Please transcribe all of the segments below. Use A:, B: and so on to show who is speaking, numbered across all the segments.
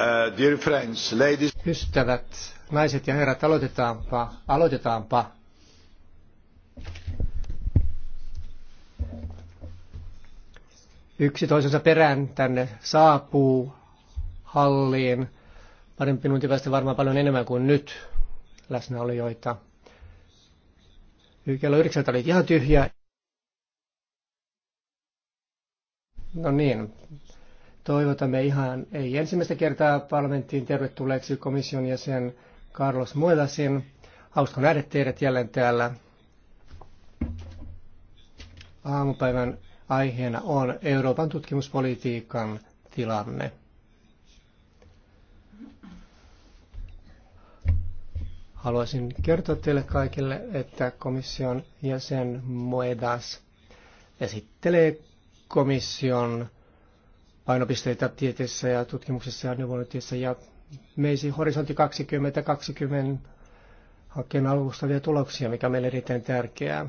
A: Uh, dear friends, ladies...
B: Ystävät, naiset ja herrat, aloitetaanpa. aloitetaanpa. Yksi toisensa perään tänne saapuu halliin. Parin minuutin päästä varmaan paljon enemmän kuin nyt läsnäolijoita. Kello yhdeksältä oli ihan tyhjä. No niin, toivotamme ihan, ei ensimmäistä kertaa parlamenttiin tervetulleeksi komission jäsen Carlos Muedasin. Hauska nähdä teidät jälleen täällä. Aamupäivän aiheena on Euroopan tutkimuspolitiikan tilanne. Haluaisin kertoa teille kaikille, että komission jäsen Moedas esittelee komission painopisteitä tieteessä ja tutkimuksessa ja neuvonnoitteessa. Ja meisi Horisontti 2020 hankkeen vielä tuloksia, mikä meille erittäin tärkeää.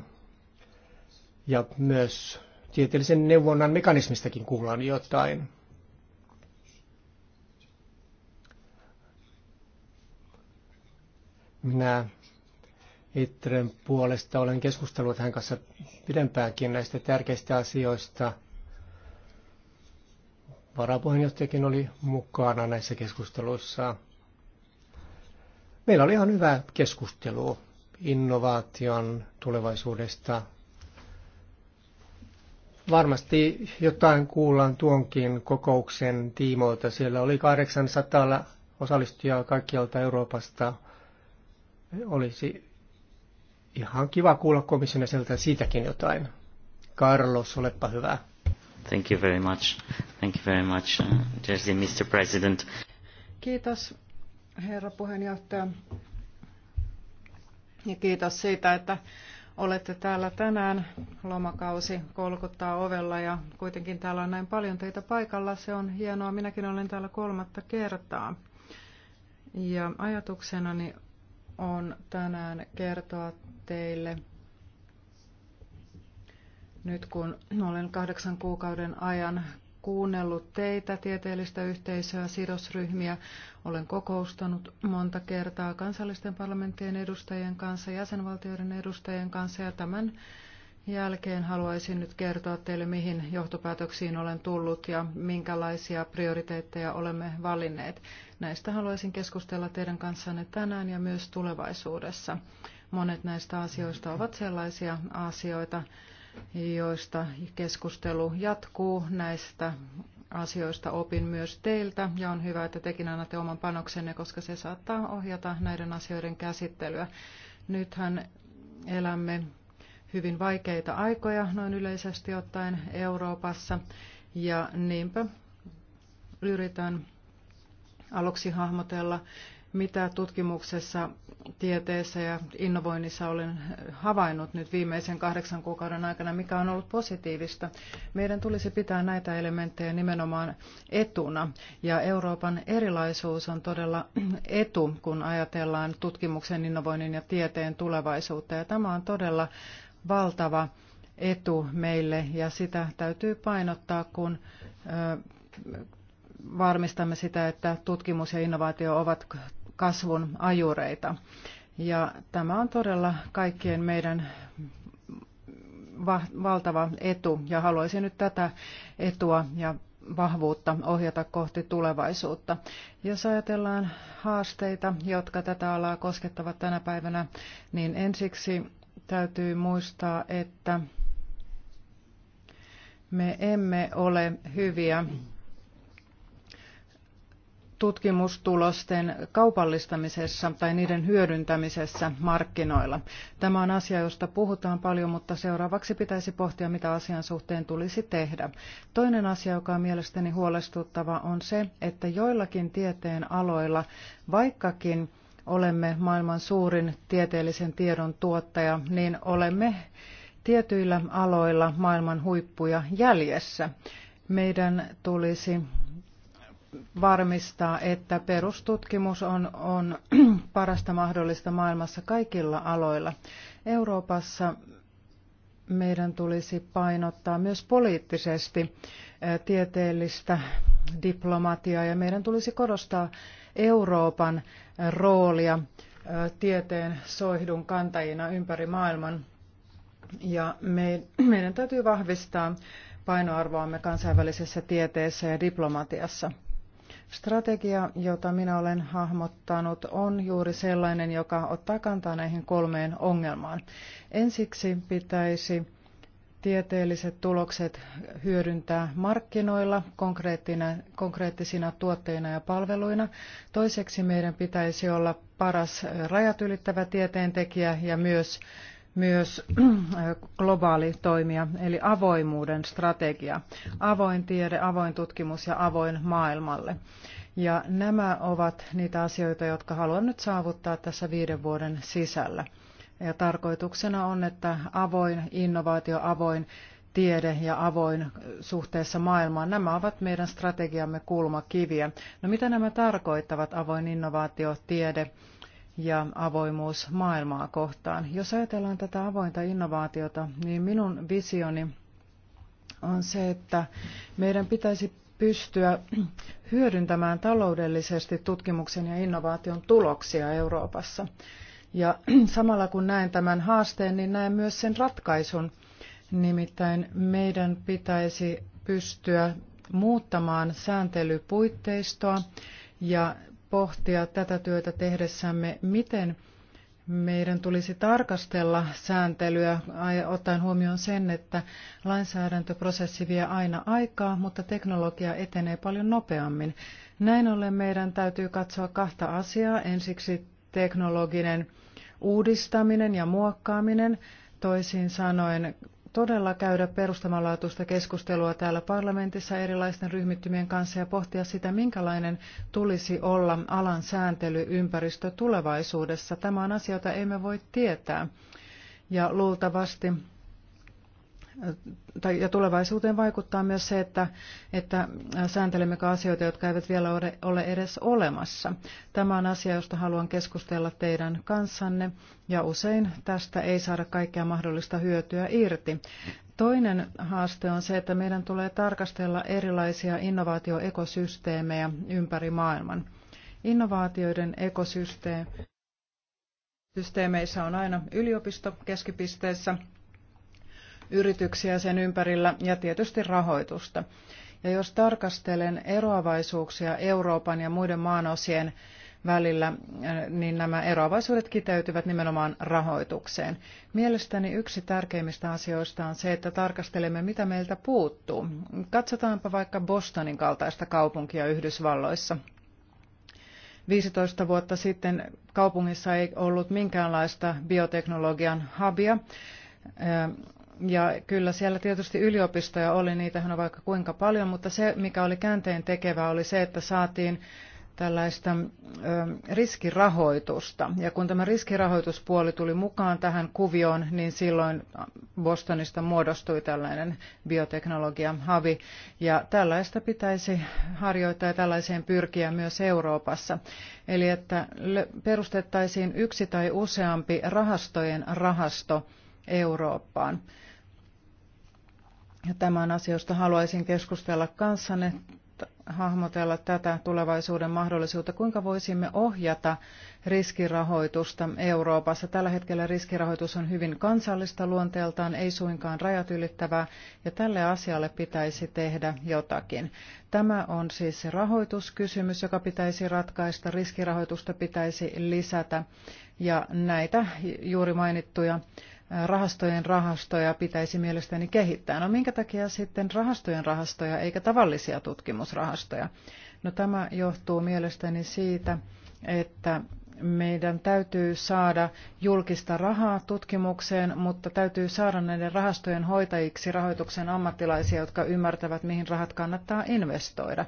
B: Ja myös tieteellisen neuvonnan mekanismistakin kuullaan jotain. Minä Itren puolesta olen keskustellut hän kanssa pidempäänkin näistä tärkeistä asioista – varapuheenjohtajakin oli mukana näissä keskusteluissa. Meillä oli ihan hyvä keskustelu innovaation tulevaisuudesta. Varmasti jotain kuullaan tuonkin kokouksen tiimoilta. Siellä oli 800 osallistujaa kaikkialta Euroopasta. Olisi ihan kiva kuulla komissiona siitäkin jotain. Carlos, olepa hyvä.
A: Thank you very much. Thank you very much, uh, Mr. President.
C: Kiitos, herra puheenjohtaja. Ja kiitos siitä, että olette täällä tänään. Lomakausi kolkuttaa ovella ja kuitenkin täällä on näin paljon teitä paikalla. Se on hienoa. Minäkin olen täällä kolmatta kertaa. Ja ajatuksenani on tänään kertoa teille – nyt kun olen kahdeksan kuukauden ajan kuunnellut teitä, tieteellistä yhteisöä, sidosryhmiä, olen kokoustanut monta kertaa kansallisten parlamenttien edustajien kanssa, jäsenvaltioiden edustajien kanssa ja tämän jälkeen haluaisin nyt kertoa teille, mihin johtopäätöksiin olen tullut ja minkälaisia prioriteetteja olemme valinneet. Näistä haluaisin keskustella teidän kanssanne tänään ja myös tulevaisuudessa. Monet näistä asioista ovat sellaisia asioita, joista keskustelu jatkuu. Näistä asioista opin myös teiltä ja on hyvä, että tekin annatte oman panoksenne, koska se saattaa ohjata näiden asioiden käsittelyä. Nythän elämme hyvin vaikeita aikoja noin yleisesti ottaen Euroopassa ja niinpä yritän aluksi hahmotella mitä tutkimuksessa, tieteessä ja innovoinnissa olen havainnut nyt viimeisen kahdeksan kuukauden aikana, mikä on ollut positiivista. Meidän tulisi pitää näitä elementtejä nimenomaan etuna. Ja Euroopan erilaisuus on todella etu, kun ajatellaan tutkimuksen, innovoinnin ja tieteen tulevaisuutta. Ja tämä on todella valtava etu meille ja sitä täytyy painottaa, kun varmistamme sitä, että tutkimus ja innovaatio ovat kasvun ajureita. Ja tämä on todella kaikkien meidän valtava etu ja haluaisin nyt tätä etua ja vahvuutta ohjata kohti tulevaisuutta. Jos ajatellaan haasteita, jotka tätä alaa koskettavat tänä päivänä, niin ensiksi täytyy muistaa, että me emme ole hyviä tutkimustulosten kaupallistamisessa tai niiden hyödyntämisessä markkinoilla. Tämä on asia, josta puhutaan paljon, mutta seuraavaksi pitäisi pohtia, mitä asian suhteen tulisi tehdä. Toinen asia, joka on mielestäni huolestuttava, on se, että joillakin tieteen aloilla, vaikkakin olemme maailman suurin tieteellisen tiedon tuottaja, niin olemme tietyillä aloilla maailman huippuja jäljessä. Meidän tulisi varmistaa, että perustutkimus on, on parasta mahdollista maailmassa kaikilla aloilla. Euroopassa meidän tulisi painottaa myös poliittisesti tieteellistä diplomatiaa ja meidän tulisi korostaa Euroopan roolia tieteen soihdun kantajina ympäri maailman. Ja me, meidän täytyy vahvistaa painoarvoamme kansainvälisessä tieteessä ja diplomatiassa. Strategia, jota minä olen hahmottanut, on juuri sellainen, joka ottaa kantaa näihin kolmeen ongelmaan. Ensiksi pitäisi tieteelliset tulokset hyödyntää markkinoilla konkreettisina tuotteina ja palveluina. Toiseksi meidän pitäisi olla paras rajat ylittävä tieteentekijä ja myös myös globaali toimija, eli avoimuuden strategia. Avoin tiede, avoin tutkimus ja avoin maailmalle. Ja nämä ovat niitä asioita, jotka haluan nyt saavuttaa tässä viiden vuoden sisällä. Ja tarkoituksena on, että avoin innovaatio, avoin tiede ja avoin suhteessa maailmaan. Nämä ovat meidän strategiamme kulmakiviä. No mitä nämä tarkoittavat, avoin innovaatio, tiede ja avoimuus maailmaa kohtaan. Jos ajatellaan tätä avointa innovaatiota, niin minun visioni on se, että meidän pitäisi pystyä hyödyntämään taloudellisesti tutkimuksen ja innovaation tuloksia Euroopassa. Ja samalla kun näen tämän haasteen, niin näen myös sen ratkaisun. Nimittäin meidän pitäisi pystyä muuttamaan sääntelypuitteistoa ja pohtia tätä työtä tehdessämme, miten meidän tulisi tarkastella sääntelyä ottaen huomioon sen, että lainsäädäntöprosessi vie aina aikaa, mutta teknologia etenee paljon nopeammin. Näin ollen meidän täytyy katsoa kahta asiaa. Ensiksi teknologinen uudistaminen ja muokkaaminen, toisin sanoen todella käydä perustamanlaatuista keskustelua täällä parlamentissa erilaisten ryhmittymien kanssa ja pohtia sitä, minkälainen tulisi olla alan sääntelyympäristö tulevaisuudessa. Tämä on asia, jota emme voi tietää. Ja luultavasti tai, ja tulevaisuuteen vaikuttaa myös se, että, että sääntelemmekö asioita, jotka eivät vielä ole, ole edes olemassa. Tämä on asia, josta haluan keskustella teidän kanssanne, ja usein tästä ei saada kaikkea mahdollista hyötyä irti. Toinen haaste on se, että meidän tulee tarkastella erilaisia innovaatioekosysteemejä ympäri maailman. Innovaatioiden ekosysteemeissä on aina yliopisto keskipisteessä, yrityksiä sen ympärillä ja tietysti rahoitusta. Ja jos tarkastelen eroavaisuuksia Euroopan ja muiden maanosien välillä, niin nämä eroavaisuudet kiteytyvät nimenomaan rahoitukseen. Mielestäni yksi tärkeimmistä asioista on se, että tarkastelemme, mitä meiltä puuttuu. Katsotaanpa vaikka Bostonin kaltaista kaupunkia Yhdysvalloissa. 15 vuotta sitten kaupungissa ei ollut minkäänlaista bioteknologian habia ja kyllä siellä tietysti yliopistoja oli, niitähän on vaikka kuinka paljon, mutta se mikä oli käänteen tekevää oli se, että saatiin tällaista ö, riskirahoitusta. Ja kun tämä riskirahoituspuoli tuli mukaan tähän kuvioon, niin silloin Bostonista muodostui tällainen bioteknologia-havi. Ja tällaista pitäisi harjoittaa ja tällaiseen pyrkiä myös Euroopassa. Eli että perustettaisiin yksi tai useampi rahastojen rahasto Eurooppaan. Ja tämän asiasta haluaisin keskustella kanssanne, hahmotella tätä tulevaisuuden mahdollisuutta, kuinka voisimme ohjata riskirahoitusta Euroopassa. Tällä hetkellä riskirahoitus on hyvin kansallista luonteeltaan, ei suinkaan rajat ylittävää, ja tälle asialle pitäisi tehdä jotakin. Tämä on siis se rahoituskysymys, joka pitäisi ratkaista, riskirahoitusta pitäisi lisätä, ja näitä juuri mainittuja rahastojen rahastoja pitäisi mielestäni kehittää. No minkä takia sitten rahastojen rahastoja eikä tavallisia tutkimusrahastoja? No tämä johtuu mielestäni siitä, että meidän täytyy saada julkista rahaa tutkimukseen, mutta täytyy saada näiden rahastojen hoitajiksi rahoituksen ammattilaisia, jotka ymmärtävät, mihin rahat kannattaa investoida.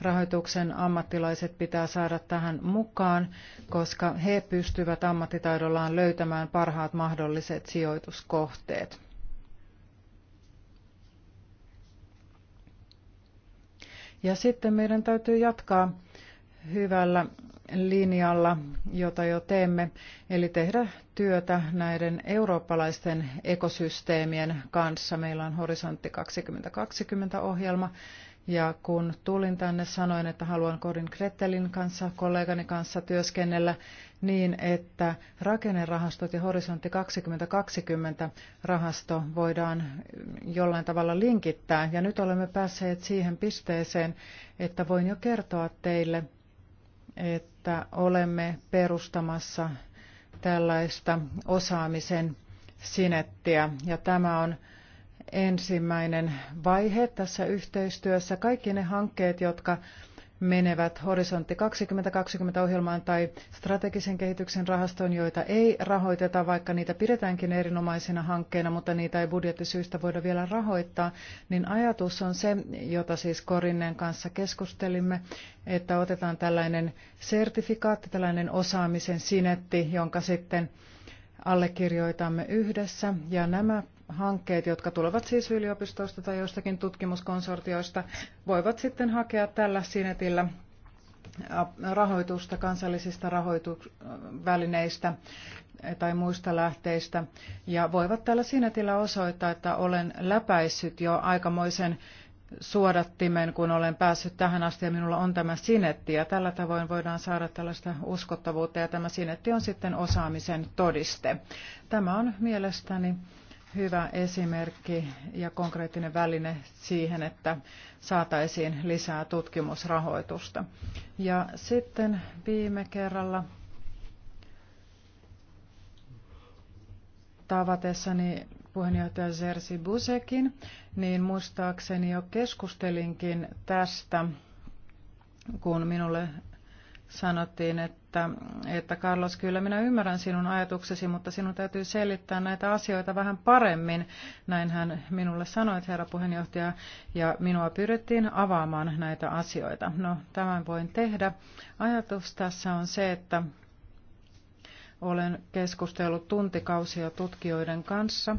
C: Rahoituksen ammattilaiset pitää saada tähän mukaan, koska he pystyvät ammattitaidollaan löytämään parhaat mahdolliset sijoituskohteet. Ja sitten meidän täytyy jatkaa hyvällä linjalla, jota jo teemme, eli tehdä työtä näiden eurooppalaisten ekosysteemien kanssa. Meillä on Horisontti 2020-ohjelma, ja kun tulin tänne, sanoin, että haluan Kodin Kretelin kanssa, kollegani kanssa työskennellä niin, että rakennerahastot ja Horisontti 2020 rahasto voidaan jollain tavalla linkittää. Ja nyt olemme päässeet siihen pisteeseen, että voin jo kertoa teille, että olemme perustamassa tällaista osaamisen sinettiä. Ja tämä on ensimmäinen vaihe tässä yhteistyössä. Kaikki ne hankkeet, jotka menevät Horisontti 2020 ohjelmaan tai strategisen kehityksen rahastoon, joita ei rahoiteta, vaikka niitä pidetäänkin erinomaisina hankkeina, mutta niitä ei budjettisyistä voida vielä rahoittaa, niin ajatus on se, jota siis Korinneen kanssa keskustelimme, että otetaan tällainen sertifikaatti, tällainen osaamisen sinetti, jonka sitten allekirjoitamme yhdessä. Ja nämä hankkeet, jotka tulevat siis yliopistoista tai jostakin tutkimuskonsortioista, voivat sitten hakea tällä sinetillä rahoitusta kansallisista rahoitusvälineistä tai muista lähteistä ja voivat tällä sinetillä osoittaa, että olen läpäissyt jo aikamoisen suodattimen, kun olen päässyt tähän asti ja minulla on tämä sinetti. Ja tällä tavoin voidaan saada tällaista uskottavuutta ja tämä sinetti on sitten osaamisen todiste. Tämä on mielestäni hyvä esimerkki ja konkreettinen väline siihen, että saataisiin lisää tutkimusrahoitusta. Ja sitten viime kerralla tavatessani puheenjohtaja Zersi Busekin, niin muistaakseni jo keskustelinkin tästä, kun minulle sanottiin, että, että Carlos, kyllä minä ymmärrän sinun ajatuksesi, mutta sinun täytyy selittää näitä asioita vähän paremmin. Näin hän minulle sanoi, herra puheenjohtaja, ja minua pyydettiin avaamaan näitä asioita. No, tämän voin tehdä. Ajatus tässä on se, että olen keskustellut tuntikausia tutkijoiden kanssa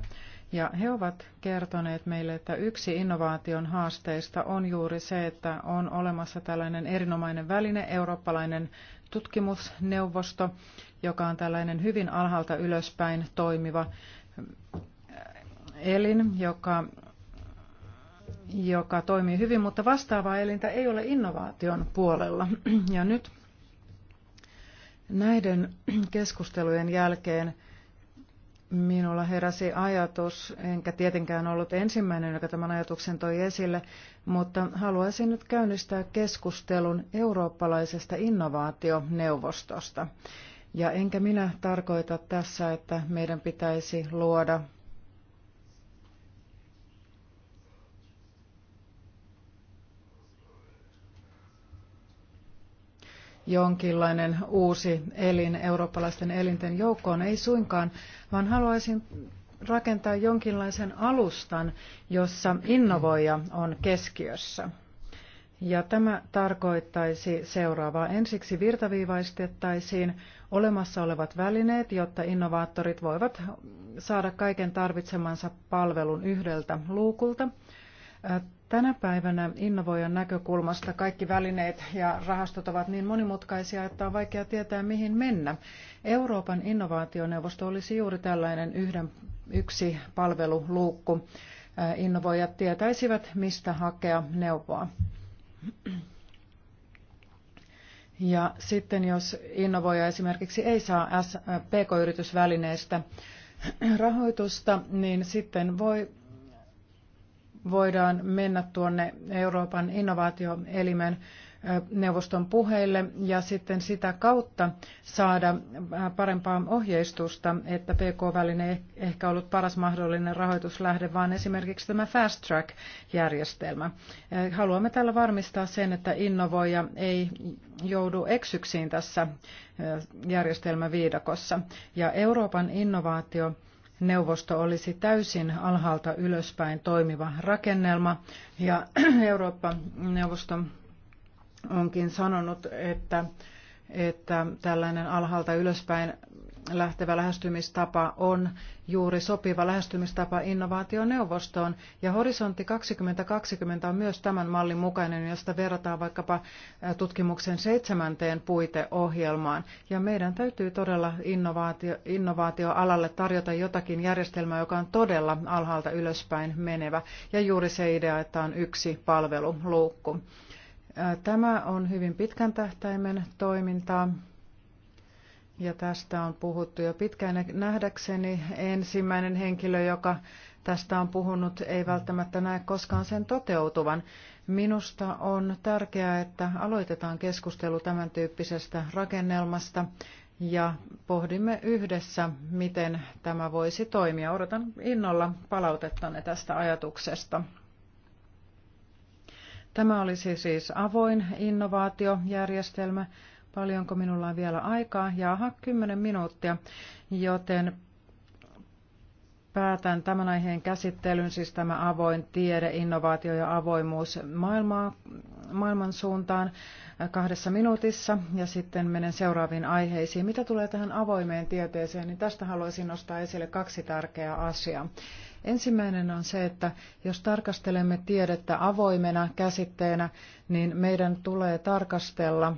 C: ja he ovat kertoneet meille, että yksi innovaation haasteista on juuri se, että on olemassa tällainen erinomainen väline, eurooppalainen tutkimusneuvosto, joka on tällainen hyvin alhaalta ylöspäin toimiva eh, elin, joka, joka toimii hyvin, mutta vastaavaa elintä ei ole innovaation puolella. Ja nyt näiden keskustelujen jälkeen Minulla heräsi ajatus, enkä tietenkään ollut ensimmäinen, joka tämän ajatuksen toi esille, mutta haluaisin nyt käynnistää keskustelun eurooppalaisesta innovaationeuvostosta. Ja enkä minä tarkoita tässä, että meidän pitäisi luoda jonkinlainen uusi elin eurooppalaisten elinten joukkoon, ei suinkaan, vaan haluaisin rakentaa jonkinlaisen alustan, jossa innovoija on keskiössä. Ja tämä tarkoittaisi seuraavaa. Ensiksi virtaviivaistettaisiin olemassa olevat välineet, jotta innovaattorit voivat saada kaiken tarvitsemansa palvelun yhdeltä luukulta. Tänä päivänä innovoijan näkökulmasta kaikki välineet ja rahastot ovat niin monimutkaisia, että on vaikea tietää, mihin mennä. Euroopan innovaationeuvosto olisi juuri tällainen yhden, yksi palveluluukku. Äh, innovoijat tietäisivät, mistä hakea neuvoa. Ja sitten jos innovoija esimerkiksi ei saa äh, PK-yritysvälineestä rahoitusta, niin sitten voi voidaan mennä tuonne Euroopan innovaatioelimen neuvoston puheille ja sitten sitä kautta saada parempaa ohjeistusta, että PK-väline ei ehkä ollut paras mahdollinen rahoituslähde, vaan esimerkiksi tämä Fast Track-järjestelmä. Haluamme tällä varmistaa sen, että innovoija ei joudu eksyksiin tässä järjestelmäviidakossa. Ja Euroopan innovaatio neuvosto olisi täysin alhaalta ylöspäin toimiva rakennelma. Ja Eurooppa-neuvosto onkin sanonut, että, että tällainen alhaalta ylöspäin lähtevä lähestymistapa on juuri sopiva lähestymistapa innovaationeuvostoon. Ja horisontti 2020 on myös tämän mallin mukainen, josta verrataan vaikkapa tutkimuksen seitsemänteen puiteohjelmaan. Ja meidän täytyy todella innovaatio, innovaatioalalle tarjota jotakin järjestelmää, joka on todella alhaalta ylöspäin menevä. Ja juuri se idea, että on yksi palveluluukku. Tämä on hyvin pitkän tähtäimen toimintaa. Ja tästä on puhuttu jo pitkään. Nähdäkseni ensimmäinen henkilö, joka tästä on puhunut, ei välttämättä näe koskaan sen toteutuvan. Minusta on tärkeää, että aloitetaan keskustelu tämän tyyppisestä rakennelmasta ja pohdimme yhdessä, miten tämä voisi toimia. Odotan innolla palautettanne tästä ajatuksesta. Tämä olisi siis avoin innovaatiojärjestelmä, Paljonko minulla on vielä aikaa? Jaha, 10 minuuttia, joten päätän tämän aiheen käsittelyn, siis tämä avoin tiede, innovaatio ja avoimuus maailmaa, maailman suuntaan kahdessa minuutissa ja sitten menen seuraaviin aiheisiin. Mitä tulee tähän avoimeen tieteeseen, niin tästä haluaisin nostaa esille kaksi tärkeää asiaa. Ensimmäinen on se, että jos tarkastelemme tiedettä avoimena käsitteenä, niin meidän tulee tarkastella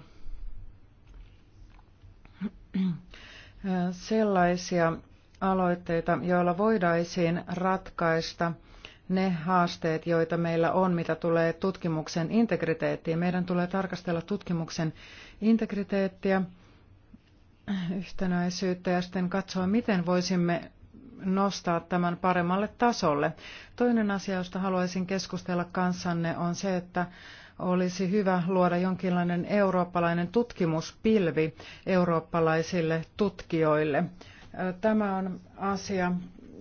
C: sellaisia aloitteita, joilla voidaisiin ratkaista ne haasteet, joita meillä on, mitä tulee tutkimuksen integriteettiin. Meidän tulee tarkastella tutkimuksen integriteettiä, yhtenäisyyttä ja sitten katsoa, miten voisimme nostaa tämän paremmalle tasolle. Toinen asia, josta haluaisin keskustella kanssanne, on se, että olisi hyvä luoda jonkinlainen eurooppalainen tutkimuspilvi eurooppalaisille tutkijoille. Tämä on asia,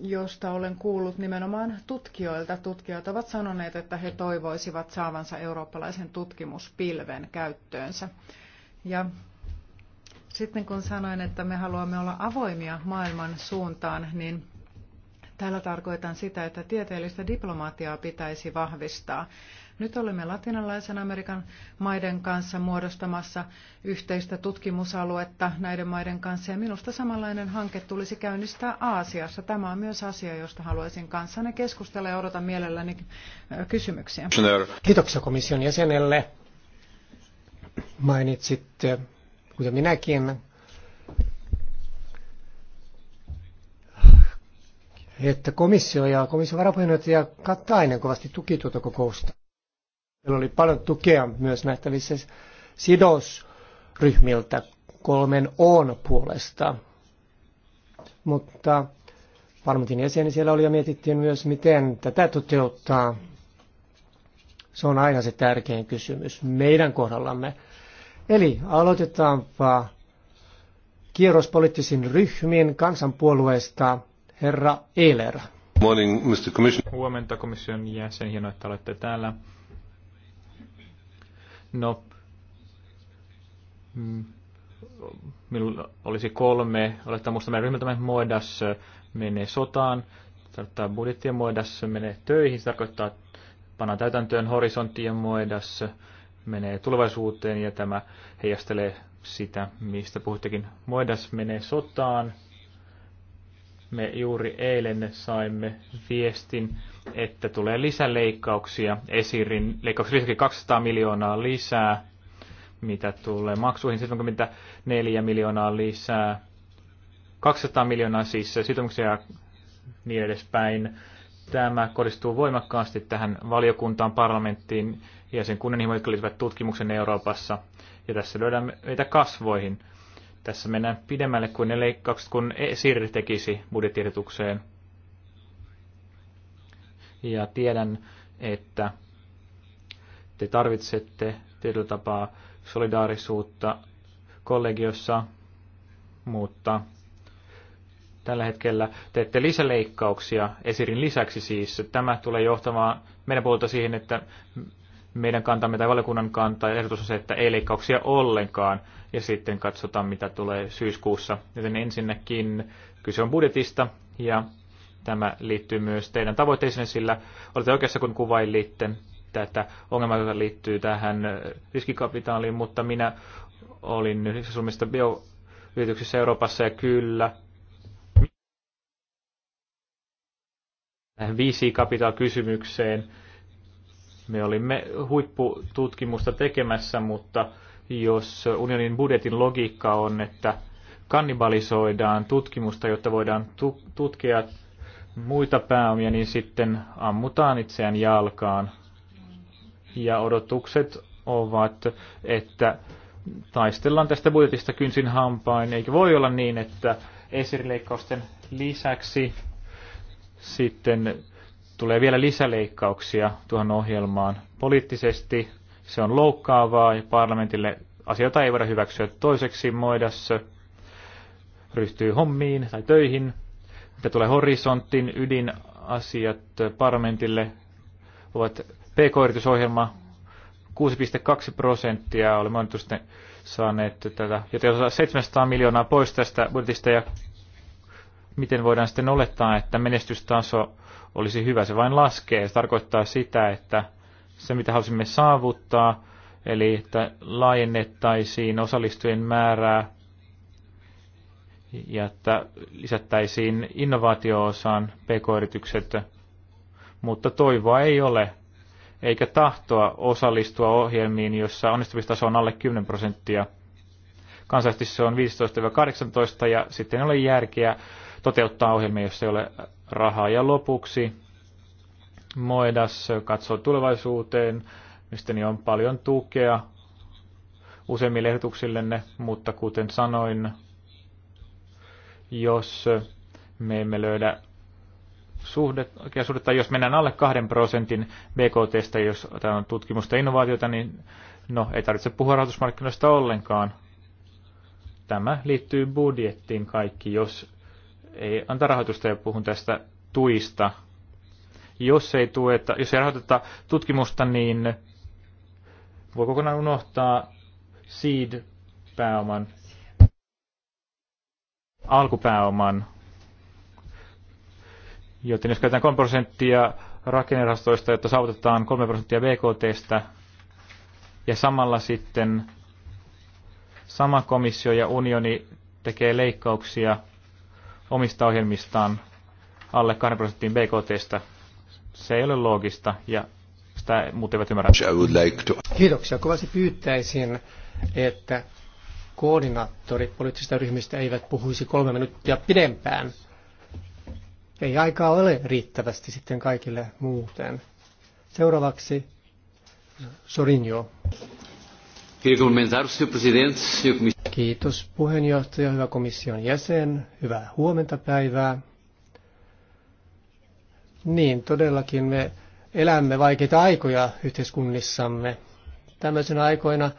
C: josta olen kuullut nimenomaan tutkijoilta. Tutkijat ovat sanoneet, että he toivoisivat saavansa eurooppalaisen tutkimuspilven käyttöönsä. Ja sitten kun sanoin, että me haluamme olla avoimia maailman suuntaan, niin Tällä tarkoitan sitä, että tieteellistä diplomaatiaa pitäisi vahvistaa. Nyt olemme latinalaisen Amerikan maiden kanssa muodostamassa yhteistä tutkimusaluetta näiden maiden kanssa ja minusta samanlainen hanke tulisi käynnistää Aasiassa. Tämä on myös asia, josta haluaisin kanssanne keskustella ja odotan mielelläni kysymyksiä.
B: Kiitoksia komission jäsenelle. Mainitsitte, kuten minäkin, että komissio ja komission varapuheenjohtaja Katainen kovasti tuki tuota kokousta. Meillä oli paljon tukea myös nähtävissä sidosryhmiltä kolmen on puolesta. Mutta parlamentin jäseni siellä oli ja mietittiin myös, miten tätä toteuttaa. Se on aina se tärkein kysymys meidän kohdallamme. Eli aloitetaanpa kierrospoliittisin ryhmin kansanpuolueesta herra Eiler.
A: Morning, Mr. Commission. Huomenta komission jäsen, hienoa, että olette täällä. No, mm, minulla olisi kolme olettamusta. Meidän ryhmältämme Moedas menee sotaan, tarkoittaa budjettia Moedas menee töihin, se tarkoittaa panna täytäntöön horisonttia Moedas menee tulevaisuuteen ja tämä heijastelee sitä, mistä puhuttekin. Moedas menee sotaan. Me juuri eilen saimme viestin että tulee lisäleikkauksia. Esirin leikkauksia lisäksi 200 miljoonaa lisää, mitä tulee maksuihin 74 miljoonaa lisää, 200 miljoonaa siis sitoumuksia ja niin edespäin. Tämä kohdistuu voimakkaasti tähän valiokuntaan, parlamenttiin ja sen kunnianhimoja, jotka liittyvät tutkimuksen Euroopassa. Ja tässä löydään meitä kasvoihin. Tässä mennään pidemmälle kuin ne leikkaukset, kun ESIR tekisi budjettiehdotukseen – ja tiedän, että te tarvitsette tietyllä tapaa solidaarisuutta kollegiossa, mutta tällä hetkellä teette lisäleikkauksia esirin lisäksi siis. Tämä tulee johtamaan meidän puolta siihen, että meidän kantamme tai valiokunnan kanta ehdotus on se, että ei leikkauksia ollenkaan ja sitten katsotaan, mitä tulee syyskuussa. Joten ensinnäkin kyse on budjetista ja Tämä liittyy myös teidän tavoitteisiin, sillä olette oikeassa, kun kuvailitte tätä ongelmaa, joka liittyy tähän riskikapitaaliin, mutta minä olin yhdessä suomista bioyrityksissä Euroopassa ja kyllä, tähän VC Capital kysymykseen. Me olimme huippututkimusta tekemässä, mutta jos unionin budjetin logiikka on, että kannibalisoidaan tutkimusta, jotta voidaan tutkia muita pääomia, niin sitten ammutaan itseään jalkaan. Ja odotukset ovat, että taistellaan tästä budjetista kynsin hampain. Eikä voi olla niin, että esirileikkausten lisäksi sitten tulee vielä lisäleikkauksia tuohon ohjelmaan. Poliittisesti se on loukkaavaa ja parlamentille asioita ei voida hyväksyä. Toiseksi Moidas ryhtyy hommiin tai töihin mitä tulee horisontin ydinasiat parlamentille, ovat PK-yritysohjelma 6,2 prosenttia, olemme onnistuneet saaneet tätä, joten 700 miljoonaa pois tästä budjetista ja miten voidaan sitten olettaa, että menestystaso olisi hyvä, se vain laskee. Se tarkoittaa sitä, että se mitä halusimme saavuttaa, eli että laajennettaisiin osallistujien määrää ja että lisättäisiin innovaatio-osaan pk-yritykset, mutta toivoa ei ole, eikä tahtoa osallistua ohjelmiin, jossa onnistumistaso on alle 10 prosenttia. Kansallisesti se on 15-18 ja sitten ei ole järkeä toteuttaa ohjelmia, jos ei ole rahaa. Ja lopuksi Moedas katsoo tulevaisuuteen, mistä niin on paljon tukea useimmille ehdotuksillenne, mutta kuten sanoin, jos me emme löydä suhdet, oikea suhdetta, jos mennään alle kahden prosentin BKTstä, jos tämä on tutkimusta ja innovaatiota, niin no, ei tarvitse puhua rahoitusmarkkinoista ollenkaan. Tämä liittyy budjettiin kaikki, jos ei anta rahoitusta ja puhun tästä tuista. Jos ei, tueta, jos ei rahoiteta tutkimusta, niin voi kokonaan unohtaa seed-pääoman alkupääoman. Joten jos käytetään 3 prosenttia rakennerahastoista, jotta saavutetaan 3 prosenttia BKTstä, ja samalla sitten sama komissio ja unioni tekee leikkauksia omista ohjelmistaan alle 2 prosenttiin BKTstä. Se ei ole loogista ja sitä muut eivät ymmärrä. Kiitoksia. Kovasti pyytäisin,
B: että koordinaattorit poliittisista ryhmistä eivät puhuisi kolme minuuttia pidempään. Ei aikaa ole riittävästi sitten kaikille muuten. Seuraavaksi Sorinjo. Kiitos puheenjohtaja, hyvä komission jäsen, hyvää huomenta päivää. Niin, todellakin me elämme vaikeita aikoja yhteiskunnissamme. Tämmöisenä aikoina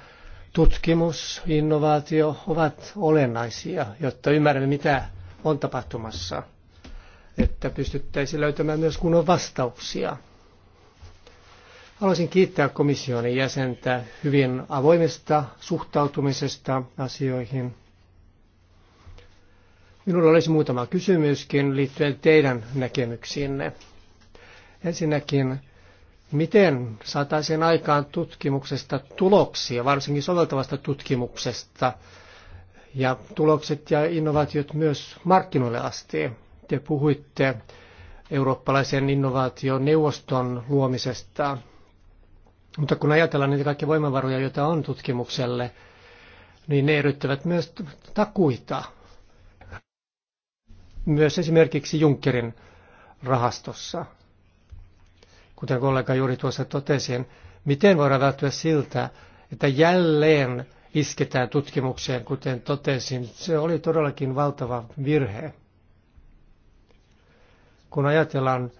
B: tutkimus, innovaatio ovat olennaisia, jotta ymmärrämme, mitä on tapahtumassa, että pystyttäisiin löytämään myös kunnon vastauksia. Haluaisin kiittää komission jäsentä hyvin avoimesta suhtautumisesta asioihin. Minulla olisi muutama kysymyskin liittyen teidän näkemyksiinne. Ensinnäkin Miten saataisiin aikaan tutkimuksesta tuloksia, varsinkin soveltavasta tutkimuksesta, ja tulokset ja innovaatiot myös markkinoille asti? Te puhuitte eurooppalaisen innovaationeuvoston luomisesta, mutta kun ajatellaan niitä kaikkia voimavaroja, joita on tutkimukselle, niin ne edellyttävät myös takuita. Myös esimerkiksi Junckerin rahastossa – kuten kollega juuri tuossa totesi, miten voidaan välttyä siltä, että jälleen isketään tutkimukseen, kuten totesin. Se oli todellakin valtava virhe. Kun ajatellaan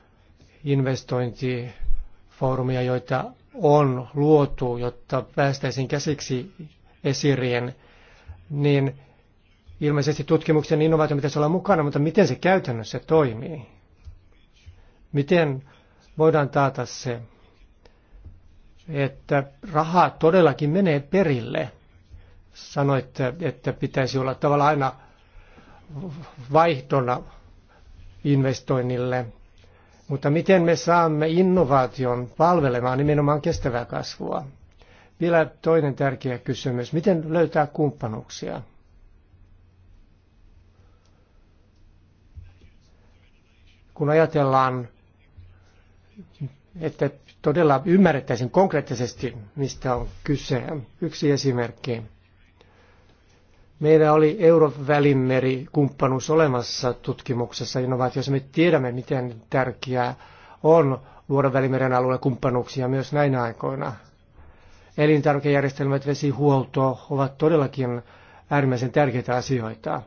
B: investointifoorumia, joita on luotu, jotta päästäisiin käsiksi esirien, niin ilmeisesti tutkimuksen innovaatio pitäisi olla mukana, mutta miten se käytännössä toimii? Miten voidaan taata se, että raha todellakin menee perille. Sanoitte, että pitäisi olla tavallaan aina vaihtona investoinnille. Mutta miten me saamme innovaation palvelemaan nimenomaan kestävää kasvua? Vielä toinen tärkeä kysymys. Miten löytää kumppanuuksia? Kun ajatellaan että todella ymmärrettäisiin konkreettisesti, mistä on kyse. Yksi esimerkki. Meillä oli Eurovälimeri-kumppanuus olemassa tutkimuksessa innovaatiossa. Me tiedämme, miten tärkeää on luoda Välimeren alueen kumppanuuksia myös näinä aikoina. Elintarvikejärjestelmät, vesihuolto ovat todellakin äärimmäisen tärkeitä asioita.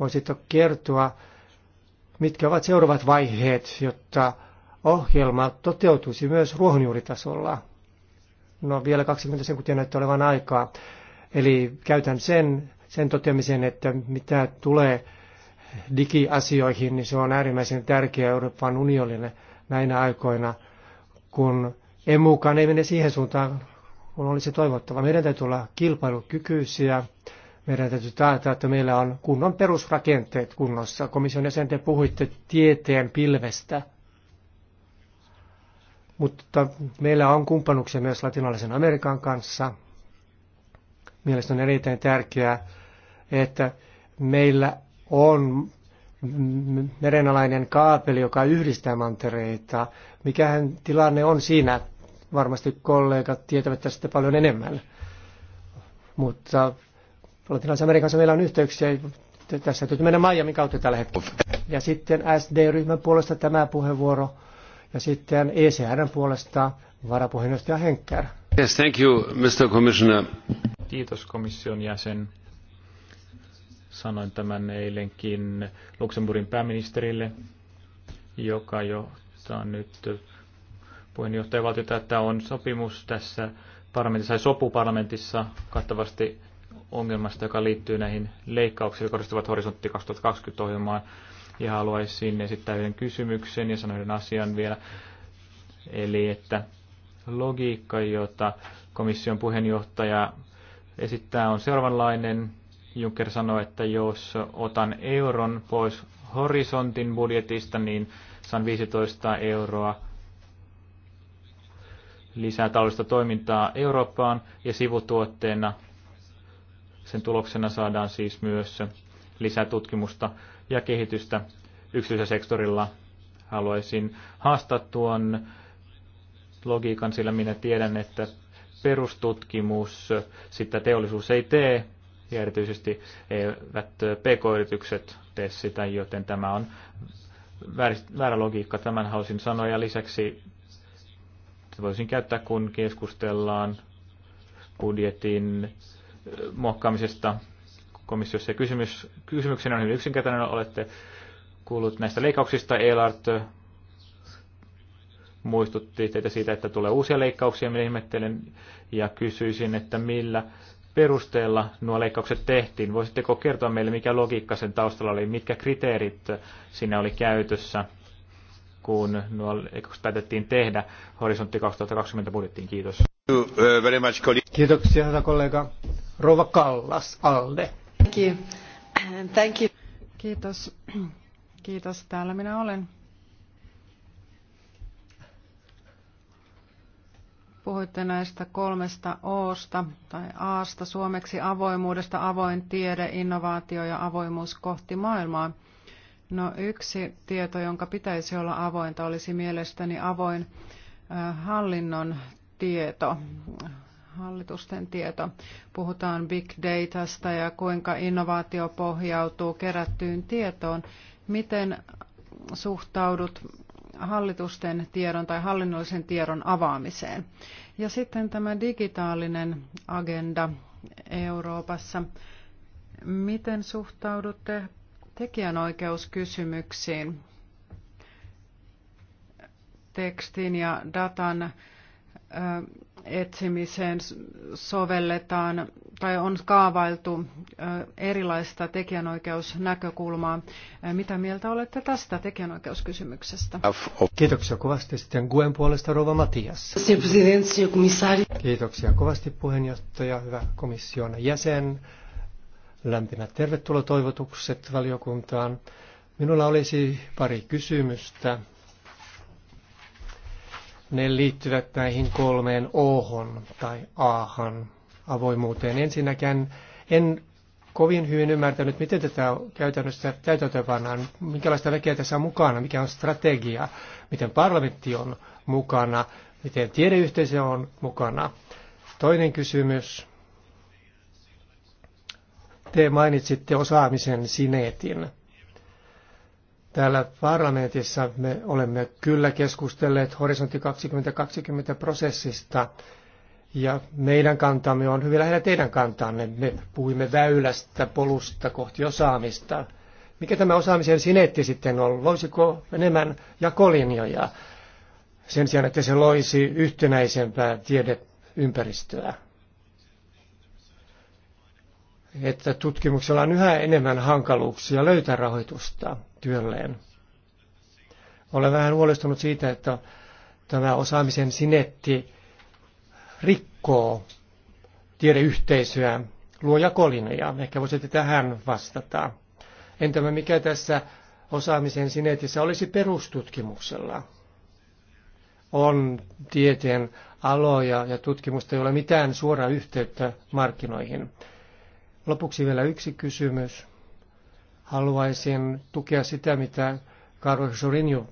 B: Voisitko kertoa, mitkä ovat seuraavat vaiheet, jotta ohjelma toteutuisi myös ruohonjuuritasolla. No vielä 20 sekuntia näyttää olevan aikaa. Eli käytän sen, sen toteamiseen, että mitä tulee digiasioihin, niin se on äärimmäisen tärkeä Euroopan unionille näinä aikoina, kun emukaan ei mene siihen suuntaan, kun olisi toivottava. Meidän täytyy olla kilpailukykyisiä, meidän täytyy taata, että meillä on kunnon perusrakenteet kunnossa. Komission jäsenten te puhuitte tieteen pilvestä – mutta meillä on kumppanuksia myös latinalaisen Amerikan kanssa. Mielestäni on erittäin tärkeää, että meillä on merenalainen kaapeli, joka yhdistää mantereita. Mikähän tilanne on siinä? Varmasti kollegat tietävät tästä paljon enemmän. Mutta Latinalaisen Amerikassa meillä on yhteyksiä. Tässä täytyy mennä Maijamin kautta tällä hetkellä. Ja sitten SD-ryhmän puolesta tämä puheenvuoro. Ja sitten ECR puolesta varapuheenjohtaja Henkkär.
A: Yes, thank you, Mr. Commissioner. Kiitos komission jäsen. Sanoin tämän eilenkin Luxemburgin pääministerille, joka johtaa nyt puheenjohtajavaltiota, että on sopimus tässä parlamentissa, tai sopu parlamentissa kattavasti ongelmasta, joka liittyy näihin leikkauksiin, jotka kohdistuvat horisontti 2020 ohjelmaan ja haluaisin esittää yhden kysymyksen ja sanoa yhden asian vielä. Eli että logiikka, jota komission puheenjohtaja esittää, on seuraavanlainen. Juncker sanoi, että jos otan euron pois horisontin budjetista, niin saan 15 euroa lisää taloudellista toimintaa Eurooppaan ja sivutuotteena sen tuloksena saadaan siis myös lisää tutkimusta ja kehitystä yksityisellä sektorilla. Haluaisin haastaa tuon logiikan, sillä minä tiedän, että perustutkimus sitä teollisuus ei tee, ja erityisesti eivät pk-yritykset tee sitä, joten tämä on väärä logiikka. Tämän halusin sanoa, ja lisäksi voisin käyttää, kun keskustellaan budjetin muokkaamisesta komissiossa. Ja kysymys, kysymyksenä on hyvin yksinkertainen. Olette kuullut näistä leikkauksista. Elart muistutti teitä siitä, että tulee uusia leikkauksia. Minä ihmettelen ja kysyisin, että millä perusteella nuo leikkaukset tehtiin. Voisitteko kertoa meille, mikä logiikka sen taustalla oli, mitkä kriteerit siinä oli käytössä, kun nuo leikkaukset päätettiin tehdä horisontti 2020 budjettiin. Kiitos. Uh,
B: Kiitoksia, hyvä kollega. Rova Kallas, Alde.
C: Kiitos. Kiitos, täällä minä olen. Puhuitte näistä kolmesta Osta tai Aasta suomeksi avoimuudesta, avoin tiede, innovaatio ja avoimuus kohti maailmaa. No yksi tieto, jonka pitäisi olla avointa, olisi mielestäni avoin äh, hallinnon tieto hallitusten tieto. Puhutaan big datasta ja kuinka innovaatio pohjautuu kerättyyn tietoon. Miten suhtaudut hallitusten tiedon tai hallinnollisen tiedon avaamiseen? Ja sitten tämä digitaalinen agenda Euroopassa. Miten suhtaudutte tekijänoikeuskysymyksiin? Tekstin ja datan etsimiseen sovelletaan tai on kaavailtu erilaista tekijänoikeusnäkökulmaa. Mitä mieltä olette tästä tekijänoikeuskysymyksestä?
B: Kiitoksia kovasti sitten Guen puolesta Rova Matias. Kiitoksia kovasti puheenjohtaja, hyvä komission jäsen. Lämpimät tervetuloa toivotukset valiokuntaan. Minulla olisi pari kysymystä ne liittyvät näihin kolmeen ohon tai aahan avoimuuteen. Ensinnäkään en kovin hyvin ymmärtänyt, miten tätä käytännössä täytäntöpannaan, minkälaista väkeä tässä on mukana, mikä on strategia, miten parlamentti on mukana, miten tiedeyhteisö on mukana. Toinen kysymys. Te mainitsitte osaamisen sineetin. Täällä parlamentissa me olemme kyllä keskustelleet Horisontti 2020 prosessista ja meidän kantamme on hyvin lähellä teidän kantanne. Me puhuimme väylästä, polusta kohti osaamista. Mikä tämä osaamisen sinetti sitten on? Loisiko enemmän jakolinjoja sen sijaan, että se loisi yhtenäisempää tiedeympäristöä? että tutkimuksella on yhä enemmän hankaluuksia löytää rahoitusta työlleen. Olen vähän huolestunut siitä, että tämä osaamisen sinetti rikkoo tiedeyhteisöä, luo jakolinjaa. Ehkä voisitte tähän vastata. Entä mikä tässä osaamisen sinetissä olisi perustutkimuksella? On tieteen aloja ja tutkimusta, ole mitään suoraa yhteyttä markkinoihin. Lopuksi vielä yksi kysymys. Haluaisin tukea sitä, mitä Karlo Sorinju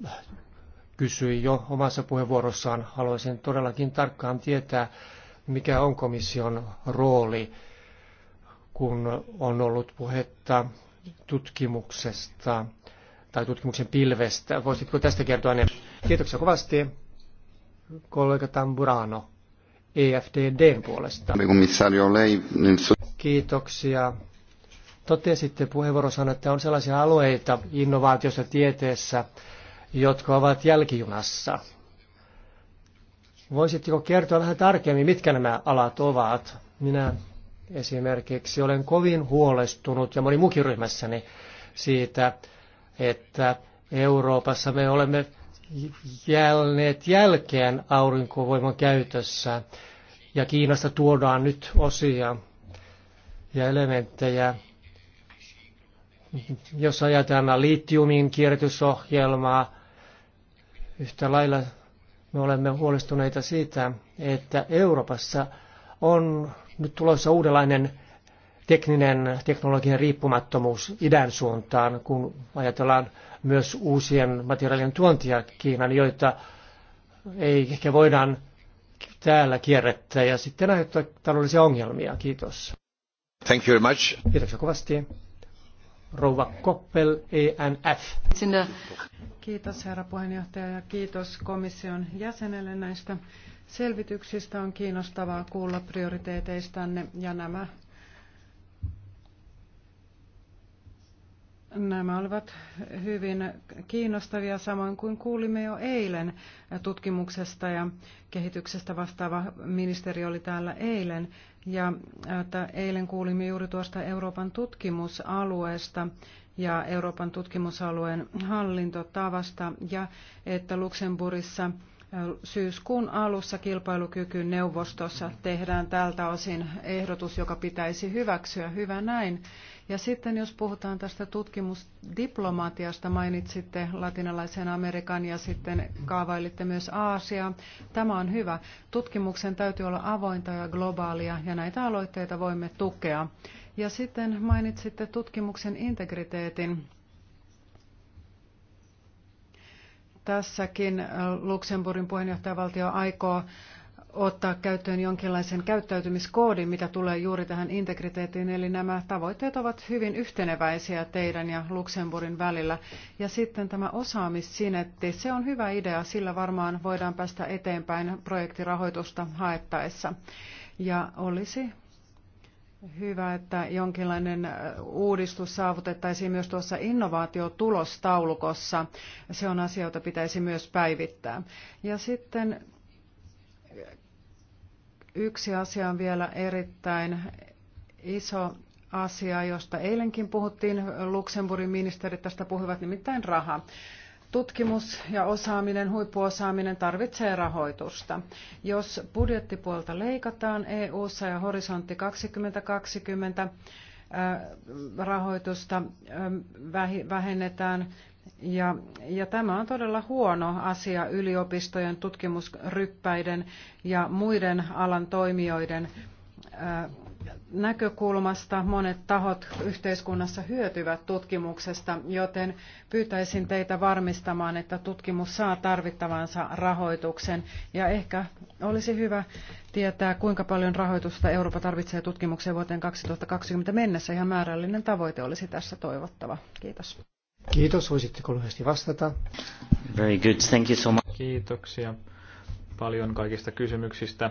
B: kysyi jo omassa puheenvuorossaan. Haluaisin todellakin tarkkaan tietää, mikä on komission rooli, kun on ollut puhetta tutkimuksesta tai tutkimuksen pilvestä. Voisitko tästä kertoa enemmän? Kiitoksia kovasti, kollega Tamburano. EFTDn puolesta. Kiitoksia. Totesitte puheenvuorossanne, että on sellaisia alueita innovaatiossa tieteessä, jotka ovat jälkijunassa. Voisitteko kertoa vähän tarkemmin, mitkä nämä alat ovat? Minä esimerkiksi olen kovin huolestunut ja moni mukiryhmässäni siitä, että Euroopassa me olemme jälneet jälkeen aurinkovoiman käytössä. Ja Kiinasta tuodaan nyt osia ja elementtejä. Jos ajatellaan litiumin kierrätysohjelmaa, yhtä lailla me olemme huolestuneita siitä, että Euroopassa on nyt tulossa uudenlainen tekninen teknologian riippumattomuus idän suuntaan, kun ajatellaan myös uusien materiaalien tuontia Kiinan, joita ei ehkä voidaan täällä kierrättää ja sitten aiheuttaa taloudellisia ongelmia. Kiitos. Thank you very much. Kiitoksia kovasti. Rouva Koppel, ENF.
C: Kiitos herra puheenjohtaja ja kiitos komission jäsenelle näistä selvityksistä. On kiinnostavaa kuulla prioriteeteistanne ja nämä Nämä olivat hyvin kiinnostavia, samoin kuin kuulimme jo eilen tutkimuksesta ja kehityksestä vastaava ministeri oli täällä eilen. Ja että eilen kuulimme juuri tuosta Euroopan tutkimusalueesta ja Euroopan tutkimusalueen hallintotavasta ja että Luxemburgissa syyskuun alussa kilpailukyky neuvostossa tehdään tältä osin ehdotus, joka pitäisi hyväksyä. Hyvä näin. Ja sitten jos puhutaan tästä tutkimusdiplomatiasta, mainitsitte latinalaisen Amerikan ja sitten kaavailitte myös Aasiaa. Tämä on hyvä. Tutkimuksen täytyy olla avointa ja globaalia ja näitä aloitteita voimme tukea. Ja sitten mainitsitte tutkimuksen integriteetin. Tässäkin Luxemburgin puheenjohtajavaltio aikoo ottaa käyttöön jonkinlaisen käyttäytymiskoodin, mitä tulee juuri tähän integriteettiin. Eli nämä tavoitteet ovat hyvin yhteneväisiä teidän ja Luxemburgin välillä. Ja sitten tämä osaamissinetti, se on hyvä idea, sillä varmaan voidaan päästä eteenpäin projektirahoitusta haettaessa. Ja olisi Hyvä, että jonkinlainen uudistus saavutettaisiin myös tuossa innovaatiotulostaulukossa. Se on asia, jota pitäisi myös päivittää. Ja sitten Yksi asia on vielä erittäin iso asia, josta eilenkin puhuttiin. Luxemburgin ministerit tästä puhuivat, nimittäin raha. Tutkimus ja osaaminen, huippuosaaminen tarvitsee rahoitusta. Jos budjettipuolta leikataan EU-ssa ja horisontti 2020 rahoitusta vähennetään, ja, ja tämä on todella huono asia yliopistojen, tutkimusryppäiden ja muiden alan toimijoiden äh, näkökulmasta monet tahot yhteiskunnassa hyötyvät tutkimuksesta, joten pyytäisin teitä varmistamaan, että tutkimus saa tarvittavansa rahoituksen. Ja ehkä olisi hyvä tietää, kuinka paljon rahoitusta Eurooppa tarvitsee tutkimukseen vuoteen 2020 mennessä. Ihan määrällinen tavoite olisi tässä toivottava. Kiitos.
B: Kiitos, voisitteko lyhyesti vastata?
A: Very good, thank you so much. Kiitoksia paljon kaikista kysymyksistä.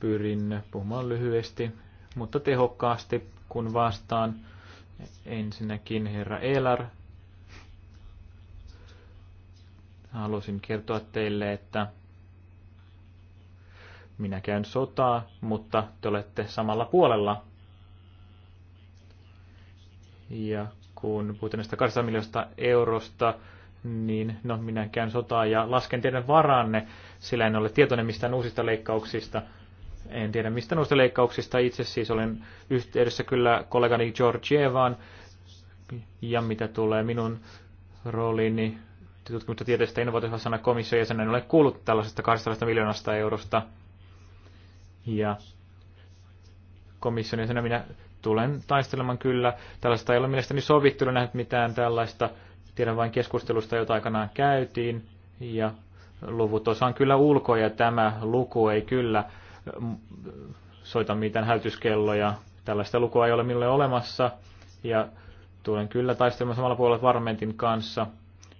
A: Pyrin puhumaan lyhyesti, mutta tehokkaasti, kun vastaan. Ensinnäkin herra Elar. Halusin kertoa teille, että minä käyn sotaa, mutta te olette samalla puolella. Ja kun puhutte näistä 200 miljoonasta eurosta, niin no, minä käyn sotaa ja lasken teidän varanne, sillä en ole tietoinen mistään uusista leikkauksista. En tiedä mistä uusista leikkauksista. Itse siis olen yhteydessä kyllä kollegani Georgievan Ja mitä tulee minun rooliini niin tutkimusta tieteestä sana komission jäsenä, en ole kuullut tällaisesta 200 miljoonasta eurosta. Ja komission jäsenä minä tulen taistelemaan kyllä. Tällaista ei ole mielestäni sovittu, en nähnyt mitään tällaista. Tiedän vain keskustelusta, jota aikanaan käytiin. Ja luvut osaan kyllä ulkoa ja tämä luku ei kyllä mm, soita mitään hälytyskelloja. Tällaista lukua ei ole minulle olemassa ja tulen kyllä taistelemaan samalla puolella varmentin kanssa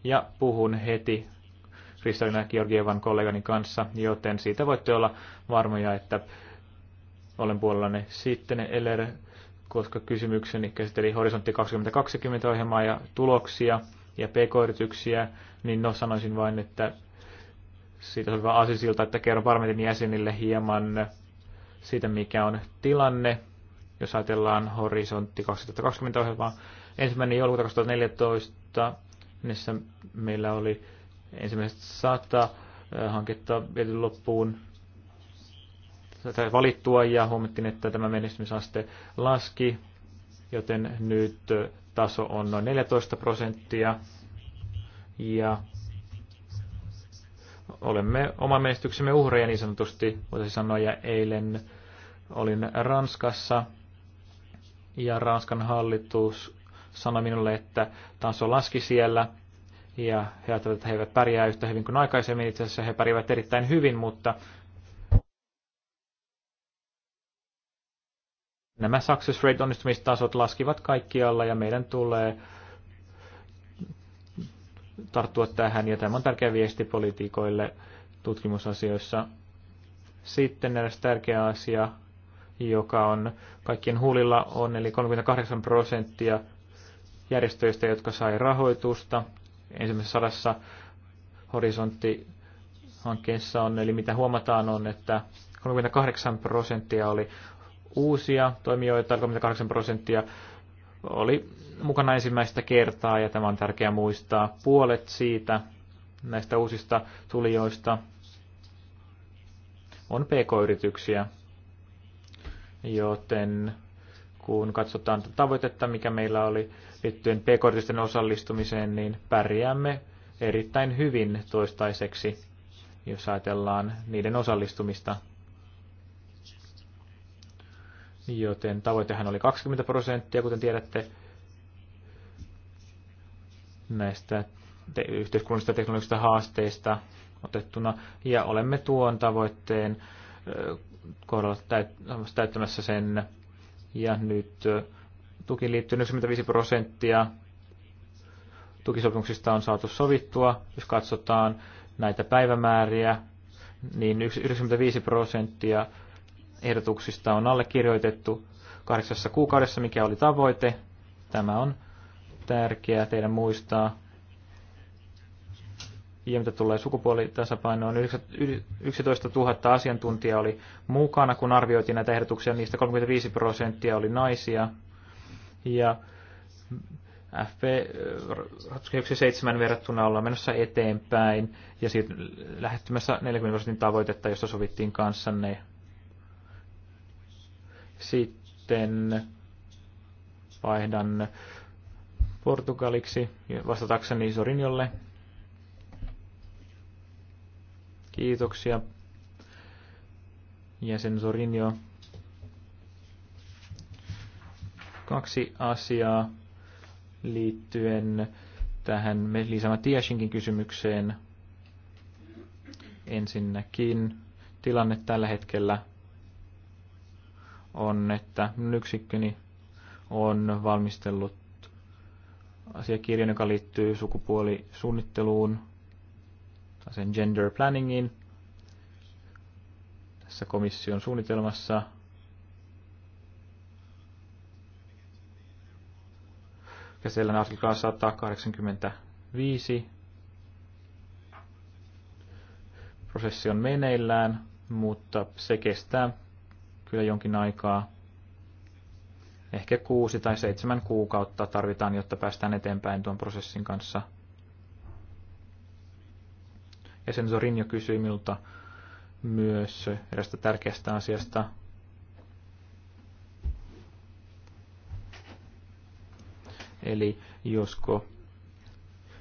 A: ja puhun heti Kristalina Georgievan kollegani kanssa, joten siitä voitte olla varmoja, että olen puolellani sitten Eller koska kysymykseni käsitteli Horisontti 2020 ohjelmaa ja tuloksia ja pk-yrityksiä, niin no sanoisin vain, että siitä on hyvä asisilta, että kerro parlamentin jäsenille hieman siitä, mikä on tilanne, jos ajatellaan Horisontti 2020 ohjelmaa. Ensimmäinen joulukuuta 2014, missä meillä oli ensimmäiset sata hanketta viety loppuun valittua ja huomattiin, että tämä menestymisaste laski, joten nyt taso on noin 14 prosenttia. Ja olemme oma menestyksemme uhreja niin sanotusti, voisi sanoa, ja eilen olin Ranskassa, ja Ranskan hallitus sanoi minulle, että taso laski siellä, ja he ajattelivat, että he eivät pärjää yhtä hyvin kuin aikaisemmin. Itse asiassa he pärjäävät erittäin hyvin, mutta Nämä success rate onnistumistasot laskivat kaikkialla ja meidän tulee tarttua tähän ja tämä on tärkeä viesti poliitikoille tutkimusasioissa. Sitten eräs tärkeä asia, joka on kaikkien huulilla on, eli 38 prosenttia järjestöistä, jotka sai rahoitusta ensimmäisessä sadassa horisonttihankkeessa on, eli mitä huomataan on, että 38 prosenttia oli uusia toimijoita, 38 prosenttia oli mukana ensimmäistä kertaa ja tämä on tärkeää muistaa. Puolet siitä näistä uusista tulijoista on pk-yrityksiä, joten kun katsotaan tavoitetta, mikä meillä oli liittyen pk osallistumiseen, niin pärjäämme erittäin hyvin toistaiseksi, jos ajatellaan niiden osallistumista joten tavoitehan oli 20 prosenttia, kuten tiedätte, näistä te- yhteiskunnallisista teknologisista haasteista otettuna, ja olemme tuon tavoitteen kohdalla täyt- täyttämässä sen, ja nyt tuki liittyy 95 prosenttia tukisopimuksista on saatu sovittua. Jos katsotaan näitä päivämääriä, niin 95 prosenttia ehdotuksista on allekirjoitettu kahdeksassa kuukaudessa, mikä oli tavoite. Tämä on tärkeää teidän muistaa. Ja mitä tulee sukupuolitasapainoon, 11 000 asiantuntijaa oli mukana, kun arvioitiin näitä ehdotuksia. Niistä 35 prosenttia oli naisia. Ja FP 7 äh, verrattuna ollaan menossa eteenpäin ja siitä lähettymässä 40 prosentin tavoitetta, josta sovittiin kanssanne sitten vaihdan portugaliksi vastatakseni Sorinjolle. Kiitoksia. Jäsen Sorinjo. Kaksi asiaa liittyen tähän Lisama Tiasinkin kysymykseen. Ensinnäkin tilanne tällä hetkellä on, että yksikköni on valmistellut asiakirjan, joka liittyy sukupuolisuunnitteluun tai sen gender planningiin. Tässä komission suunnitelmassa käsitellään artiklaa 185. Prosessi on meneillään, mutta se kestää kyllä jonkin aikaa. Ehkä kuusi tai seitsemän kuukautta tarvitaan, jotta päästään eteenpäin tuon prosessin kanssa. Ja sen jo kysyi minulta myös erästä tärkeästä asiasta. Eli josko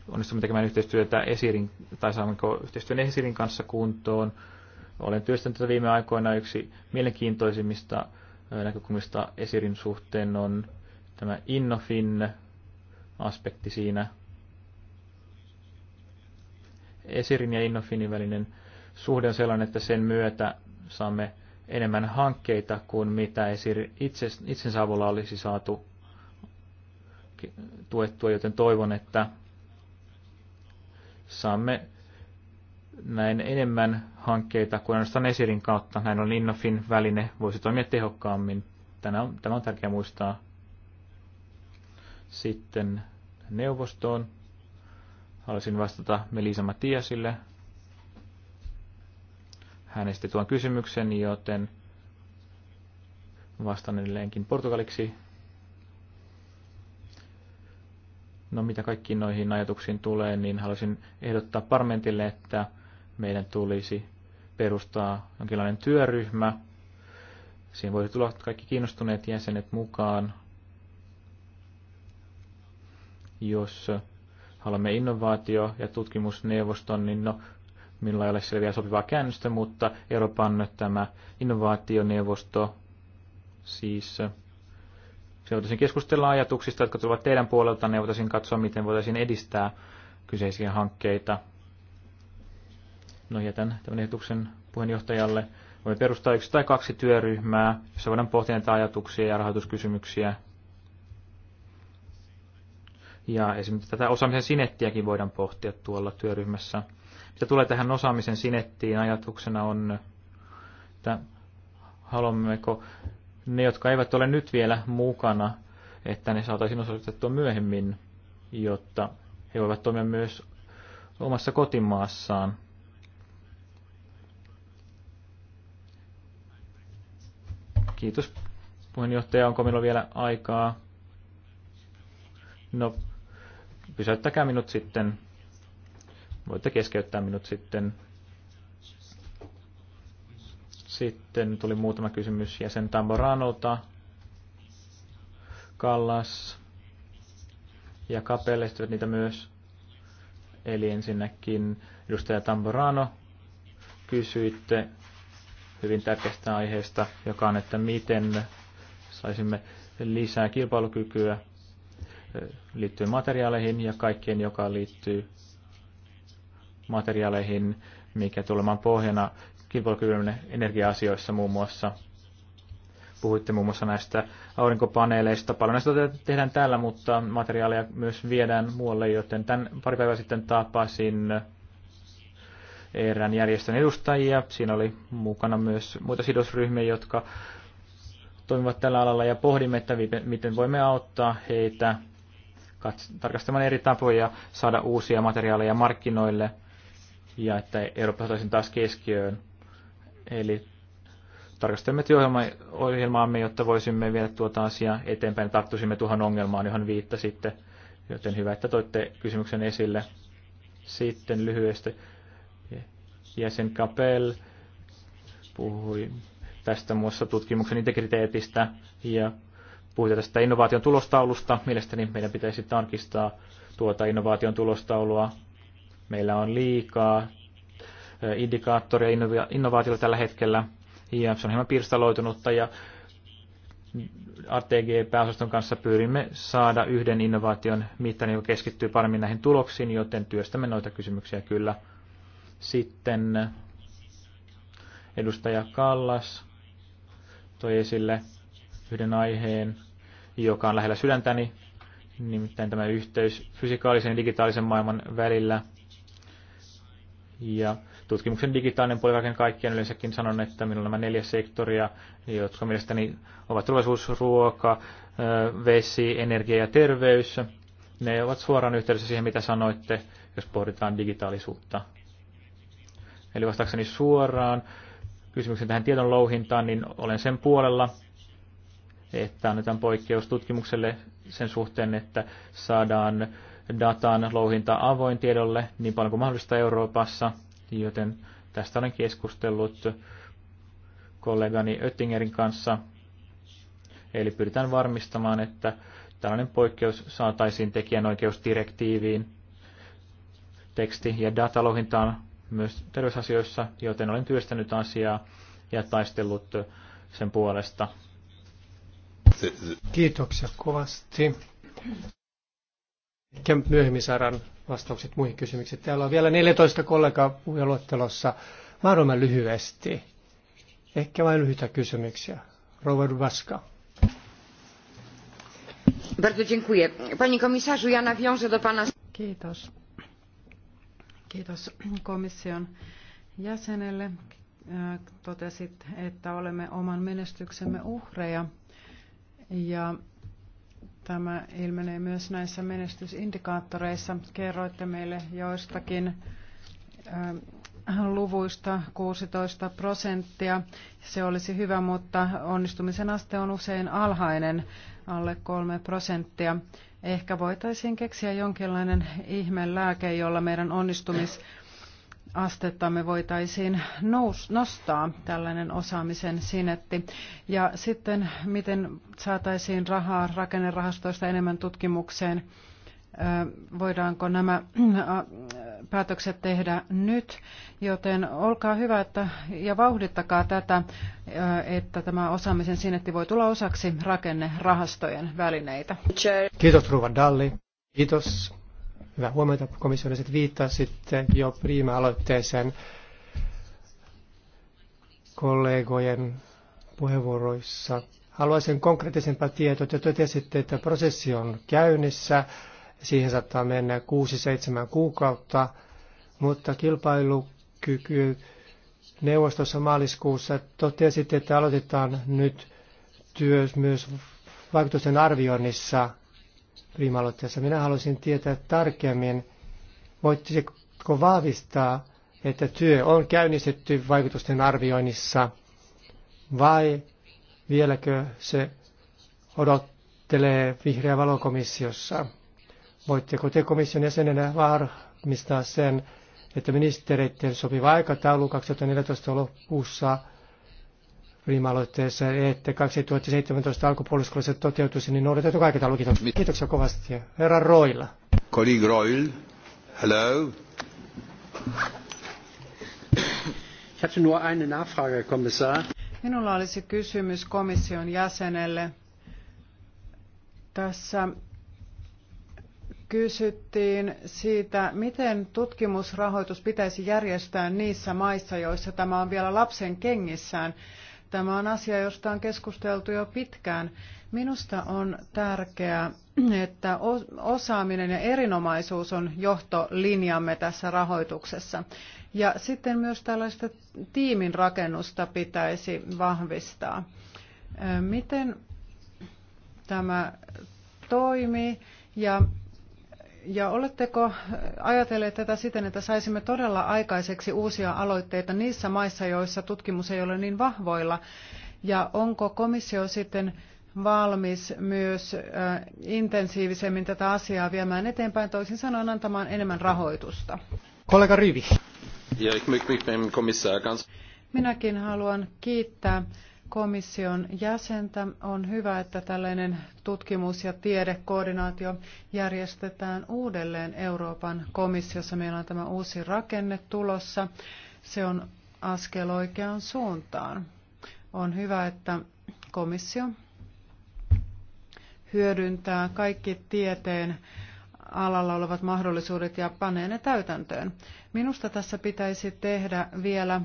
A: onnistumme tekemään yhteistyötä Esirin, tai saammeko yhteistyön Esirin kanssa kuntoon, olen työstänyt tätä viime aikoina. Yksi mielenkiintoisimmista äh, näkökulmista Esirin suhteen on tämä Innofin-aspekti siinä. Esirin ja Innofinin välinen suhde on sellainen, että sen myötä saamme enemmän hankkeita kuin mitä Esir itse, itsensä avulla olisi saatu tuettua, joten toivon, että saamme näin enemmän hankkeita kuin ainoastaan Esirin kautta. Näin on Innofin väline, voisi toimia tehokkaammin. Tänä on, tämä on tärkeää muistaa. Sitten neuvostoon. Haluaisin vastata Melisa Matiasille. Hän esitti tuon kysymyksen, joten vastaan edelleenkin portugaliksi. No mitä kaikkiin noihin ajatuksiin tulee, niin haluaisin ehdottaa parlamentille, että meidän tulisi perustaa jonkinlainen työryhmä. Siihen voisi tulla kaikki kiinnostuneet jäsenet mukaan, jos haluamme innovaatio- ja tutkimusneuvoston, niin no, minulla ei ole siellä vielä sopivaa käännöstä, mutta Euroopan tämä innovaationeuvosto, siis eh, se voitaisiin keskustella ajatuksista, jotka tulevat teidän puolelta, ne voitaisiin katsoa, miten voitaisiin edistää kyseisiä hankkeita No jätän tämän ehdotuksen puheenjohtajalle. Voimme perustaa yksi tai kaksi työryhmää, jossa voidaan pohtia näitä ajatuksia ja rahoituskysymyksiä. Ja esimerkiksi tätä osaamisen sinettiäkin voidaan pohtia tuolla työryhmässä. Mitä tulee tähän osaamisen sinettiin, ajatuksena on, että haluammeko ne, jotka eivät ole nyt vielä mukana, että ne saataisiin osoitettua myöhemmin, jotta he voivat toimia myös omassa kotimaassaan Kiitos puheenjohtaja. Onko meillä vielä aikaa? No, pysäyttäkää minut sitten. Voitte keskeyttää minut sitten. Sitten tuli muutama kysymys jäsen Tamboranolta. Kallas ja Kapelle esittivät niitä myös. Eli ensinnäkin edustaja Tamborano kysyitte hyvin tärkeästä aiheesta, joka on, että miten saisimme lisää kilpailukykyä liittyen materiaaleihin ja kaikkeen, joka liittyy materiaaleihin, mikä tulemaan pohjana kilpailukyvyn energia-asioissa muun muassa. Puhuitte muun muassa näistä aurinkopaneeleista. Paljon näistä tehdään täällä, mutta materiaalia myös viedään muualle, joten tämän pari päivää sitten tapasin erään järjestön edustajia. Siinä oli mukana myös muita sidosryhmiä, jotka toimivat tällä alalla ja pohdimme, että miten voimme auttaa heitä tarkastamaan eri tapoja saada uusia materiaaleja markkinoille ja että Eurooppa saataisiin taas keskiöön. Eli tarkastamme työohjelmaamme, jotta voisimme viedä tuota asiaa eteenpäin. Tarttuisimme tuohon ongelmaan, johon viittasitte, joten hyvä, että toitte kysymyksen esille. Sitten lyhyesti jäsen Kapel puhui tästä muassa tutkimuksen integriteetistä ja puhui tästä innovaation tulostaulusta. Mielestäni meidän pitäisi tarkistaa tuota innovaation tulostaulua. Meillä on liikaa indikaattoria innovaatiolla tällä hetkellä ja se on hieman pirstaloitunutta ja ATG-pääosaston kanssa pyrimme saada yhden innovaation mittarin, joka keskittyy paremmin näihin tuloksiin, joten työstämme noita kysymyksiä kyllä. Sitten edustaja Kallas toi esille yhden aiheen, joka on lähellä sydäntäni, nimittäin tämä yhteys fysikaalisen ja digitaalisen maailman välillä. Ja tutkimuksen digitaalinen puoli kaiken kaikkiaan yleensäkin sanon, että minulla on nämä neljä sektoria, jotka mielestäni ovat turvallisuus, ruoka, vesi, energia ja terveys. Ne ovat suoraan yhteydessä siihen, mitä sanoitte, jos pohditaan digitaalisuutta. Eli vastaakseni suoraan kysymyksen tähän tiedon louhintaan, niin olen sen puolella, että annetaan poikkeus tutkimukselle sen suhteen, että saadaan datan louhinta avoin tiedolle niin paljon kuin mahdollista Euroopassa, joten tästä olen keskustellut kollegani Oettingerin kanssa. Eli pyritään varmistamaan, että tällainen poikkeus saataisiin tekijänoikeusdirektiiviin. Teksti- ja datalouhintaan myös terveysasioissa, joten olen työstänyt asiaa ja taistellut sen puolesta.
B: Kiitoksia kovasti. Ehkä myöhemmin saadaan vastaukset muihin kysymyksiin. Täällä on vielä 14 kollegaa puhujaluettelossa. Mahdollisimman lyhyesti. Ehkä vain lyhyitä kysymyksiä. Robert Vaska.
C: Bardzo dziękuję. Panie komisarzu, ja nawiążę do pana... Kiitos. Kiitos komission jäsenelle. Totesit, että olemme oman menestyksemme uhreja ja tämä ilmenee myös näissä menestysindikaattoreissa. Kerroitte meille joistakin äh, luvuista 16 prosenttia. Se olisi hyvä, mutta onnistumisen aste on usein alhainen, alle 3 prosenttia. Ehkä voitaisiin keksiä jonkinlainen lääke, jolla meidän onnistumisastettamme voitaisiin nous, nostaa tällainen osaamisen sinetti. Ja sitten, miten saataisiin rahaa rakennerahastoista enemmän tutkimukseen, voidaanko nämä päätökset tehdä nyt, joten olkaa hyvä että, ja vauhdittakaa tätä, että tämä osaamisen sinetti voi tulla osaksi rakennerahastojen välineitä. Kiitos
B: Ruva Dalli. Kiitos. Hyvää huomenta komission viittaa viittasitte jo Prima-aloitteeseen kollegojen puheenvuoroissa. Haluaisin konkreettisempaa tietoa, että totesitte, että prosessi on käynnissä Siihen saattaa mennä 6-7 kuukautta, mutta kilpailukyky neuvostossa maaliskuussa totesitte, että aloitetaan nyt työ myös vaikutusten arvioinnissa viime Minä haluaisin tietää tarkemmin, voitteko vahvistaa, että työ on käynnistetty vaikutusten arvioinnissa vai vieläkö se odottelee vihreä valokomissiossa? Voitteko te komission jäsenenä varmistaa sen, että ministereiden sopiva aikataulu 2014 lopussa riima-aloitteessa, että 2017 alkupuoliskolla toteutuisi, niin noudatettu aikataulu. Kiitoksia, Kiitoksia kovasti. Herra Roila.
A: Colleague Roil, hello.
B: Ich hatte nur eine Nachfrage, Kommissar.
C: Minulla olisi kysymys komission jäsenelle. Tässä kysyttiin siitä, miten tutkimusrahoitus pitäisi järjestää niissä maissa, joissa tämä on vielä lapsen kengissään. Tämä on asia, josta on keskusteltu jo pitkään. Minusta on tärkeää, että osaaminen ja erinomaisuus on johtolinjamme tässä rahoituksessa. Ja sitten myös tällaista tiimin rakennusta pitäisi vahvistaa. Miten tämä toimii ja ja oletteko ajatelleet tätä siten, että saisimme todella aikaiseksi uusia aloitteita niissä maissa, joissa tutkimus ei ole niin vahvoilla? Ja onko komissio sitten valmis myös intensiivisemmin tätä asiaa viemään eteenpäin, toisin sanoen antamaan enemmän rahoitusta? Kollega Rivi. Minäkin haluan kiittää komission jäsentä. On hyvä, että tällainen tutkimus- ja tiedekoordinaatio järjestetään uudelleen Euroopan komissiossa. Meillä on tämä uusi rakenne tulossa. Se on askel oikeaan suuntaan. On hyvä, että komissio hyödyntää kaikki tieteen alalla olevat mahdollisuudet ja panee ne täytäntöön. Minusta tässä pitäisi tehdä vielä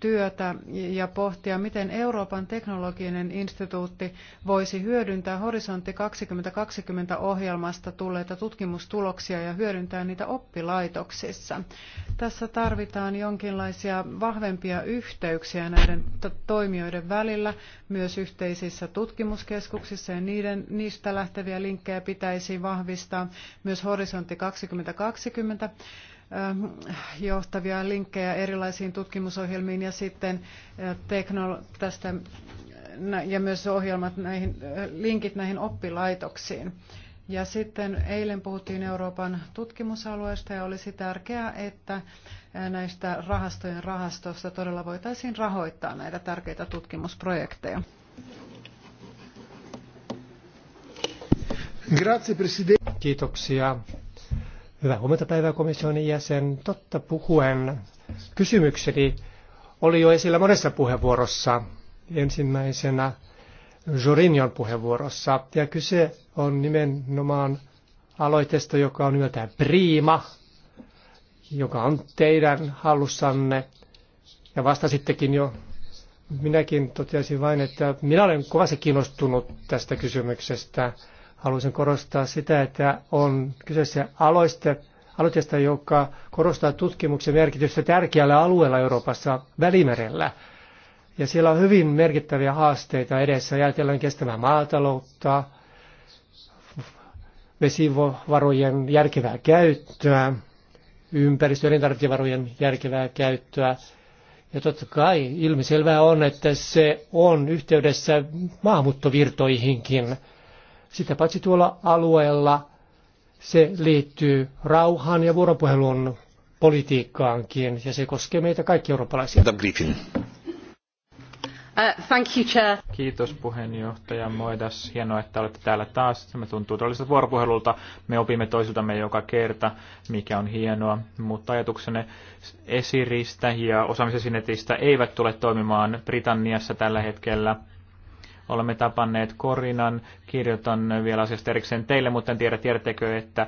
C: työtä ja pohtia, miten Euroopan teknologinen instituutti voisi hyödyntää Horisontti 2020 ohjelmasta tulleita tutkimustuloksia ja hyödyntää niitä oppilaitoksissa. Tässä tarvitaan jonkinlaisia vahvempia yhteyksiä näiden toimijoiden välillä, myös yhteisissä tutkimuskeskuksissa ja niiden, niistä lähteviä linkkejä pitäisi vahvistaa myös Horisontti 2020 johtavia linkkejä erilaisiin tutkimusohjelmiin ja sitten teknolo- tästä, ja myös ohjelmat näihin, linkit näihin oppilaitoksiin. Ja sitten eilen puhuttiin Euroopan tutkimusalueesta ja olisi tärkeää, että näistä rahastojen rahastosta todella voitaisiin rahoittaa näitä tärkeitä tutkimusprojekteja.
B: Grazie, Kiitoksia Hyvää huomenta päivää jäsen. Totta puhuen kysymykseni oli jo esillä monessa puheenvuorossa. Ensimmäisenä Jorinion puheenvuorossa. Ja kyse on nimenomaan aloitteesta, joka on nimeltään Prima, joka on teidän hallussanne. Ja vastasittekin jo minäkin totesin vain, että minä olen kovasti kiinnostunut tästä kysymyksestä haluaisin korostaa sitä, että on kyseessä aloiste, aloitteesta, joka korostaa tutkimuksen merkitystä tärkeällä alueella Euroopassa Välimerellä. Ja siellä on hyvin merkittäviä haasteita edessä. Ajatellaan kestävää maataloutta, vesivarojen järkevää käyttöä, ympäristö- ja elintarvikevarojen järkevää käyttöä. Ja totta kai ilmiselvää on, että se on yhteydessä maahanmuuttovirtoihinkin – sitä paitsi tuolla alueella se liittyy rauhaan ja vuoropuhelun politiikkaankin, ja se koskee meitä kaikki eurooppalaisia.
C: Uh,
A: thank you, Chair. Kiitos puheenjohtaja Moedas. Hienoa, että olette täällä taas. Me tuntuu todelliselta vuoropuhelulta. Me opimme toisiltamme joka kerta, mikä on hienoa. Mutta ajatuksenne esiristä ja osaamisesinetistä eivät tule toimimaan Britanniassa tällä hetkellä – Olemme tapanneet Korinan, kirjoitan vielä asiasta erikseen teille, mutta en tiedä, tiedättekö, että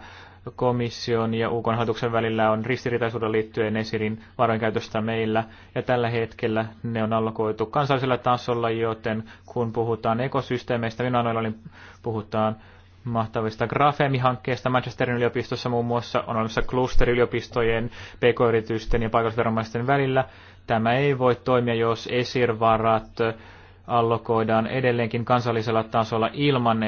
A: komission ja UK hallituksen välillä on ristiriitaisuuden liittyen esirin varoinkäytöstä meillä, ja tällä hetkellä ne on allokoitu kansallisella tasolla, joten kun puhutaan ekosysteemeistä, minä oli, puhutaan mahtavista grafeemihankkeista. Manchesterin yliopistossa muun muassa on olemassa klusteriyliopistojen, pk-yritysten ja paikallisviranomaisten välillä. Tämä ei voi toimia, jos esirvarat allokoidaan edelleenkin kansallisella tasolla ilman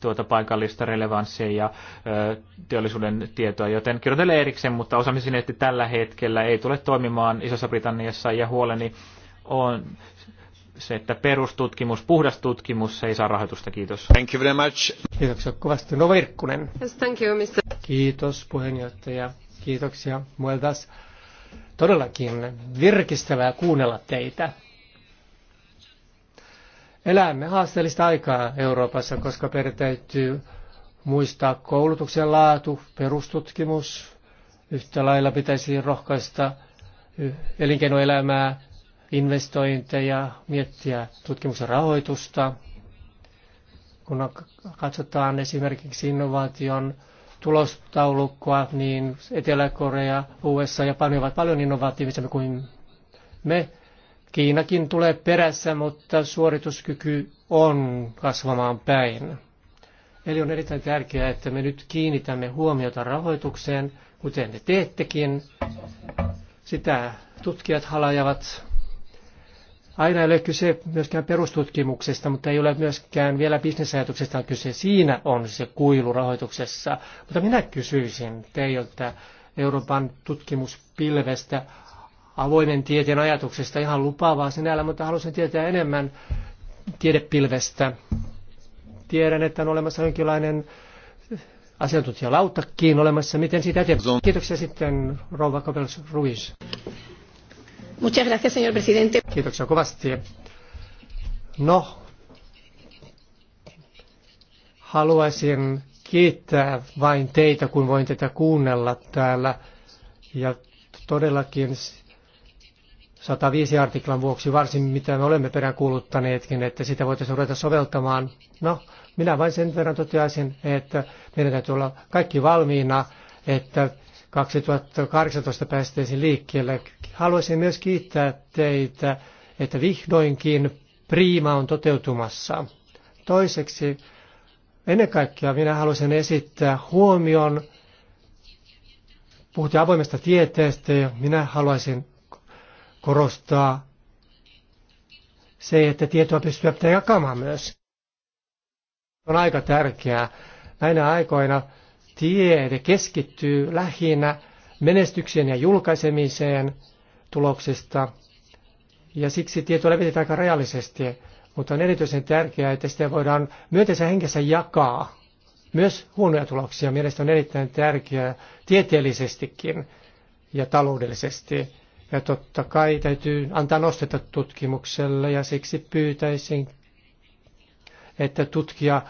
A: tuota paikallista relevanssia ja ö, teollisuuden tietoa, joten kirjoitan erikseen, mutta että tällä hetkellä ei tule toimimaan Isossa Britanniassa ja huoleni on se, että perustutkimus, puhdas tutkimus ei saa rahoitusta. Kiitos. Thank you very much.
B: Kiitoksia kovasti. No Virkkunen. Yes, thank you, Mr. Kiitos puheenjohtaja. Kiitoksia. Mueltas todellakin virkistävää kuunnella teitä. Elämme haasteellista aikaa Euroopassa, koska täytyy muistaa koulutuksen laatu, perustutkimus. Yhtä lailla pitäisi rohkaista elinkeinoelämää, investointeja, miettiä tutkimuksen rahoitusta. Kun katsotaan esimerkiksi innovaation tulostaulukkoa, niin Etelä-Korea, USA ja Japani ovat paljon innovatiivisemmin kuin me. Kiinakin tulee perässä, mutta suorituskyky on kasvamaan päin. Eli on erittäin tärkeää, että me nyt kiinnitämme huomiota rahoitukseen, kuten te teettekin. Sitä tutkijat halajavat. Aina ei ole kyse myöskään perustutkimuksesta, mutta ei ole myöskään vielä bisnesajatuksesta kyse. Siinä on se kuilu rahoituksessa. Mutta minä kysyisin teiltä Euroopan tutkimuspilvestä, avoimen tieteen ajatuksesta ihan lupaavaa sinällä, mutta halusin tietää enemmän tiedepilvestä. Tiedän, että on olemassa jonkinlainen asiantuntijalautakin olemassa. Miten siitä eteenpäin? Kiitoksia sitten rouva Kapels Ruiz. Muchas gracias, señor presidente. Kiitoksia kovasti. No, haluaisin kiittää vain teitä, kun voin tätä kuunnella täällä. Ja todellakin 105 artiklan vuoksi varsin, mitä me olemme peräänkuuluttaneetkin, että sitä voitaisiin ruveta soveltamaan. No, minä vain sen verran toteaisin, että meidän täytyy olla kaikki valmiina, että 2018 päästäisiin liikkeelle. Haluaisin myös kiittää teitä, että vihdoinkin priima on toteutumassa. Toiseksi, ennen kaikkea minä haluaisin esittää huomion, puhuttiin avoimesta tieteestä ja minä haluaisin korostaa se, että tietoa pystyy pitää jakamaan myös. On aika tärkeää. Näinä aikoina tiede keskittyy lähinnä menestykseen ja julkaisemiseen tuloksista. Ja siksi tieto levitetään aika rajallisesti, mutta on erityisen tärkeää, että sitä voidaan myönteisen hengessä jakaa. Myös huonoja tuloksia mielestäni on erittäin tärkeää tieteellisestikin ja taloudellisesti ja totta kai täytyy antaa nostetta tutkimukselle ja siksi pyytäisin, että tutkija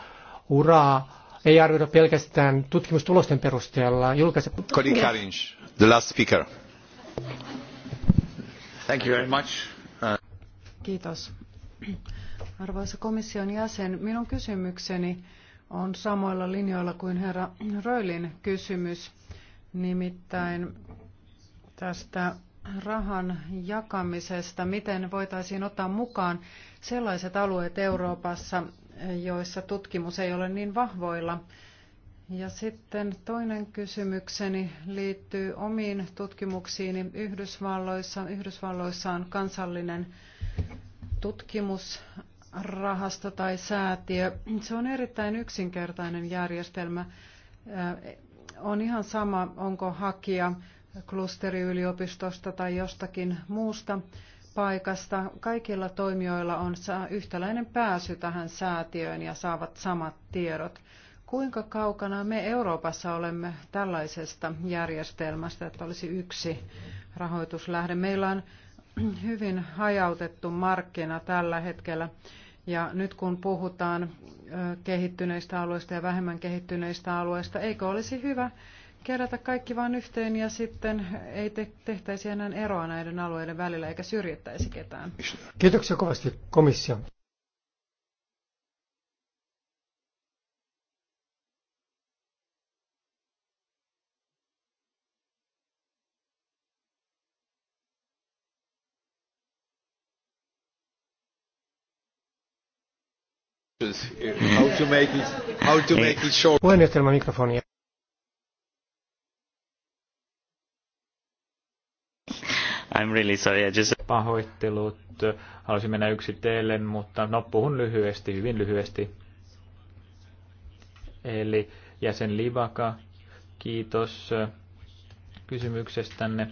B: uraa ei arvioida pelkästään tutkimustulosten perusteella. Julkaise... Colin Carinch,
A: the last speaker. Thank you very much. Uh...
C: Kiitos. Arvoisa komission jäsen, minun kysymykseni on samoilla linjoilla kuin herra Röylin kysymys, nimittäin tästä rahan jakamisesta, miten voitaisiin ottaa mukaan sellaiset alueet Euroopassa, joissa tutkimus ei ole niin vahvoilla. Ja sitten toinen kysymykseni liittyy omiin tutkimuksiini Yhdysvalloissa. Yhdysvalloissa on kansallinen tutkimusrahasto tai säätiö. Se on erittäin yksinkertainen järjestelmä. On ihan sama, onko hakija klusteriyliopistosta tai jostakin muusta paikasta. Kaikilla toimijoilla on yhtäläinen pääsy tähän säätiöön ja saavat samat tiedot. Kuinka kaukana me Euroopassa olemme tällaisesta järjestelmästä, että olisi yksi rahoituslähde? Meillä on hyvin hajautettu markkina tällä hetkellä. Ja nyt kun puhutaan kehittyneistä alueista ja vähemmän kehittyneistä alueista, eikö olisi hyvä kerätä kaikki vain yhteen ja sitten ei te- tehtäisi enää eroa näiden alueiden välillä eikä syrjittäisi ketään.
B: Kiitoksia kovasti komissio. How to make it, how to make it short. Puheenjohtajan mikrofonia.
A: I'm really sorry, I just... Pahoittelut. Haluaisin mennä yksitellen, mutta no, puhun lyhyesti, hyvin lyhyesti. Eli jäsen Livaka, kiitos kysymyksestänne.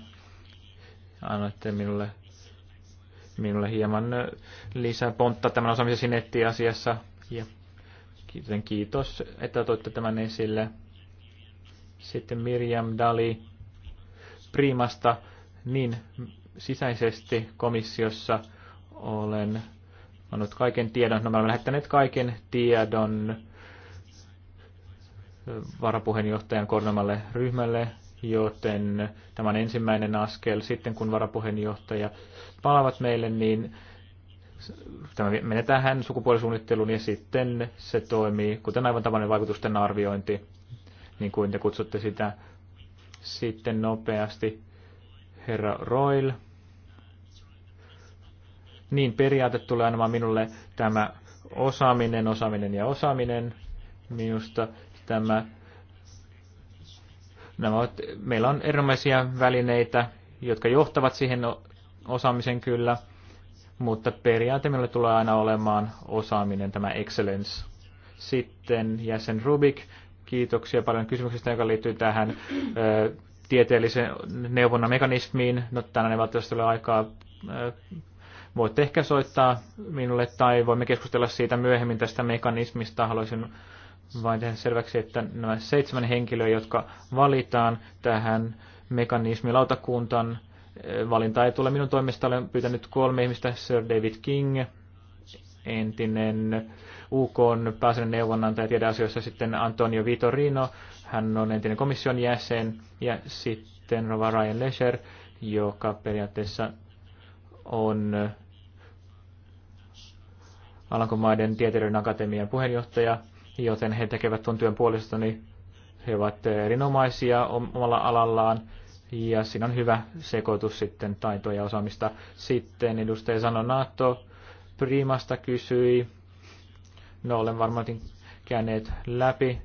A: Annoitte minulle, minulle hieman lisää pontta tämän osaamisen nettiasiassa. Ja kiitos, että toitte tämän esille. Sitten Mirjam Dali Primasta niin sisäisesti komissiossa olen annut kaiken tiedon, no me olemme lähettäneet kaiken tiedon varapuheenjohtajan koordinoimalle ryhmälle, joten tämä on ensimmäinen askel. Sitten kun varapuheenjohtaja palaavat meille, niin tämä menetään hän sukupuolisuunnitteluun ja sitten se toimii, kuten aivan tavallinen vaikutusten arviointi, niin kuin te kutsutte sitä sitten nopeasti herra Roil. Niin, periaate tulee aina minulle tämä osaaminen, osaaminen ja osaaminen. Minusta tämä, nämä ovat, meillä on erilaisia välineitä, jotka johtavat siihen osaamisen kyllä, mutta periaate minulle tulee aina olemaan osaaminen, tämä excellence. Sitten jäsen Rubik, kiitoksia paljon kysymyksestä, joka liittyy tähän tieteellisen neuvonnan mekanismiin. No tänään ei välttämättä ole aikaa. Voitte ehkä soittaa minulle tai voimme keskustella siitä myöhemmin tästä mekanismista. Haluaisin vain tehdä selväksi, että nämä seitsemän henkilöä, jotka valitaan tähän mekanismilautakuntaan, valinta ei tule minun toimesta. Olen pyytänyt kolme ihmistä, Sir David King, entinen UK pääsenen neuvonantaja tiede asioissa sitten Antonio Vitorino, hän on entinen komission jäsen ja sitten Rova Ryan Lesher, joka periaatteessa on Alankomaiden tieteiden akatemian puheenjohtaja, joten he tekevät tuon työn puolestani. Niin he ovat erinomaisia omalla alallaan ja siinä on hyvä sekoitus sitten taitoja ja osaamista. Sitten edustaja Naatto Primasta kysyi. No olen varmaankin käyneet läpi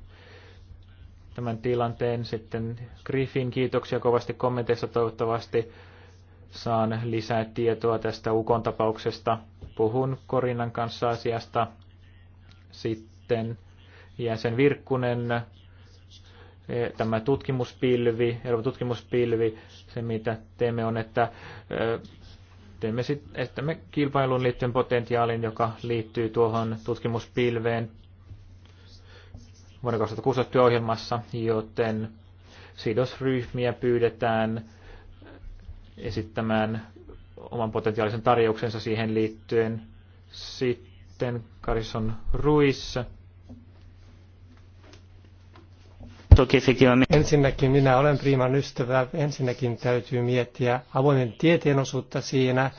A: tämän tilanteen. Sitten Griffin, kiitoksia kovasti kommenteissa. Toivottavasti saan lisää tietoa tästä Ukon tapauksesta. Puhun Korinnan kanssa asiasta. Sitten jäsen Virkkunen, e, tämä tutkimuspilvi, Euroopan tutkimuspilvi, se mitä teemme on, että e, teemme sit, että me kilpailun liittyen potentiaalin, joka liittyy tuohon tutkimuspilveen vuonna 2016 työohjelmassa, joten sidosryhmiä pyydetään esittämään oman potentiaalisen tarjouksensa siihen liittyen. Sitten Carison Ruiz. Ensinnäkin minä olen Priiman
B: ystävä. Ensinnäkin täytyy miettiä avoimen tieteen osuutta siinä,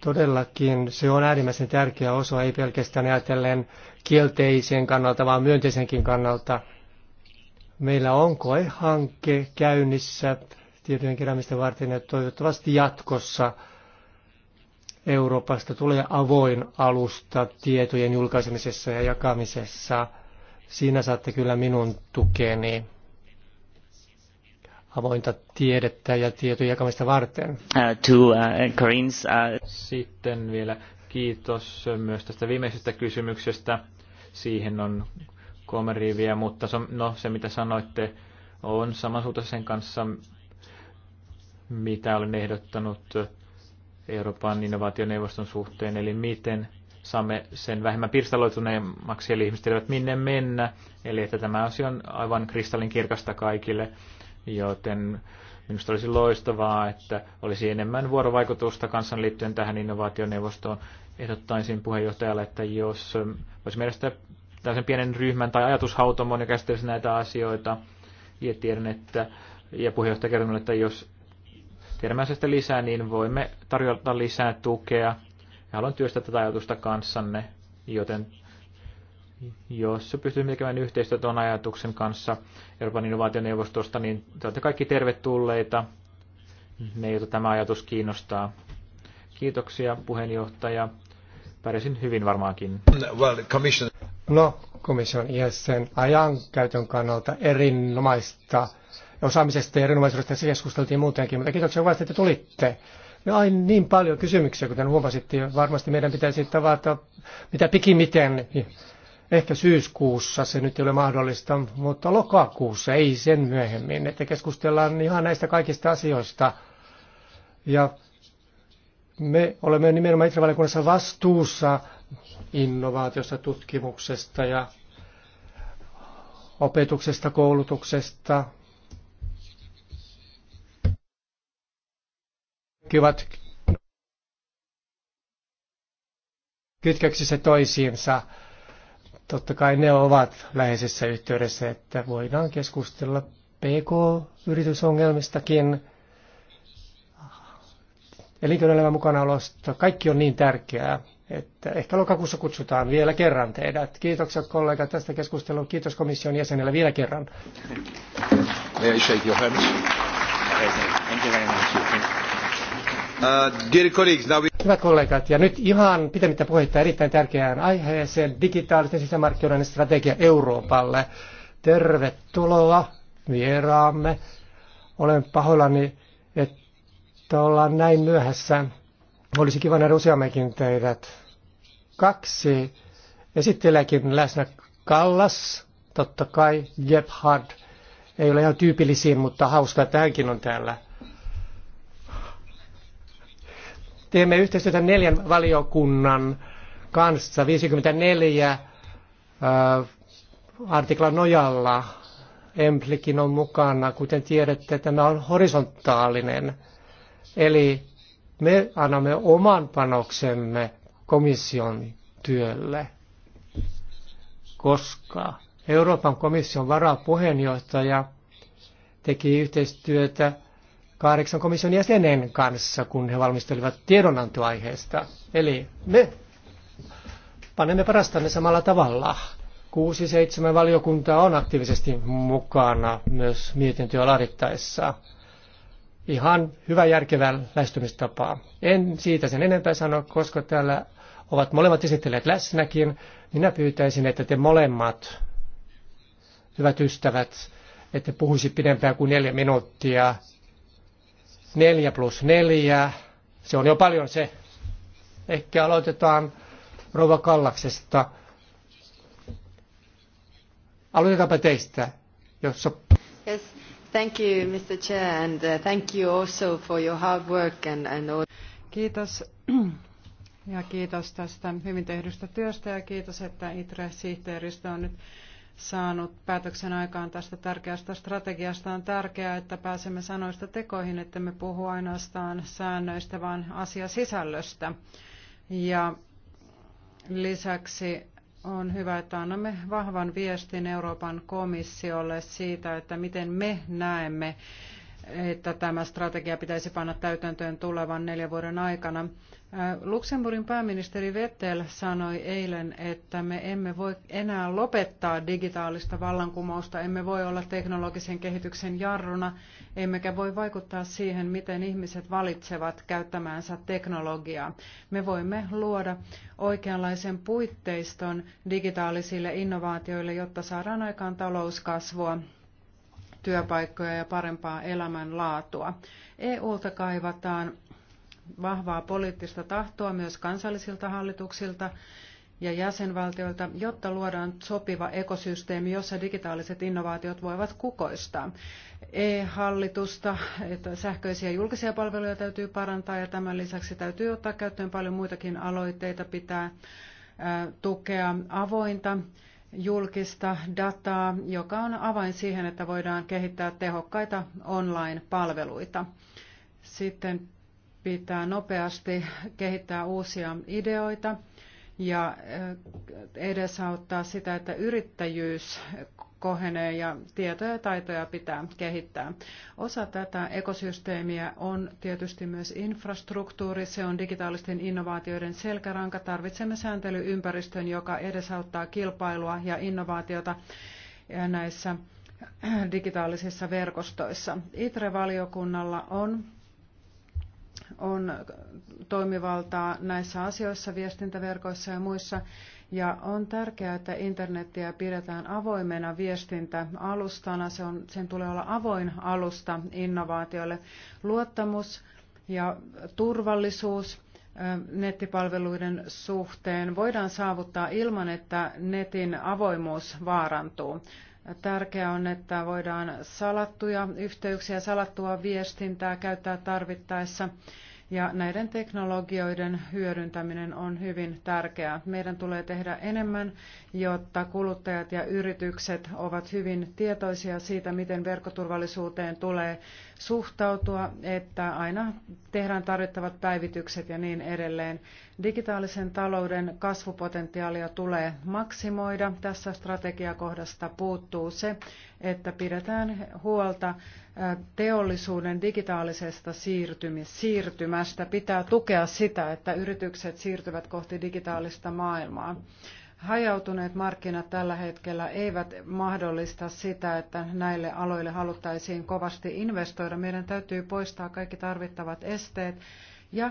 B: Todellakin se on äärimmäisen tärkeä osa, ei pelkästään ajatellen kielteisen kannalta, vaan myönteisenkin kannalta. Meillä on koehanke käynnissä tietojen keräämistä varten ja toivottavasti jatkossa Euroopasta tulee avoin alusta tietojen julkaisemisessa ja jakamisessa. Siinä saatte kyllä minun tukeni avointa tiedettä ja tietojen jakamista varten. Uh,
A: to, uh, uh... Sitten vielä kiitos myös tästä viimeisestä kysymyksestä. Siihen on kolme riiviä, mutta se, no, se mitä sanoitte on samansuuntaisen sen kanssa, mitä olen ehdottanut Euroopan innovaationeuvoston suhteen, eli miten saamme sen vähemmän pirstaloituneemmaksi, eli ihmiset tiedävät minne mennä, eli että tämä asia on aivan kristallinkirkasta kaikille joten minusta olisi loistavaa, että olisi enemmän vuorovaikutusta kansan liittyen tähän innovaationeuvostoon. Ehdottaisin puheenjohtajalle, että jos ähm, voisi mielestäni tällaisen pienen ryhmän tai ajatushautomon ja käsittelisi näitä asioita, ja tiedän, että, ja puheenjohtaja kertoo, että jos tiedämme sitä lisää, niin voimme tarjota lisää tukea. Ja haluan työstää tätä ajatusta kanssanne, joten jossa pystymme tekemään yhteistyötä tuon ajatuksen kanssa Euroopan innovaationeuvostosta, niin te olette kaikki tervetulleita, ne, joita tämä ajatus kiinnostaa. Kiitoksia puheenjohtaja. Pärjäsin hyvin varmaankin. Well, commission.
B: No, komission jäsen käytön kannalta erinomaista osaamisesta ja erinomaisuudesta se keskusteltiin muutenkin, mutta kiitoksia vasta, että tulitte. No ai niin paljon kysymyksiä, kuten huomasitte, varmasti meidän pitäisi tavata mitä pikimiten Ehkä syyskuussa se nyt ei ole mahdollista, mutta lokakuussa ei sen myöhemmin, että keskustellaan ihan näistä kaikista asioista. Ja me olemme nimenomaan itsevaliokunnassa vastuussa innovaatiosta, tutkimuksesta ja opetuksesta, koulutuksesta. Kivat kytköksissä toisiinsa. Totta kai ne ovat läheisessä yhteydessä, että voidaan keskustella PK-yritysongelmistakin, elinkeinoelämän mukanaolosta. Kaikki on niin tärkeää, että ehkä lokakuussa kutsutaan vielä kerran teidät. Kiitokset kollegat tästä keskustelusta. Kiitos komission jäsenelle vielä kerran.
A: May I shake your hands? Thank you very much. Uh,
B: Hyvät kollegat, ja nyt ihan pitemmittä puhetta erittäin tärkeään aiheeseen, digitaalisen sisämarkkinoiden strategia Euroopalle. Tervetuloa vieraamme. Olen pahoillani, että ollaan näin myöhässä. Olisi kiva nähdä useamminkin teidät. Kaksi esittelijäkin läsnä Kallas, totta kai Gebhard. Ei ole ihan tyypillisiin, mutta hauska, että hänkin on täällä teemme yhteistyötä neljän valiokunnan kanssa 54 äh, artiklan nojalla. Emplikin on mukana, kuten tiedätte, tämä on horisontaalinen. Eli me annamme oman panoksemme komission työlle, koska Euroopan komission varapuheenjohtaja teki yhteistyötä kahdeksan komission jäsenen kanssa, kun he valmistelivat tiedonantoaiheesta. Eli me panemme parastanne samalla tavalla. Kuusi, seitsemän valiokuntaa on aktiivisesti mukana myös mietintöä laadittaessa. Ihan hyvä järkevä lähestymistapa. En siitä sen enempää sano, koska täällä ovat molemmat esittelijät läsnäkin. Minä pyytäisin, että te molemmat, hyvät ystävät, että puhuisi pidempään kuin neljä minuuttia Neljä plus neljä, Se on jo paljon se. Ehkä aloitetaan Rova Kallaksesta. Aloitetaanpa teistä, jos so-
C: yes. Thank you, Mr. Chair, and uh, thank you also for your hard work and, and all. Kiitos ja kiitos tästä hyvin tehdystä työstä ja kiitos, että ITRE-sihteeristö on nyt saanut päätöksen aikaan tästä tärkeästä strategiasta. On tärkeää, että pääsemme sanoista tekoihin, että me puhu ainoastaan säännöistä, vaan asiasisällöstä. Ja lisäksi on hyvä, että annamme vahvan viestin Euroopan komissiolle siitä, että miten me näemme että tämä strategia pitäisi panna täytäntöön tulevan neljän vuoden aikana. Luxemburgin pääministeri Vettel sanoi eilen, että me emme voi enää lopettaa digitaalista vallankumousta, emme voi olla teknologisen kehityksen jarruna, emmekä voi vaikuttaa siihen, miten ihmiset valitsevat käyttämäänsä teknologiaa. Me voimme luoda oikeanlaisen puitteiston digitaalisille innovaatioille, jotta saadaan aikaan talouskasvua työpaikkoja ja parempaa elämänlaatua. EUlta kaivataan vahvaa poliittista tahtoa myös kansallisilta hallituksilta ja jäsenvaltioilta, jotta luodaan sopiva ekosysteemi, jossa digitaaliset innovaatiot voivat kukoistaa. E-hallitusta, että sähköisiä julkisia palveluja täytyy parantaa ja tämän lisäksi täytyy ottaa käyttöön paljon muitakin aloitteita, pitää tukea avointa julkista dataa, joka on avain siihen, että voidaan kehittää tehokkaita online-palveluita. Sitten pitää nopeasti kehittää uusia ideoita ja eh, edesauttaa sitä, että yrittäjyys kohenee ja tietoja ja taitoja pitää kehittää. Osa tätä ekosysteemiä on tietysti myös infrastruktuuri. Se on digitaalisten innovaatioiden selkäranka. Tarvitsemme sääntelyympäristön, joka edesauttaa kilpailua ja innovaatiota näissä digitaalisissa verkostoissa. ITRE-valiokunnalla on on toimivaltaa näissä asioissa viestintäverkoissa ja muissa ja on tärkeää, että internettiä pidetään avoimena viestintäalustana. Se on, sen tulee olla avoin alusta innovaatioille. Luottamus ja turvallisuus nettipalveluiden suhteen voidaan saavuttaa ilman, että netin avoimuus vaarantuu. Tärkeää on, että voidaan salattuja yhteyksiä, salattua viestintää käyttää tarvittaessa ja näiden teknologioiden hyödyntäminen on hyvin tärkeää. Meidän tulee tehdä enemmän, jotta kuluttajat ja yritykset ovat hyvin tietoisia siitä, miten verkkoturvallisuuteen tulee suhtautua, että aina tehdään tarvittavat päivitykset ja niin edelleen. Digitaalisen talouden kasvupotentiaalia tulee maksimoida. Tässä strategiakohdasta puuttuu se, että pidetään huolta teollisuuden digitaalisesta siirtymästä. Pitää tukea sitä, että yritykset siirtyvät kohti digitaalista maailmaa. Hajautuneet markkinat tällä hetkellä eivät mahdollista sitä, että näille aloille haluttaisiin kovasti investoida. Meidän täytyy poistaa kaikki tarvittavat esteet ja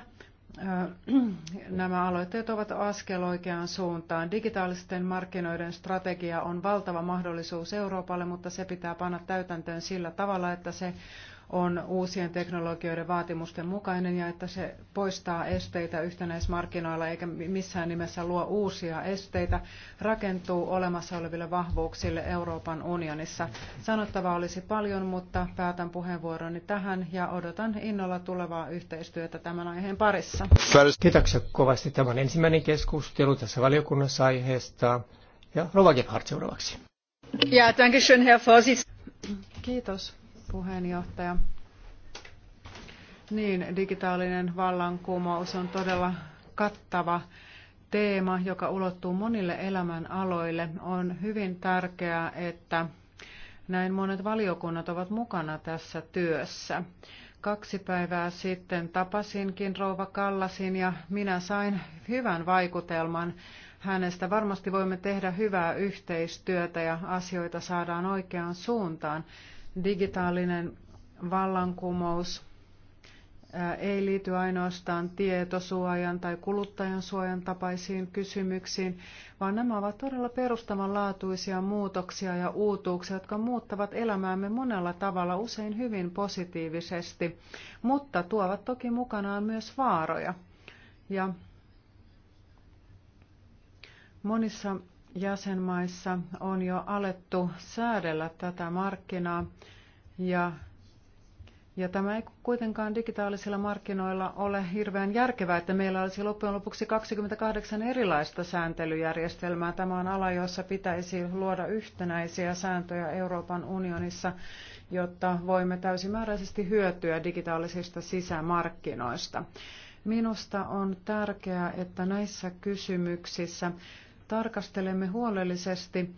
C: Nämä aloitteet ovat askel oikeaan suuntaan. Digitaalisten markkinoiden strategia on valtava mahdollisuus Euroopalle, mutta se pitää panna täytäntöön sillä tavalla, että se on uusien teknologioiden vaatimusten mukainen ja että se poistaa esteitä yhtenäismarkkinoilla eikä missään nimessä luo uusia esteitä, rakentuu olemassa oleville vahvuuksille Euroopan unionissa. Sanottavaa olisi paljon, mutta päätän puheenvuoroni tähän ja odotan innolla tulevaa yhteistyötä tämän aiheen parissa. Kiitoksia
B: kovasti. Tämä on ensimmäinen keskustelu tässä valiokunnassa aiheesta. Ja Rova Gebhardt seuraavaksi.
C: Ja, danke schön, Herr Kiitos puheenjohtaja. Niin, digitaalinen vallankumous on todella kattava teema, joka ulottuu monille elämän aloille. On hyvin tärkeää, että näin monet valiokunnat ovat mukana tässä työssä. Kaksi päivää sitten tapasinkin rouva Kallasin ja minä sain hyvän vaikutelman hänestä. Varmasti voimme tehdä hyvää yhteistyötä ja asioita saadaan oikeaan suuntaan. Digitaalinen vallankumous ei liity ainoastaan tietosuojan tai kuluttajan suojan tapaisiin kysymyksiin, vaan nämä ovat todella perustavanlaatuisia muutoksia ja uutuuksia, jotka muuttavat elämäämme monella tavalla, usein hyvin positiivisesti, mutta tuovat toki mukanaan myös vaaroja. Ja monissa jäsenmaissa on jo alettu säädellä tätä markkinaa ja, ja tämä ei kuitenkaan digitaalisilla markkinoilla ole hirveän järkevää, että meillä olisi loppujen lopuksi 28 erilaista sääntelyjärjestelmää. Tämä on ala, jossa pitäisi luoda yhtenäisiä sääntöjä Euroopan unionissa, jotta voimme täysimääräisesti hyötyä digitaalisista sisämarkkinoista. Minusta on tärkeää, että näissä kysymyksissä tarkastelemme huolellisesti,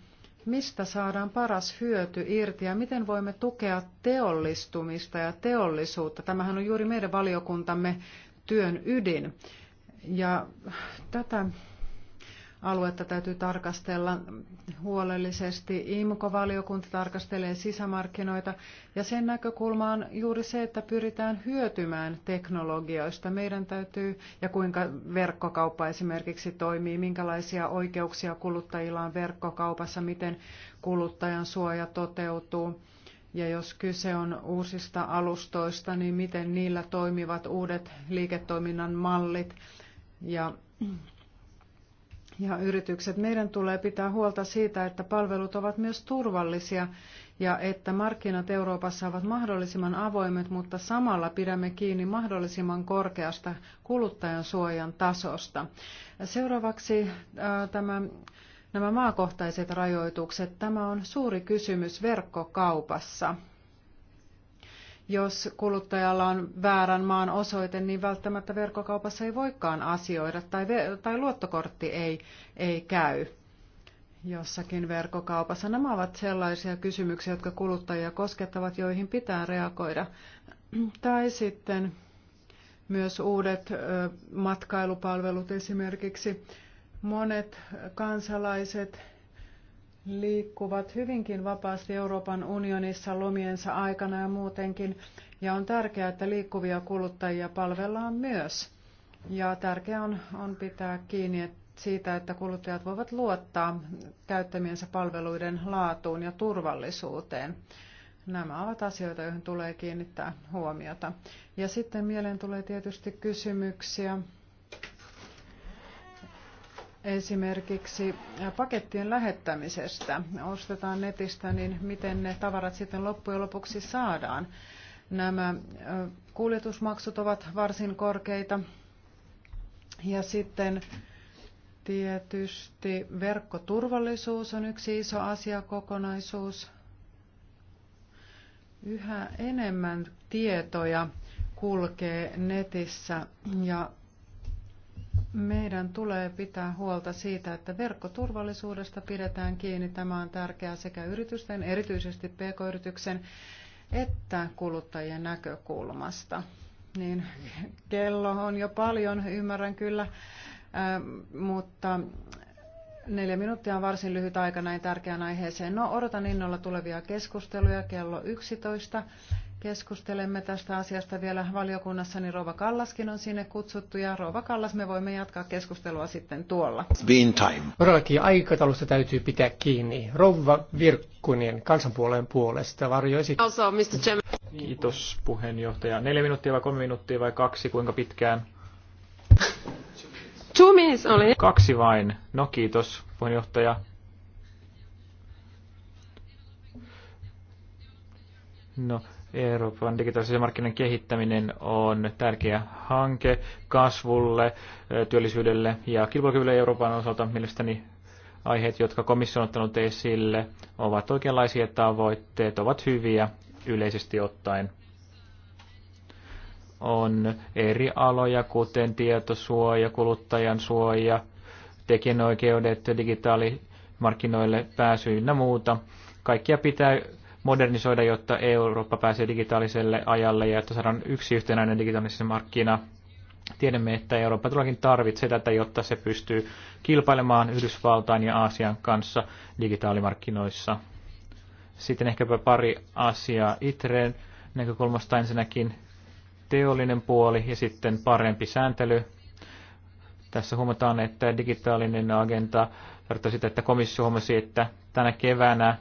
C: mistä saadaan paras hyöty irti ja miten voimme tukea teollistumista ja teollisuutta. Tämähän on juuri meidän valiokuntamme työn ydin. Ja tätä aluetta täytyy tarkastella huolellisesti. IMKO-valiokunta tarkastelee sisämarkkinoita ja sen näkökulma on juuri se, että pyritään hyötymään teknologioista. Meidän täytyy, ja kuinka verkkokauppa esimerkiksi toimii, minkälaisia oikeuksia kuluttajilla on verkkokaupassa, miten kuluttajan suoja toteutuu. Ja jos kyse on uusista alustoista, niin miten niillä toimivat uudet liiketoiminnan mallit. Ja ja yritykset. Meidän tulee pitää huolta siitä, että palvelut ovat myös turvallisia ja että markkinat Euroopassa ovat mahdollisimman avoimet, mutta samalla pidämme kiinni mahdollisimman korkeasta kuluttajan suojan tasosta. Seuraavaksi äh, tämä, nämä maakohtaiset rajoitukset. Tämä on suuri kysymys verkkokaupassa. Jos kuluttajalla on väärän maan osoite, niin välttämättä verkkokaupassa ei voikaan asioida tai, tai luottokortti ei, ei käy jossakin verkkokaupassa. Nämä ovat sellaisia kysymyksiä, jotka kuluttajia koskettavat, joihin pitää reagoida. Tai sitten myös uudet matkailupalvelut esimerkiksi. Monet kansalaiset liikkuvat hyvinkin vapaasti Euroopan unionissa lomiensa aikana ja muutenkin, ja on tärkeää, että liikkuvia kuluttajia palvellaan myös. Ja tärkeää on, on pitää kiinni siitä, että kuluttajat voivat luottaa käyttämiensä palveluiden laatuun ja turvallisuuteen. Nämä ovat asioita, joihin tulee kiinnittää huomiota. Ja sitten mieleen tulee tietysti kysymyksiä esimerkiksi pakettien lähettämisestä. Ostetaan netistä, niin miten ne tavarat sitten loppujen lopuksi saadaan. Nämä kuljetusmaksut ovat varsin korkeita. Ja sitten tietysti verkkoturvallisuus on yksi iso asiakokonaisuus. Yhä enemmän tietoja kulkee netissä ja meidän tulee pitää huolta siitä, että verkkoturvallisuudesta pidetään kiinni. Tämä on tärkeää sekä yritysten, erityisesti pk-yrityksen, että kuluttajien näkökulmasta. Niin, kello on jo paljon, ymmärrän kyllä, ähm, mutta neljä minuuttia on varsin lyhyt aika näin tärkeään aiheeseen. No, odotan innolla tulevia keskusteluja kello 11. Keskustelemme tästä asiasta vielä valiokunnassa, niin Rova Kallaskin on sinne kutsuttu ja Rova Kallas me voimme jatkaa keskustelua sitten tuolla. Been
A: time.
B: Todellakin aikataulusta täytyy pitää kiinni.
A: Rouva Virkkunen kansanpuolen puolesta varjoisi.
C: Also, Mr. Chairman.
A: Kiitos puheenjohtaja. Neljä minuuttia vai kolme minuuttia vai kaksi, kuinka pitkään? Two minutes oli. Kaksi vain. No kiitos puheenjohtaja. No, Euroopan digitaalisen markkinan kehittäminen on tärkeä hanke kasvulle, työllisyydelle ja kilpailukyvylle Euroopan osalta. Mielestäni aiheet, jotka komissio on ottanut esille, ovat oikeanlaisia tavoitteet, ovat hyviä yleisesti ottaen. On eri aloja, kuten tietosuoja, kuluttajan suoja, tekijänoikeudet, digitaalimarkkinoille pääsy ynnä muuta. Kaikkia pitää modernisoida, jotta Eurooppa pääsee digitaaliselle ajalle ja että saadaan yksi yhtenäinen digitaalinen markkina. Tiedämme, että Eurooppa todellakin tarvitsee tätä, jotta se pystyy kilpailemaan Yhdysvaltain ja Aasian kanssa digitaalimarkkinoissa. Sitten ehkäpä pari asiaa Itreen näkökulmasta ensinnäkin teollinen puoli ja sitten parempi sääntely. Tässä huomataan, että digitaalinen agenda tarkoittaa sitä, että komissio huomasi, että tänä keväänä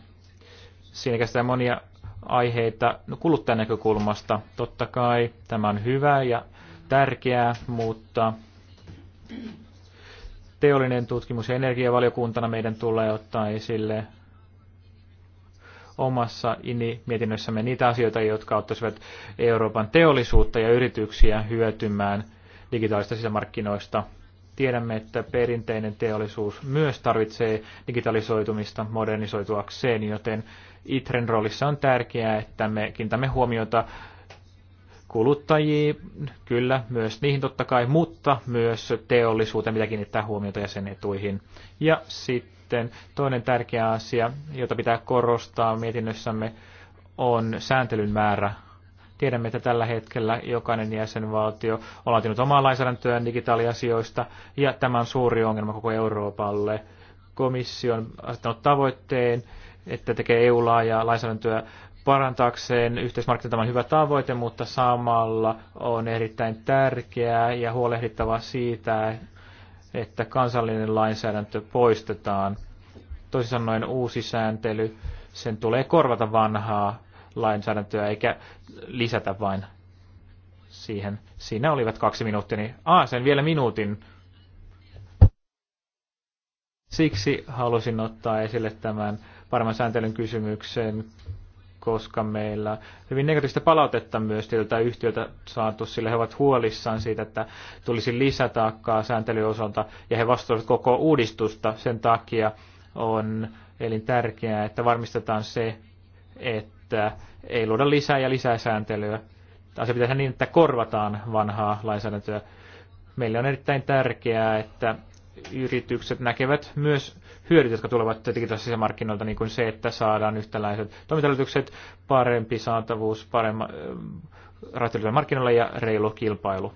A: Siinä käsittää monia aiheita no kuluttajan näkökulmasta. Totta kai tämä on hyvä ja tärkeää, mutta teollinen tutkimus- ja energiavaliokuntana meidän tulee ottaa esille omassa INI-mietinnössämme niitä asioita, jotka auttaisivat Euroopan teollisuutta ja yrityksiä hyötymään digitaalista sisämarkkinoista. Tiedämme, että perinteinen teollisuus myös tarvitsee digitalisoitumista modernisoituakseen, joten ITREN roolissa on tärkeää, että me kiinnitämme huomiota kuluttajiin, kyllä, myös niihin totta kai, mutta myös teollisuuteen, mitä kiinnittää huomiota ja sen etuihin. Ja sitten toinen tärkeä asia, jota pitää korostaa mietinnössämme, on sääntelyn määrä. Tiedämme, että tällä hetkellä jokainen jäsenvaltio on laatinut omaa lainsäädäntöään digitaaliasioista, ja tämä on suuri ongelma koko Euroopalle. Komissio on asettanut tavoitteen että tekee EU-laajaa lainsäädäntöä parantaakseen yhteismarkkinat on hyvä tavoite, mutta samalla on erittäin tärkeää ja huolehdittava siitä, että kansallinen lainsäädäntö poistetaan. Toisin sanoen uusi sääntely, sen tulee korvata vanhaa lainsäädäntöä eikä lisätä vain siihen. Siinä olivat kaksi minuuttia, niin aa, ah, sen vielä minuutin. Siksi halusin ottaa esille tämän varman sääntelyn kysymykseen, koska meillä hyvin negatiivista palautetta myös tietyltä yhtiöltä saatu, sillä he ovat huolissaan siitä, että tulisi lisätaakkaa sääntelyn osalta, ja he vastustavat koko uudistusta. Sen takia on elintärkeää, että varmistetaan se, että ei luoda lisää ja lisää sääntelyä. Tai se pitäisi niin, että korvataan vanhaa lainsäädäntöä. Meille on erittäin tärkeää, että yritykset näkevät myös hyödyt, jotka tulevat digitaalisista sisämarkkinoilta, niin kuin se, että saadaan yhtäläiset toimintaedellytykset, parempi saatavuus, paremma äh, rajoitetuilla markkinoilla ja reilu kilpailu.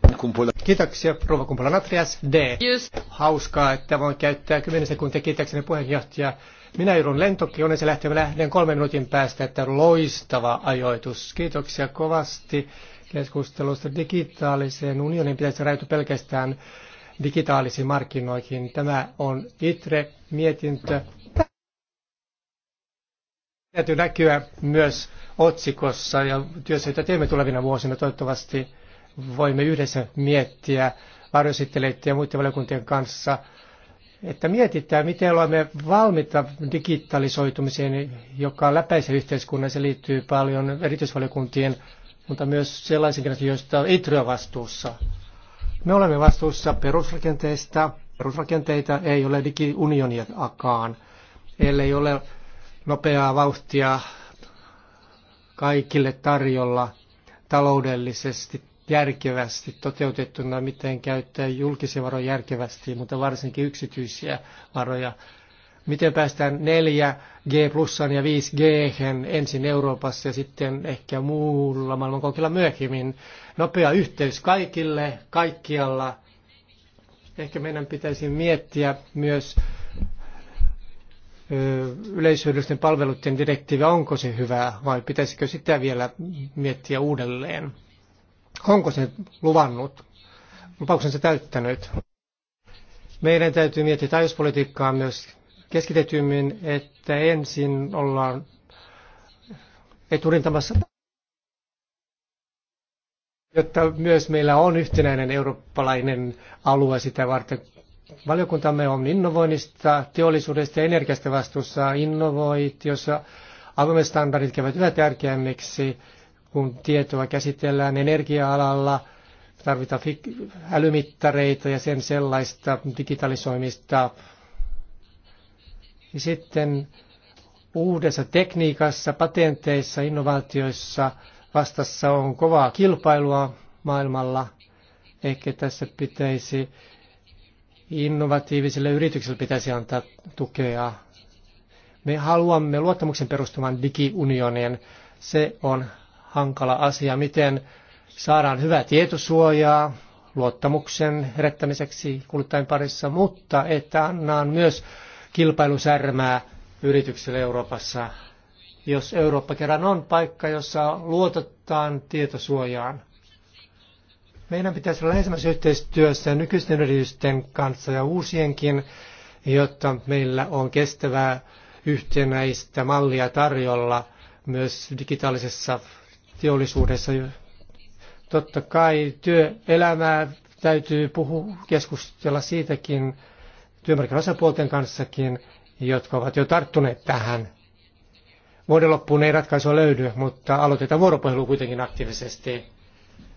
A: Kiitoksia, Rova Kumpula Natrias D.
B: Just. Hauskaa, että voin käyttää 10 sekuntia kiitäkseni puheenjohtaja. Minä joudun lentokione, se lähtee lähden kolmen minuutin päästä, että loistava ajoitus. Kiitoksia kovasti keskustelusta. Digitaaliseen unionin pitäisi rajoittua pelkästään digitaalisiin markkinoihin. Tämä on ITRE-mietintö. Täytyy näkyä myös otsikossa ja työssä, jota teemme tulevina vuosina. Toivottavasti voimme yhdessä miettiä varjositteleiden ja muiden valiokuntien kanssa, että mietitään, miten olemme valmiita digitalisoitumiseen, joka läpäisee yhteiskunnan. Se liittyy paljon erityisvaliokuntien, mutta myös sellaisiin, joista ITRE on vastuussa. Me olemme vastuussa perusrakenteista. Perusrakenteita ei ole digiunioniakaan, ellei ole nopeaa vauhtia kaikille tarjolla taloudellisesti järkevästi toteutettuna, miten käyttää julkisia varoja järkevästi, mutta varsinkin yksityisiä varoja miten päästään 4G plussan ja 5G ensin Euroopassa ja sitten ehkä muulla maailmankolkilla myöhemmin. Nopea yhteys kaikille, kaikkialla. Ehkä meidän pitäisi miettiä myös yleishyödyllisten palveluiden direktiivi, onko se hyvä vai pitäisikö sitä vielä miettiä uudelleen? Onko se luvannut? Lupauksensa täyttänyt? Meidän täytyy miettiä taajuuspolitiikkaa myös keskitetymmin, että ensin ollaan eturintamassa, jotta myös meillä on yhtenäinen eurooppalainen alue sitä varten. Valiokuntamme on innovoinnista, teollisuudesta ja energiasta vastuussa innovoit, jossa avoimet standardit käyvät yhä tärkeämmiksi, kun tietoa käsitellään energia-alalla, tarvitaan älymittareita ja sen sellaista digitalisoimista, ja sitten uudessa tekniikassa, patenteissa, innovaatioissa vastassa on kovaa kilpailua maailmalla. Ehkä tässä pitäisi innovatiivisille yrityksille pitäisi antaa tukea. Me haluamme luottamuksen perustuvan digiunionien. Se on hankala asia, miten saadaan hyvää tietosuojaa luottamuksen herättämiseksi kuluttajien parissa, mutta että annaan myös kilpailusärmää yrityksille Euroopassa, jos Eurooppa kerran on paikka, jossa luotetaan tietosuojaan. Meidän pitäisi olla ensimmäisessä yhteistyössä nykyisten yritysten kanssa ja uusienkin, jotta meillä on kestävää yhtenäistä mallia tarjolla myös digitaalisessa teollisuudessa. Totta kai työelämää täytyy puhua, keskustella siitäkin, työmarkkinaosapuolten kanssakin, jotka ovat jo tarttuneet tähän. Vuoden loppuun ei ratkaisua löydy, mutta aloitetaan vuoropuhelu kuitenkin aktiivisesti.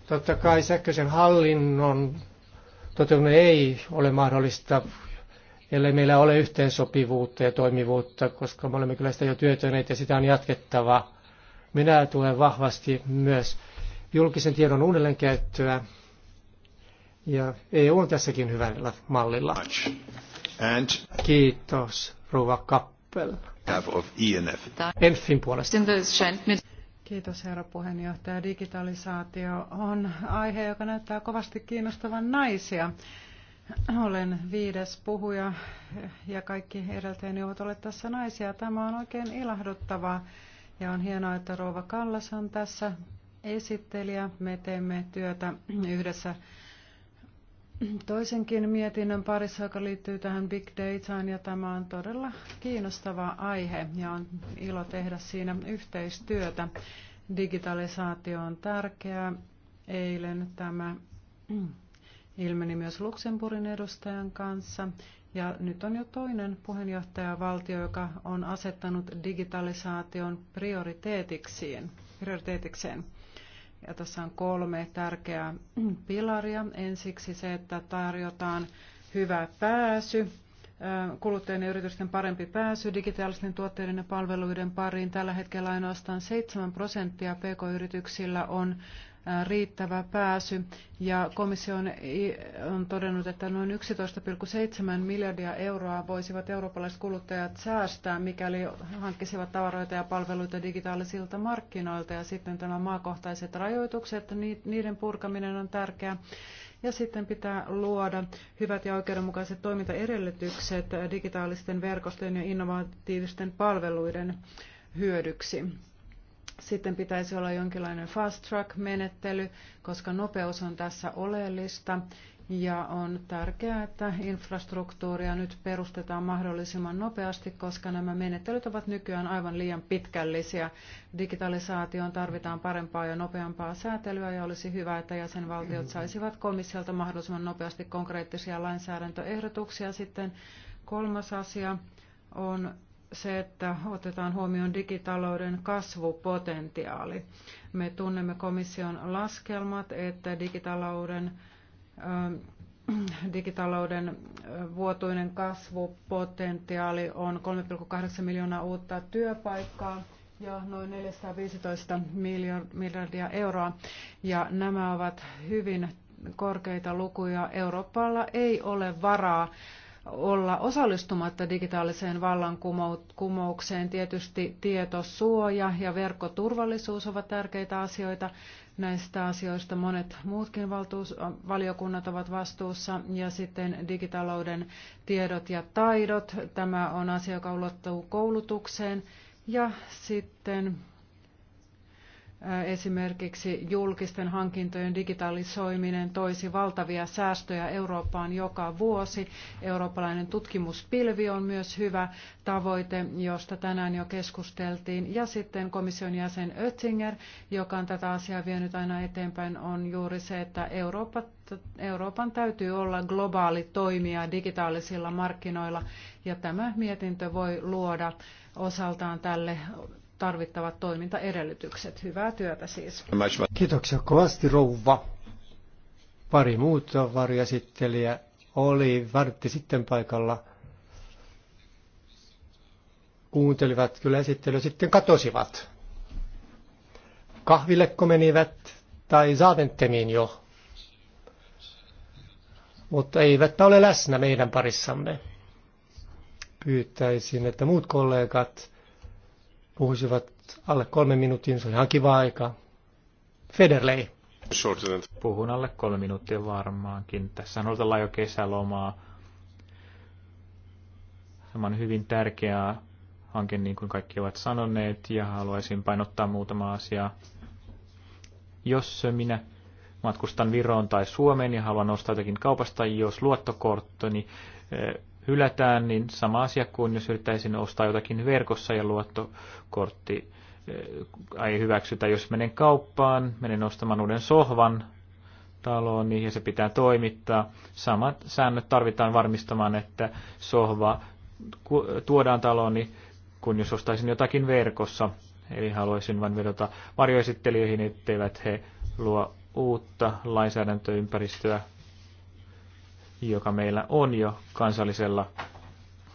B: Totta kai sähköisen hallinnon toteutuminen ei ole mahdollista, ellei meillä ole yhteensopivuutta ja toimivuutta, koska me olemme kyllä sitä jo työtöneet ja sitä on jatkettava. Minä tuen vahvasti myös julkisen tiedon uudelleenkäyttöä ja EU on tässäkin hyvällä mallilla. And Kiitos, Ruva Kappel. Of INF. E ENFin puolesta.
C: Kiitos herra puheenjohtaja. Digitalisaatio on aihe, joka näyttää kovasti kiinnostavan naisia. Olen viides puhuja ja kaikki edeltäjäni ovat olleet tässä naisia. Tämä on oikein ilahduttavaa ja on hienoa, että Rova Kallas on tässä esittelijä. Me teemme työtä yhdessä toisenkin mietinnön parissa, joka liittyy tähän Big Dataan, ja tämä on todella kiinnostava aihe, ja on ilo tehdä siinä yhteistyötä. Digitalisaatio on tärkeää. Eilen tämä ilmeni myös Luxemburgin edustajan kanssa, ja nyt on jo toinen puheenjohtajavaltio, joka on asettanut digitalisaation prioriteetikseen. Ja tässä on kolme tärkeää pilaria. Ensiksi se, että tarjotaan hyvä pääsy, kuluttajien ja yritysten parempi pääsy digitaalisten tuotteiden ja palveluiden pariin. Tällä hetkellä ainoastaan 7 prosenttia pk-yrityksillä on riittävä pääsy. Ja komissio on todennut, että noin 11,7 miljardia euroa voisivat eurooppalaiset kuluttajat säästää, mikäli hankkisivat tavaroita ja palveluita digitaalisilta markkinoilta. Ja sitten tämä maakohtaiset rajoitukset, niiden purkaminen on tärkeää. Ja sitten pitää luoda hyvät ja oikeudenmukaiset toimintaedellytykset digitaalisten verkostojen ja innovatiivisten palveluiden hyödyksi. Sitten pitäisi olla jonkinlainen fast track-menettely, koska nopeus on tässä oleellista. Ja on tärkeää, että infrastruktuuria nyt perustetaan mahdollisimman nopeasti, koska nämä menettelyt ovat nykyään aivan liian pitkällisiä. Digitalisaatioon tarvitaan parempaa ja nopeampaa säätelyä ja olisi hyvä, että jäsenvaltiot saisivat komissiolta mahdollisimman nopeasti konkreettisia lainsäädäntöehdotuksia. Sitten kolmas asia on se, että otetaan huomioon digitalouden kasvupotentiaali. Me tunnemme komission laskelmat, että digitalouden, ähm, digitalouden äh, vuotuinen kasvupotentiaali on 3,8 miljoonaa uutta työpaikkaa ja noin 415 miljardia euroa. Ja nämä ovat hyvin korkeita lukuja. Euroopalla ei ole varaa olla osallistumatta digitaaliseen vallankumoukseen. Tietysti tietosuoja ja verkkoturvallisuus ovat tärkeitä asioita. Näistä asioista monet muutkin valtuus, valiokunnat ovat vastuussa. Ja sitten digitalouden tiedot ja taidot. Tämä on asia, joka ulottuu koulutukseen. Ja sitten Äh, esimerkiksi julkisten hankintojen digitalisoiminen toisi valtavia säästöjä Eurooppaan joka vuosi. Eurooppalainen tutkimuspilvi on myös hyvä tavoite, josta tänään jo keskusteltiin. Ja sitten komission jäsen Oettinger, joka on tätä asiaa vienyt aina eteenpäin, on juuri se, että Eurooppa, Euroopan täytyy olla globaali toimija digitaalisilla markkinoilla. Ja tämä mietintö voi luoda osaltaan tälle tarvittavat toimintaedellytykset. Hyvää työtä siis.
B: Kiitoksia kovasti rouva. Pari muuta varjasittelijä oli vartti sitten paikalla. Kuuntelivat kyllä esittelyä, sitten katosivat. Kahvillekko menivät tai saaventtemiin jo, mutta eivät ole läsnä meidän parissamme. Pyytäisin, että muut kollegat puhuisivat alle kolme minuuttia, se oli ihan kiva aika. Federley.
A: Puhun alle kolme minuuttia varmaankin. Tässä on ollut jo kesälomaa. Tämä on hyvin tärkeä hanke, niin kuin kaikki ovat sanoneet, ja haluaisin painottaa muutama asia. Jos minä matkustan Viroon tai Suomeen ja haluan ostaa jotakin kaupasta, jos luottokorttoni niin hylätään, niin sama asia kuin jos yrittäisin ostaa jotakin verkossa ja luottokortti eh, ei hyväksytä. Jos menen kauppaan, menen ostamaan uuden sohvan taloon niin ja se pitää toimittaa. Samat säännöt tarvitaan varmistamaan, että sohva tuodaan taloon, niin kun jos ostaisin jotakin verkossa. Eli haluaisin vain vedota varjoesittelijöihin, etteivät he luo uutta lainsäädäntöympäristöä joka meillä on jo kansallisella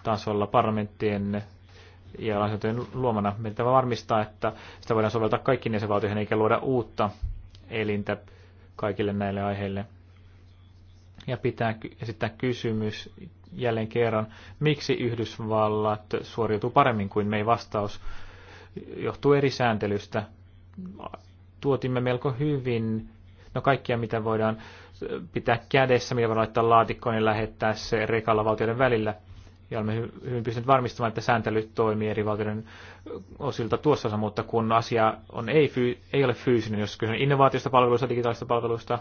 A: tasolla parlamenttien ja lainsäädäntöjen luomana. Meidän varmistaa, että sitä voidaan soveltaa kaikkiin jäsenvaltioihin eikä luoda uutta elintä kaikille näille aiheille. Ja pitää esittää kysymys jälleen kerran, miksi Yhdysvallat suoriutuu paremmin kuin me ei vastaus johtuu eri sääntelystä. Tuotimme melko hyvin, no kaikkia mitä voidaan pitää kädessä, millä voi laittaa laatikkoon ja lähettää se rekalla valtioiden välillä. Ja olemme hyvin pystyneet varmistamaan, että sääntely toimii eri valtioiden osilta tuossa, mutta kun asia on ei, fyy, ei ole fyysinen, jos kyse on innovaatiosta palveluista, digitaalista palveluista,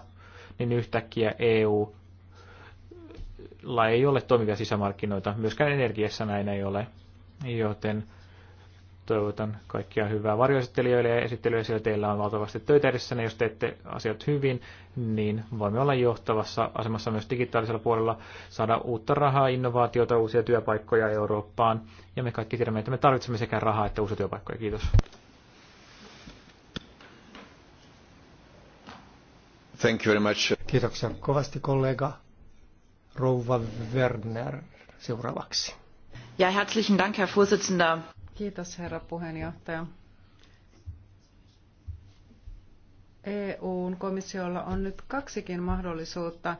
A: niin yhtäkkiä EU ei ole toimivia sisämarkkinoita. Myöskään energiassa näin ei ole, joten Toivotan kaikkia hyvää varjoesittelijöille ja esittelyä, sillä teillä on valtavasti töitä edessänne. Jos teette asiat hyvin, niin voimme olla johtavassa asemassa myös digitaalisella puolella, saada uutta rahaa, innovaatiota, uusia työpaikkoja Eurooppaan. Ja me kaikki tiedämme, että me tarvitsemme sekä rahaa että uusia työpaikkoja. Kiitos.
B: Thank you very much. Kiitoksia kovasti kollega Rouva Werner seuraavaksi.
C: Ja herzlichen Dank, Herr Vorsitzender. Kiitos herra puheenjohtaja. EUn komissiolla on nyt kaksikin mahdollisuutta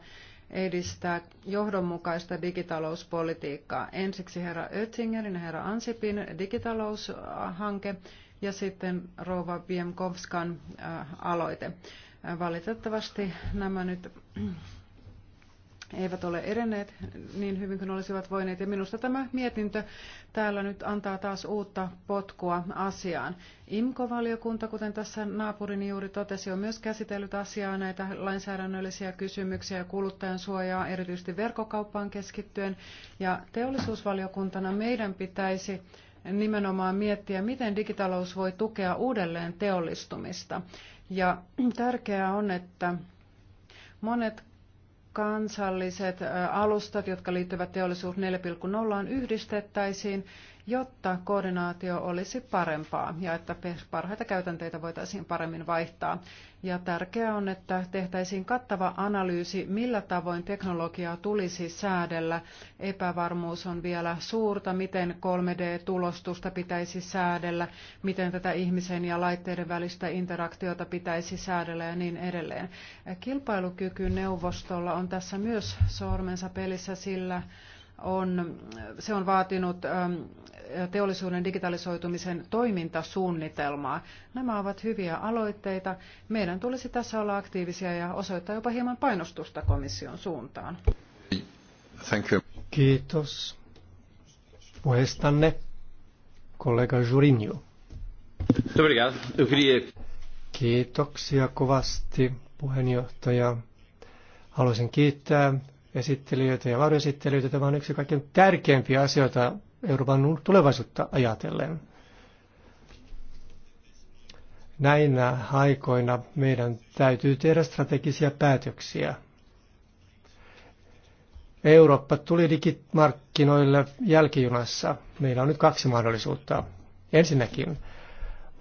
C: edistää johdonmukaista digitalouspolitiikkaa. Ensiksi herra Oettingerin ja herra Ansipin digitaloushanke ja sitten rouva Biemkovskan äh, aloite. Äh, valitettavasti nämä nyt eivät ole edenneet niin hyvin kuin olisivat voineet. Ja minusta tämä mietintö täällä nyt antaa taas uutta potkua asiaan. IMKO-valiokunta, kuten tässä naapurini juuri totesi, on myös käsitellyt asiaa näitä lainsäädännöllisiä kysymyksiä ja kuluttajan suojaa erityisesti verkkokauppaan keskittyen. Ja teollisuusvaliokuntana meidän pitäisi nimenomaan miettiä, miten digitalous voi tukea uudelleen teollistumista. Ja tärkeää on, että monet kansalliset alustat, jotka liittyvät teollisuus 4.0, yhdistettäisiin jotta koordinaatio olisi parempaa ja että parhaita käytänteitä voitaisiin paremmin vaihtaa. Ja tärkeää on, että tehtäisiin kattava analyysi, millä tavoin teknologiaa tulisi säädellä. Epävarmuus on vielä suurta, miten 3D-tulostusta pitäisi säädellä, miten tätä ihmisen ja laitteiden välistä interaktiota pitäisi säädellä ja niin edelleen. Kilpailukykyneuvostolla on tässä myös sormensa pelissä, sillä on, se on vaatinut ähm, teollisuuden digitalisoitumisen toimintasuunnitelmaa. Nämä ovat hyviä aloitteita. Meidän tulisi tässä olla aktiivisia ja osoittaa jopa hieman painostusta komission suuntaan.
B: Thank you. Kiitos puheestanne, kollega Jurinju. Kiitoksia kovasti, puheenjohtaja. Haluaisin kiittää esittelijöitä ja varjoesittelijöitä. Tämä on yksi kaikkein tärkeimpiä asioita Euroopan tulevaisuutta ajatellen. Näinä aikoina meidän täytyy tehdä strategisia päätöksiä. Eurooppa tuli digimarkkinoille jälkijunassa. Meillä on nyt kaksi mahdollisuutta. Ensinnäkin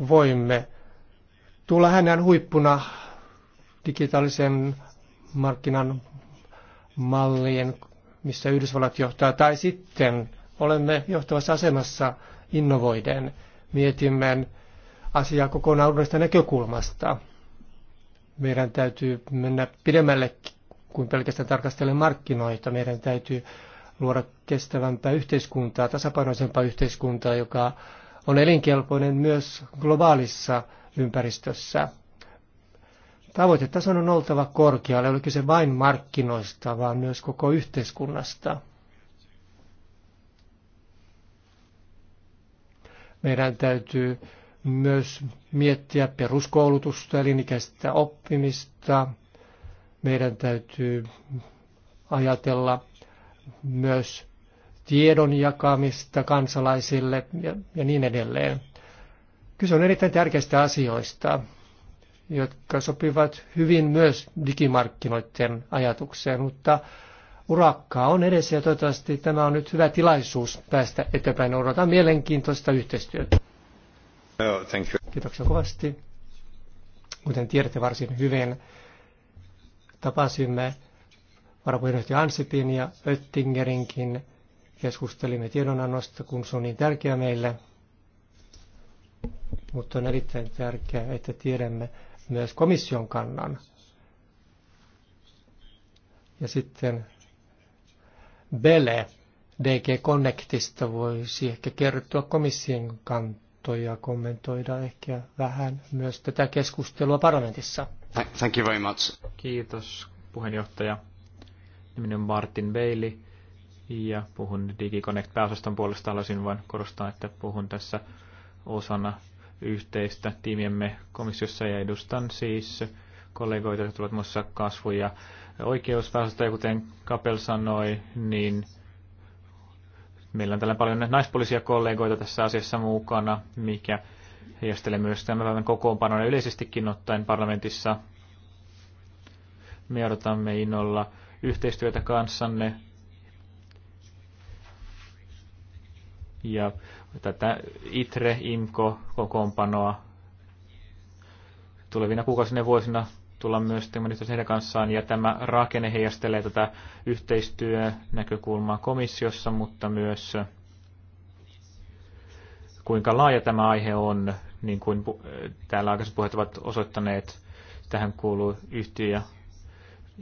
B: voimme tulla hänen huippuna digitaalisen markkinan mallien, missä Yhdysvallat johtaa, tai sitten olemme johtavassa asemassa innovoiden, mietimme asiaa kokonaan uudesta näkökulmasta. Meidän täytyy mennä pidemmälle kuin pelkästään tarkastella markkinoita. Meidän täytyy luoda kestävämpää yhteiskuntaa, tasapainoisempaa yhteiskuntaa, joka on elinkelpoinen myös globaalissa ympäristössä. Tavoitetason on oltava korkealla, ei kyse vain markkinoista, vaan myös koko yhteiskunnasta. Meidän täytyy myös miettiä peruskoulutusta, elinikäistä oppimista. Meidän täytyy ajatella myös tiedon jakamista kansalaisille ja, ja niin edelleen. Kyse on erittäin tärkeistä asioista jotka sopivat hyvin myös digimarkkinoiden ajatukseen, mutta urakkaa on edessä ja toivottavasti tämä on nyt hyvä tilaisuus päästä eteenpäin. Odotan mielenkiintoista yhteistyötä. No, thank you. Kiitoksia kovasti. Kuten tiedätte varsin hyvin, tapasimme varapuheenjohtaja Ansipin ja Öttingerinkin. Keskustelimme tiedonannosta, kun se on niin tärkeä meille. Mutta on erittäin tärkeää, että tiedämme, myös komission kannan. Ja sitten Bele DG Connectista voisi ehkä kertoa komission kantoja, kommentoida ehkä vähän myös tätä keskustelua parlamentissa.
A: Thank you very much. Kiitos puheenjohtaja. Nimeni on Martin Bailey ja puhun DigiConnect pääosaston puolesta. Haluaisin vain korostaa, että puhun tässä osana yhteistä tiimiemme komissiossa ja edustan siis kollegoita, jotka ovat muassa kasvu- ja oikeusväestöstä, ja kuten Kapel sanoi, niin meillä on tällä paljon naispuolisia kollegoita tässä asiassa mukana, mikä heijastelee myös tämän päivän kokoonpanon yleisestikin ottaen parlamentissa. Me odotamme innolla yhteistyötä kanssanne ja tätä ITRE, IMKO kokoonpanoa tulevina kuukausina ja vuosina tullaan myös yhteistyössä heidän kanssaan, ja tämä rakenne heijastelee tätä yhteistyönäkökulmaa komissiossa, mutta myös kuinka laaja tämä aihe on, niin kuin täällä aikaisemmat puheet ovat osoittaneet, tähän kuuluu yhtiö- ja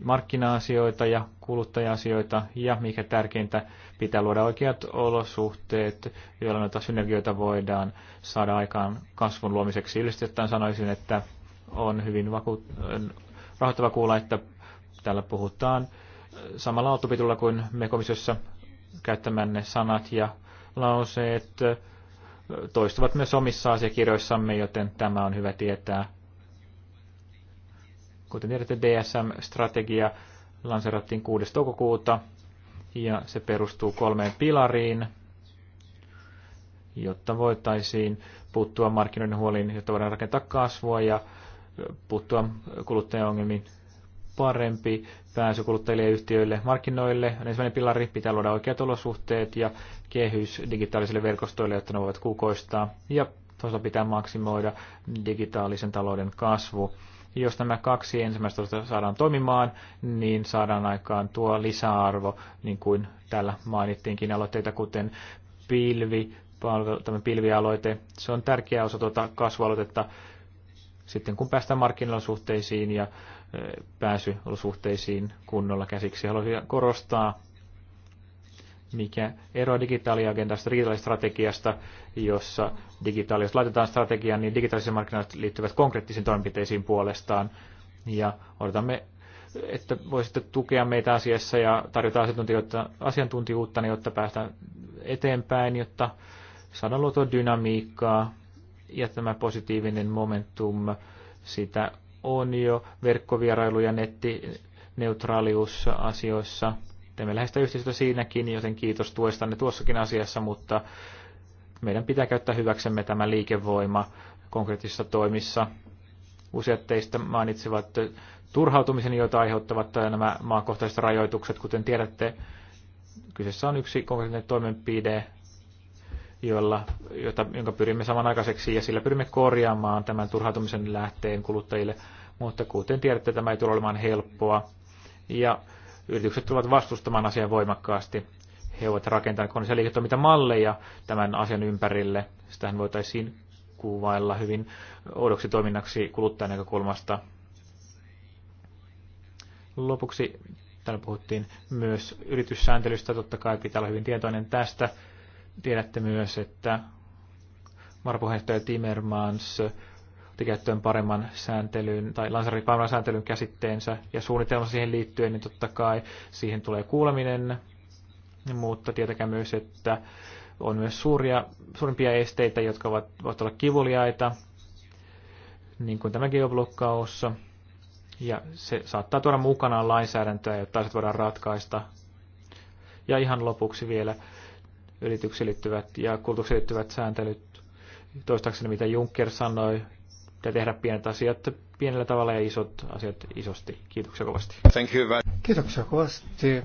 A: markkina-asioita ja kuluttaja-asioita ja mikä tärkeintä, pitää luoda oikeat olosuhteet, joilla noita synergioita voidaan saada aikaan kasvun luomiseksi. Yleisesti sanoisin, että on hyvin vaku- rahoittava kuulla, että täällä puhutaan samalla autopitulla kuin me komissiossa käyttämänne sanat ja lauseet toistuvat myös omissa asiakirjoissamme, joten tämä on hyvä tietää. Kuten tiedätte, DSM-strategia lanserattiin 6. toukokuuta ja se perustuu kolmeen pilariin, jotta voitaisiin puuttua markkinoiden huoliin, jotta voidaan rakentaa kasvua ja puuttua ongelmiin parempi pääsy kuluttajille ja yhtiöille markkinoille. Ensimmäinen pilari pitää luoda oikeat olosuhteet ja kehys digitaalisille verkostoille, jotta ne voivat kukoistaa. Ja toisaalta pitää maksimoida digitaalisen talouden kasvu. Jos nämä kaksi ensimmäistä saadaan toimimaan, niin saadaan aikaan tuo lisäarvo, niin kuin täällä mainittiinkin aloitteita, kuten pilvi, palvelu, pilvialoite. Se on tärkeä osa tuota kasvualoitetta sitten kun päästään markkinoilla ja pääsyolosuhteisiin kunnolla käsiksi. Haluaisin korostaa mikä eroa digitaaliagendasta, digitaalistrategiasta, jossa digitaalis laitetaan strategiaan, niin digitaaliset markkinat liittyvät konkreettisiin toimenpiteisiin puolestaan. Ja odotamme, että voisitte tukea meitä asiassa ja tarjota asiantuntijuutta, asiantuntijuutta niin, jotta päästään eteenpäin, jotta saadaan luotua dynamiikkaa ja tämä positiivinen momentum, sitä on jo verkkovierailu ja nettineutraalius asioissa – Teemme läheistä yhteistyötä siinäkin, joten kiitos tuestanne tuossakin asiassa, mutta meidän pitää käyttää hyväksemme tämä liikevoima konkreettisissa toimissa. Useat teistä mainitsivat turhautumisen, joita aiheuttavat nämä maakohtaiset rajoitukset. Kuten tiedätte, kyseessä on yksi konkreettinen toimenpide, jolla, jota, jonka pyrimme samanaikaiseksi ja sillä pyrimme korjaamaan tämän turhautumisen lähteen kuluttajille. Mutta kuten tiedätte, tämä ei tule olemaan helppoa. Ja yritykset tulevat vastustamaan asiaa voimakkaasti. He ovat rakentaneet koneellisia liiketoimintamalleja tämän asian ympärille. Sitähän voitaisiin kuvailla hyvin oudoksi toiminnaksi kuluttajan näkökulmasta. Lopuksi täällä puhuttiin myös yrityssääntelystä. Totta kai pitää olla hyvin tietoinen tästä. Tiedätte myös, että varapuheenjohtaja Timmermans otti käyttöön paremman sääntelyn tai lansari paremman sääntelyn käsitteensä ja suunnitelma siihen liittyen, niin totta kai siihen tulee kuuleminen, mutta tietenkään myös, että on myös suuria, suurimpia esteitä, jotka ovat, voivat olla kivuliaita, niin kuin tämä geoblokkaus, ja se saattaa tuoda mukanaan lainsäädäntöä, jotta asiat voidaan ratkaista. Ja ihan lopuksi vielä yrityksiin liittyvät ja kulutuksiin liittyvät sääntelyt. Toistaakseni mitä Juncker sanoi, ja tehdä pienet asiat pienellä tavalla ja isot asiat isosti. Kiitoksia kovasti. Thank you.
B: Kiitoksia kovasti.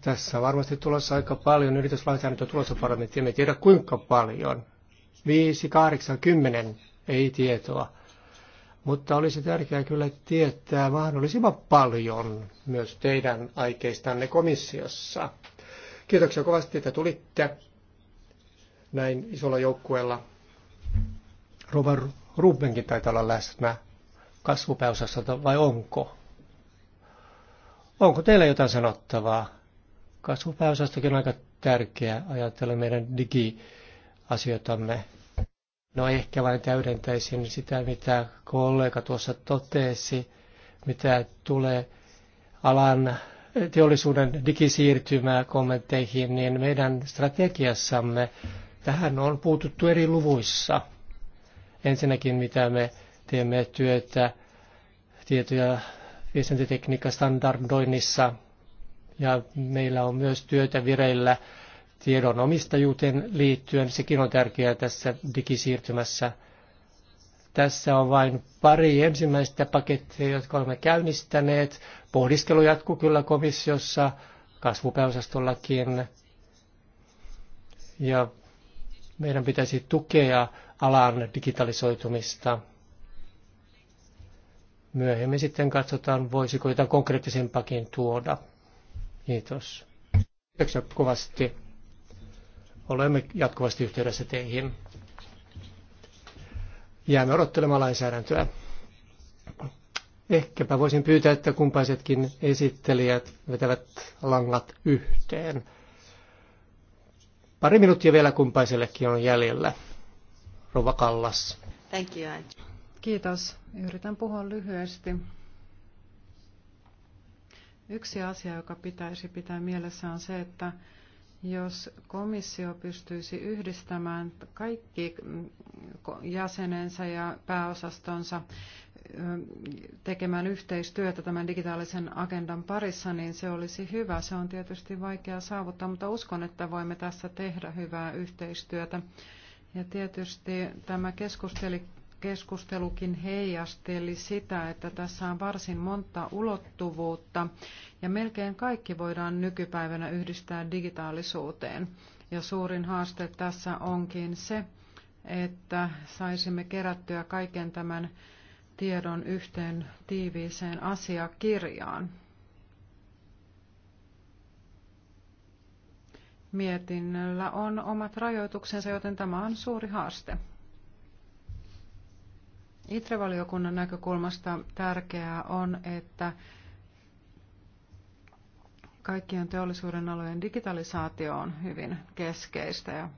B: Tässä varmasti tulossa aika paljon yrityslainsäädäntöä tulossa parlamenttiin. En tiedä kuinka paljon. 5, 8, 10, ei tietoa. Mutta olisi tärkeää kyllä tietää mahdollisimman paljon myös teidän aikeistanne komissiossa. Kiitoksia kovasti, että tulitte näin isolla joukkueella. Rova Rubenkin taitaa olla läsnä kasvupääosassa, vai onko? Onko teillä jotain sanottavaa? Kasvupääosastokin on aika tärkeä ajatella meidän digiasioitamme. No ehkä vain täydentäisin sitä, mitä kollega tuossa totesi, mitä tulee alan teollisuuden digisiirtymää kommentteihin, niin meidän strategiassamme Tähän on puututtu eri luvuissa. Ensinnäkin, mitä me teemme työtä tieto- ja standardoinnissa. ja meillä on myös työtä vireillä tiedon omistajuuteen liittyen. Sekin on tärkeää tässä digisiirtymässä. Tässä on vain pari ensimmäistä pakettia, jotka olemme käynnistäneet. Pohdiskelu jatkuu kyllä komissiossa, kasvupäosastollakin. Ja meidän pitäisi tukea alan digitalisoitumista. Myöhemmin sitten katsotaan, voisiko jotain konkreettisempakin tuoda. Kiitos. Kiitoksia kovasti. Olemme jatkuvasti yhteydessä teihin. Jäämme odottelemaan lainsäädäntöä. Ehkäpä voisin pyytää, että kumpaisetkin esittelijät vetävät langat yhteen. Pari minuuttia vielä kumpaisellekin on jäljellä. Rova
C: Kallas. Thank you. Kiitos. Yritän puhua lyhyesti. Yksi asia, joka pitäisi pitää mielessä, on se, että jos komissio pystyisi yhdistämään kaikki mm, jäsenensä ja pääosastonsa tekemään yhteistyötä tämän digitaalisen agendan parissa, niin se olisi hyvä. Se on tietysti vaikea saavuttaa, mutta uskon, että voimme tässä tehdä hyvää yhteistyötä. Ja tietysti tämä keskusteli, keskustelukin heijasteli sitä, että tässä on varsin monta ulottuvuutta ja melkein kaikki voidaan nykypäivänä yhdistää digitaalisuuteen. Ja suurin haaste tässä onkin se, että saisimme kerättyä kaiken tämän tiedon yhteen tiiviiseen asiakirjaan. Mietinnöllä on omat rajoituksensa, joten tämä on suuri haaste. Itrevaliokunnan näkökulmasta tärkeää on, että kaikkien teollisuuden alojen digitalisaatio on hyvin keskeistä ja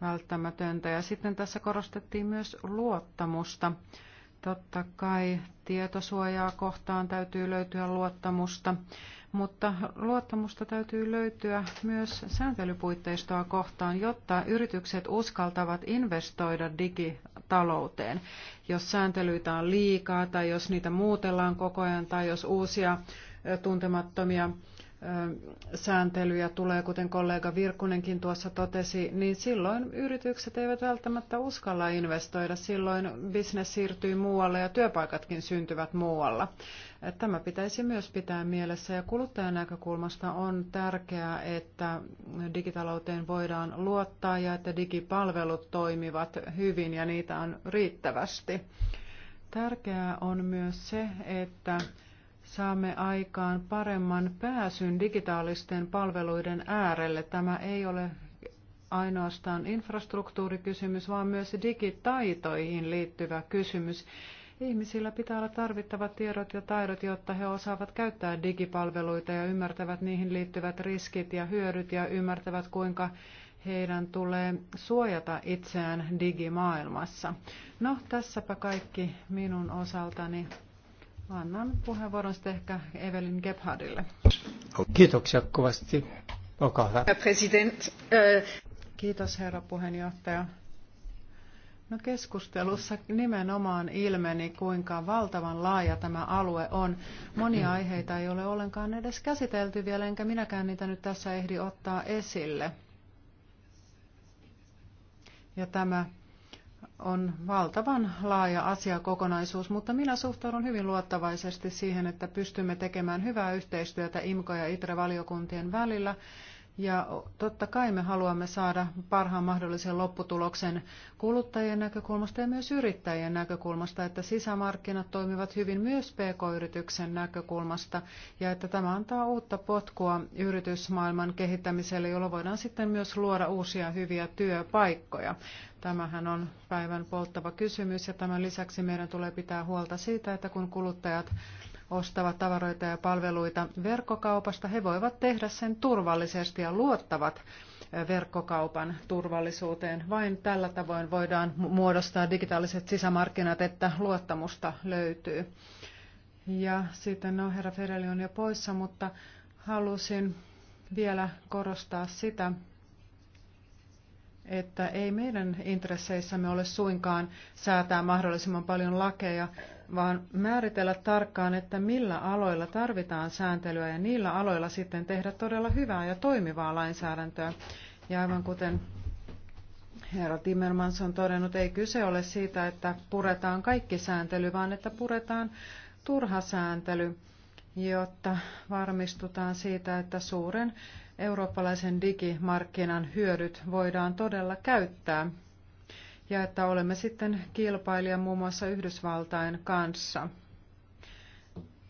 C: välttämätöntä. Ja sitten tässä korostettiin myös luottamusta. Totta kai tietosuojaa kohtaan täytyy löytyä luottamusta, mutta luottamusta täytyy löytyä myös sääntelypuitteistoa kohtaan, jotta yritykset uskaltavat investoida digitalouteen. Jos sääntelyitä on liikaa tai jos niitä muutellaan koko ajan tai jos uusia tuntemattomia sääntelyjä tulee, kuten kollega Virkkunenkin tuossa totesi, niin silloin yritykset eivät välttämättä uskalla investoida. Silloin bisnes siirtyy muualle ja työpaikatkin syntyvät muualla. Tämä pitäisi myös pitää mielessä ja kuluttajan näkökulmasta on tärkeää, että digitalouteen voidaan luottaa ja että digipalvelut toimivat hyvin ja niitä on riittävästi. Tärkeää on myös se, että saamme aikaan paremman pääsyn digitaalisten palveluiden äärelle. Tämä ei ole ainoastaan infrastruktuurikysymys, vaan myös digitaitoihin liittyvä kysymys. Ihmisillä pitää olla tarvittavat tiedot ja taidot, jotta he osaavat käyttää digipalveluita ja ymmärtävät niihin liittyvät riskit ja hyödyt ja ymmärtävät, kuinka heidän tulee suojata itseään digimaailmassa. No, tässäpä kaikki minun osaltani. Annan puheenvuoron sitten ehkä Evelyn Gebhardille.
B: Kiitoksia kovasti. Olkaa hyvä.
C: President, äh, Kiitos herra puheenjohtaja. No keskustelussa nimenomaan ilmeni, kuinka valtavan laaja tämä alue on. Monia aiheita ei ole ollenkaan edes käsitelty vielä, enkä minäkään niitä nyt tässä ehdi ottaa esille. Ja tämä on valtavan laaja asiakokonaisuus, mutta minä suhtaudun hyvin luottavaisesti siihen, että pystymme tekemään hyvää yhteistyötä IMKO- ja ITRE-valiokuntien välillä ja totta kai me haluamme saada parhaan mahdollisen lopputuloksen kuluttajien näkökulmasta ja myös yrittäjien näkökulmasta, että sisämarkkinat toimivat hyvin myös pk-yrityksen näkökulmasta ja että tämä antaa uutta potkua yritysmaailman kehittämiselle, jolla voidaan sitten myös luoda uusia hyviä työpaikkoja. Tämähän on päivän polttava kysymys ja tämän lisäksi meidän tulee pitää huolta siitä, että kun kuluttajat ostavat tavaroita ja palveluita verkkokaupasta, he voivat tehdä sen turvallisesti ja luottavat verkkokaupan turvallisuuteen. Vain tällä tavoin voidaan muodostaa digitaaliset sisämarkkinat, että luottamusta löytyy. Ja sitten, no herra Fedeli on jo poissa, mutta halusin vielä korostaa sitä, että ei meidän intresseissämme ole suinkaan säätää mahdollisimman paljon lakeja, vaan määritellä tarkkaan, että millä aloilla tarvitaan sääntelyä ja niillä aloilla sitten tehdä todella hyvää ja toimivaa lainsäädäntöä. Ja aivan kuten herra Timmermans on todennut, ei kyse ole siitä, että puretaan kaikki sääntely, vaan että puretaan turha sääntely, jotta varmistutaan siitä, että suuren eurooppalaisen digimarkkinan hyödyt voidaan todella käyttää ja että olemme sitten kilpailija muun muassa Yhdysvaltain kanssa.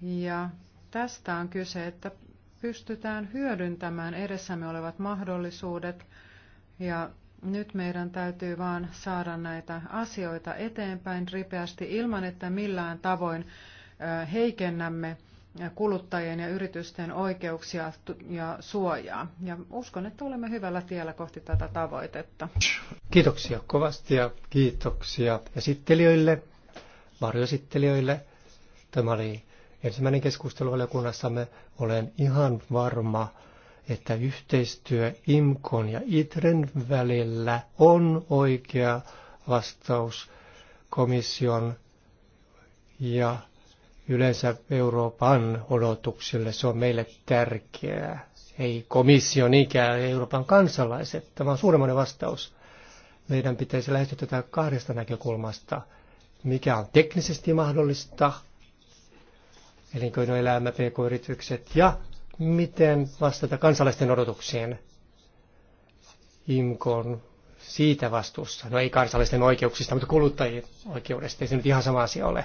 C: Ja tästä on kyse, että pystytään hyödyntämään edessämme olevat mahdollisuudet ja nyt meidän täytyy vaan saada näitä asioita eteenpäin ripeästi ilman, että millään tavoin heikennämme kuluttajien ja yritysten oikeuksia ja suojaa. Ja uskon, että olemme hyvällä tiellä kohti tätä tavoitetta.
B: Kiitoksia kovasti ja kiitoksia esittelijöille, varjoesittelijöille. Tämä oli ensimmäinen keskustelu valiokunnassamme. Olen ihan varma, että yhteistyö IMKON ja ITREN välillä on oikea vastaus komission ja yleensä Euroopan odotuksille. Se on meille tärkeää. Ei komissio niinkään, Euroopan kansalaiset. Tämä on suuremmoinen vastaus. Meidän pitäisi lähestyä tätä kahdesta näkökulmasta. Mikä on teknisesti mahdollista, elinkeinoelämä, pk-yritykset ja miten vastata kansalaisten odotuksiin. on siitä vastuussa. No ei kansallisten oikeuksista, mutta kuluttajien oikeudesta. Ei se nyt ihan sama asia ole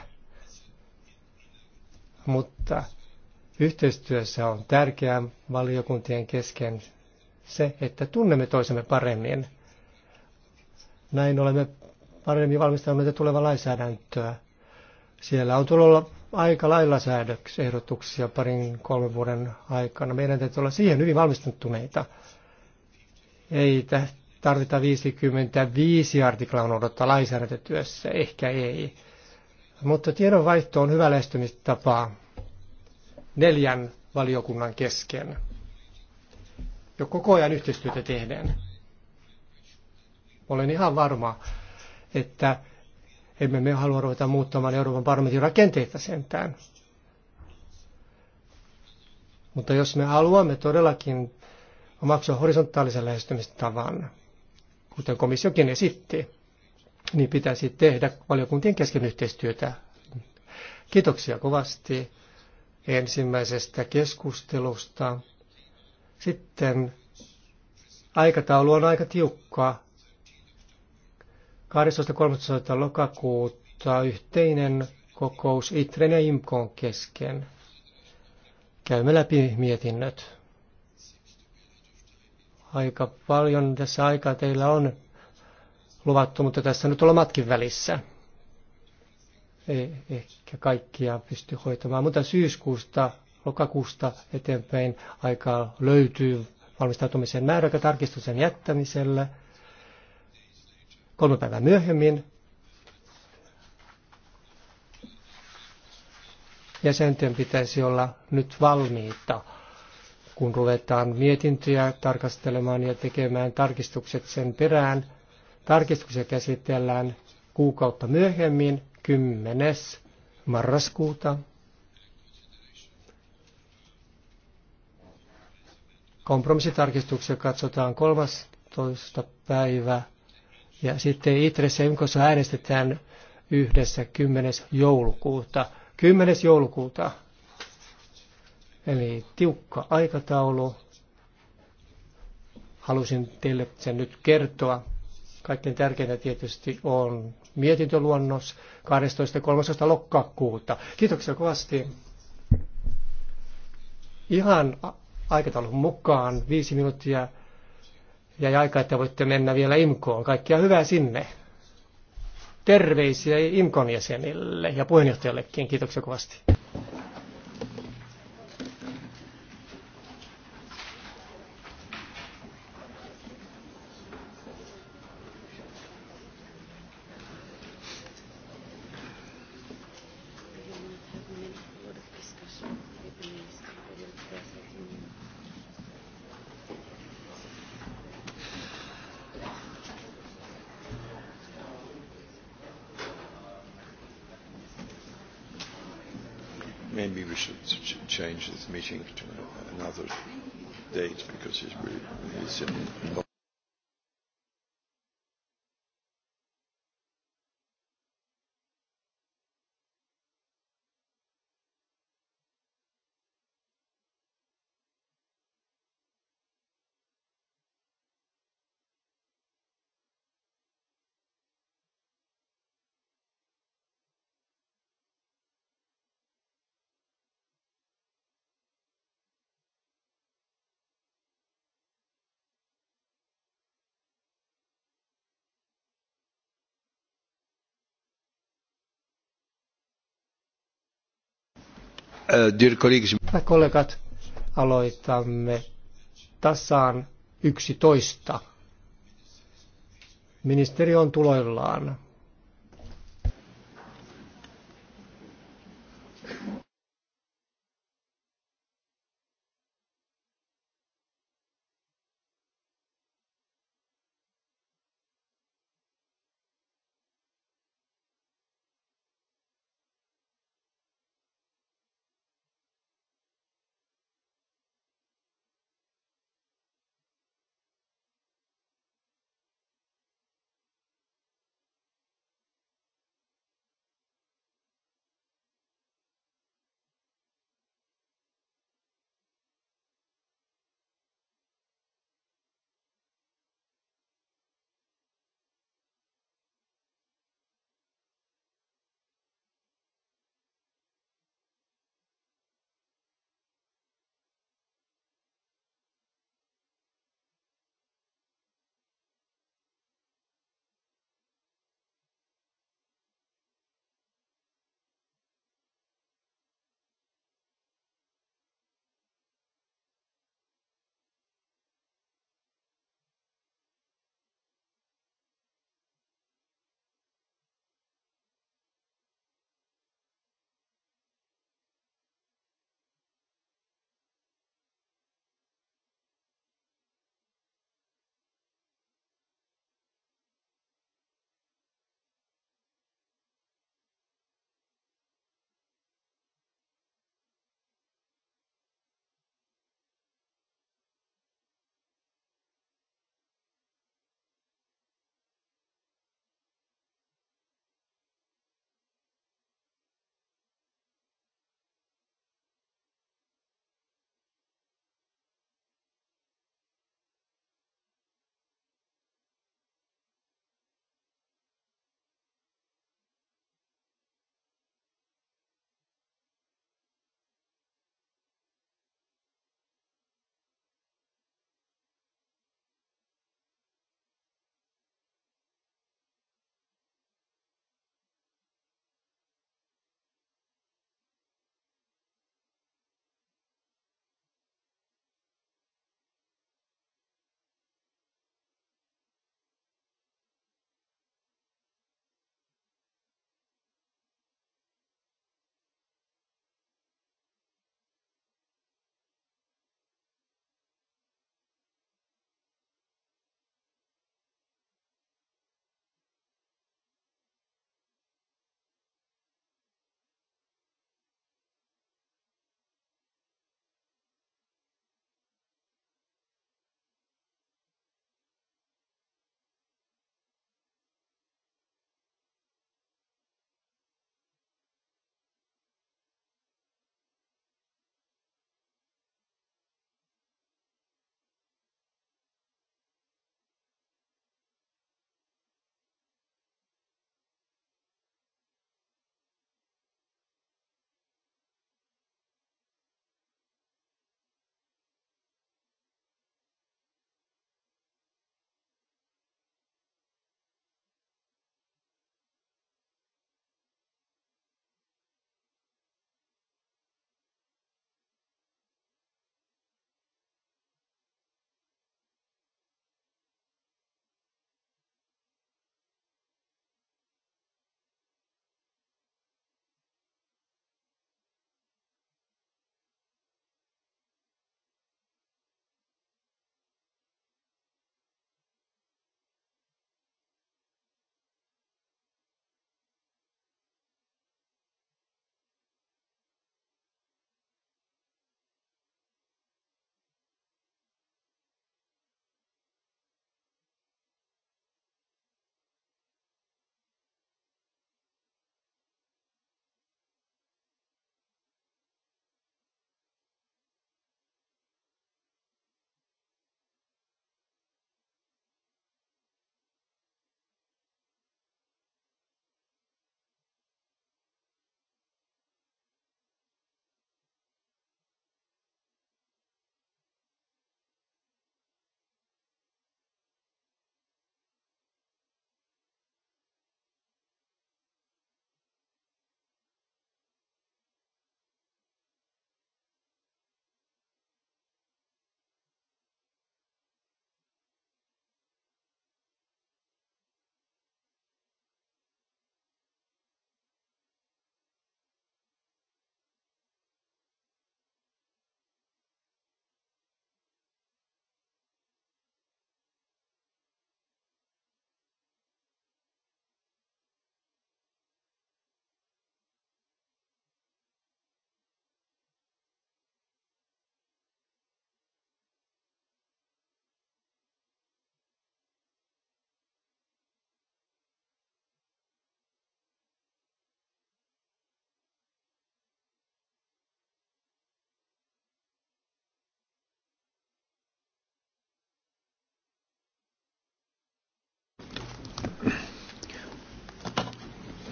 B: mutta yhteistyössä on tärkeää valiokuntien kesken se, että tunnemme toisemme paremmin. Näin olemme paremmin valmistautuneita tulevaa lainsäädäntöä. Siellä on tullut aika lailla säädöksehdotuksia parin kolmen vuoden aikana. Meidän täytyy olla siihen hyvin valmistautuneita. Ei tarvita 55 artiklaa odottaa lainsäädäntötyössä, ehkä ei. Mutta tiedonvaihto on hyvä lähestymistapa neljän valiokunnan kesken. Jo koko ajan yhteistyötä tehdään. Olen ihan varma, että emme me halua ruveta muuttamaan Euroopan parlamentin rakenteita sentään. Mutta jos me haluamme todellakin omaksua horisontaalisen lähestymistavan, kuten komissiokin esitti, niin pitäisi tehdä valiokuntien kesken yhteistyötä. Kiitoksia kovasti ensimmäisestä keskustelusta. Sitten aikataulu on aika tiukka. 12.13. lokakuuta yhteinen kokous Itren ja Imkon kesken. Käymme läpi mietinnöt. Aika paljon tässä aikaa teillä on luvattu, mutta tässä nyt ollaan matkin välissä. Ei ehkä kaikkia pysty hoitamaan, mutta syyskuusta, lokakuusta eteenpäin aikaa löytyy valmistautumisen tarkistuksen jättämiselle. Kolme päivää myöhemmin jäsenten pitäisi olla nyt valmiita, kun ruvetaan mietintöjä tarkastelemaan ja tekemään tarkistukset sen perään. Tarkistuksia käsitellään kuukautta myöhemmin, 10. marraskuuta. Kompromissitarkistuksia katsotaan 13. päivä ja sitten Itressä ja äänestetään yhdessä 10. joulukuuta. 10. joulukuuta. Eli tiukka aikataulu. Halusin teille sen nyt kertoa. Kaikkein tärkeintä tietysti on mietintöluonnos 12.13. lokakuuta. Kiitoksia kovasti. Ihan aikataulun mukaan viisi minuuttia ja aikaa, että voitte mennä vielä IMKOon. Kaikkia hyvää sinne. Terveisiä IMKOn jäsenille ja puheenjohtajallekin. Kiitoksia kovasti.
C: meeting to another date because he's, he's in
A: Äh,
B: Hyvät kollegat, aloitamme tasaan 11. Ministeri on tuloillaan.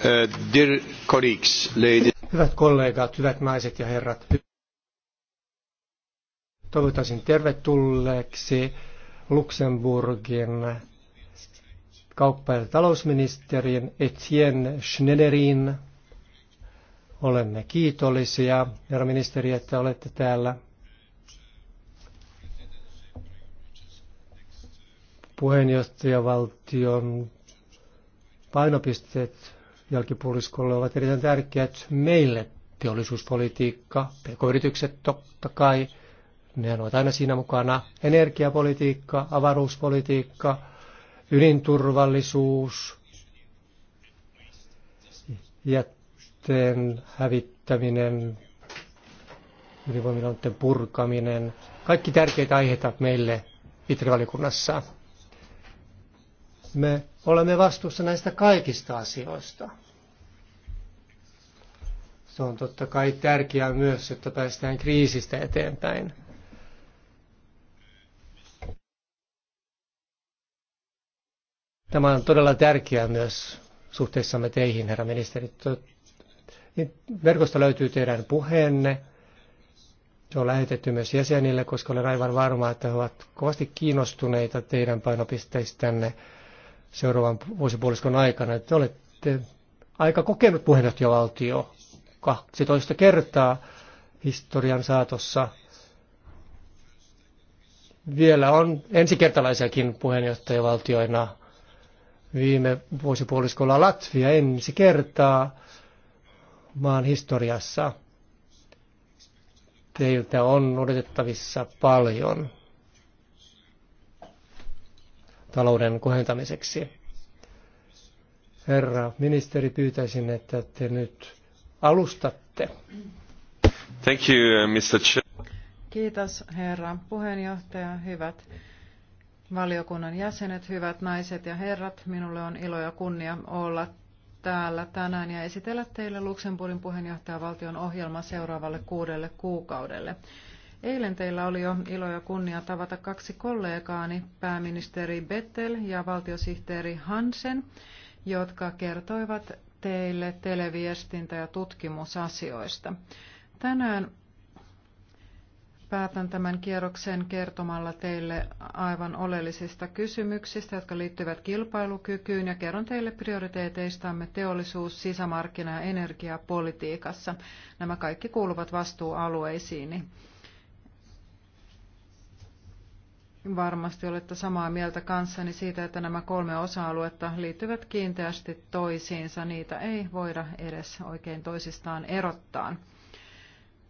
B: Uh, dear colleagues, ladies. Hyvät kollegat, hyvät naiset ja herrat. Toivotaisin tervetulleeksi Luxemburgin kauppa- ja talousministerin Etienne Schneiderin. Olemme kiitollisia, herra ministeri, että olette täällä. Puheenjohtajavaltion painopisteet jälkipuoliskolle ovat erittäin tärkeät meille. Teollisuuspolitiikka, pk-yritykset totta kai, ne ovat aina siinä mukana. Energiapolitiikka, avaruuspolitiikka, ydinturvallisuus, jätteen hävittäminen, ydinvoimiloiden purkaminen. Kaikki tärkeitä aiheita meille itse Me Olemme vastuussa näistä kaikista asioista. Se on totta kai tärkeää myös, että päästään kriisistä eteenpäin. Tämä on todella tärkeää myös suhteessamme teihin, herra ministeri. Niin Verkosta löytyy teidän puheenne. Se on lähetetty myös jäsenille, koska olen aivan varma, että he ovat kovasti kiinnostuneita teidän painopisteistänne seuraavan vuosipuoliskon aikana. että olette aika kokenut puheenjohtajavaltio 12 kertaa historian saatossa. Vielä on ensikertalaisiakin puheenjohtajavaltioina. Viime vuosipuoliskolla Latvia ensi kertaa maan historiassa. Teiltä on odotettavissa paljon talouden kohentamiseksi. Herra ministeri, pyytäisin, että te nyt alustatte. Thank you, uh, Mr.
C: Chair. Kiitos, herra puheenjohtaja. Hyvät valiokunnan jäsenet, hyvät naiset ja herrat. Minulle on ilo ja kunnia olla täällä tänään ja esitellä teille Luxemburgin puheenjohtajavaltion ohjelma seuraavalle kuudelle kuukaudelle. Eilen teillä oli jo ilo ja kunnia tavata kaksi kollegaani, pääministeri Bettel ja valtiosihteeri Hansen, jotka kertoivat teille televiestintä- ja tutkimusasioista. Tänään päätän tämän kierroksen kertomalla teille aivan oleellisista kysymyksistä, jotka liittyvät kilpailukykyyn ja kerron teille prioriteeteistamme teollisuus, sisämarkkina- ja energiapolitiikassa. Nämä kaikki kuuluvat vastuualueisiini. varmasti olette samaa mieltä kanssani siitä, että nämä kolme osa-aluetta liittyvät kiinteästi toisiinsa. Niitä ei voida edes oikein toisistaan erottaa.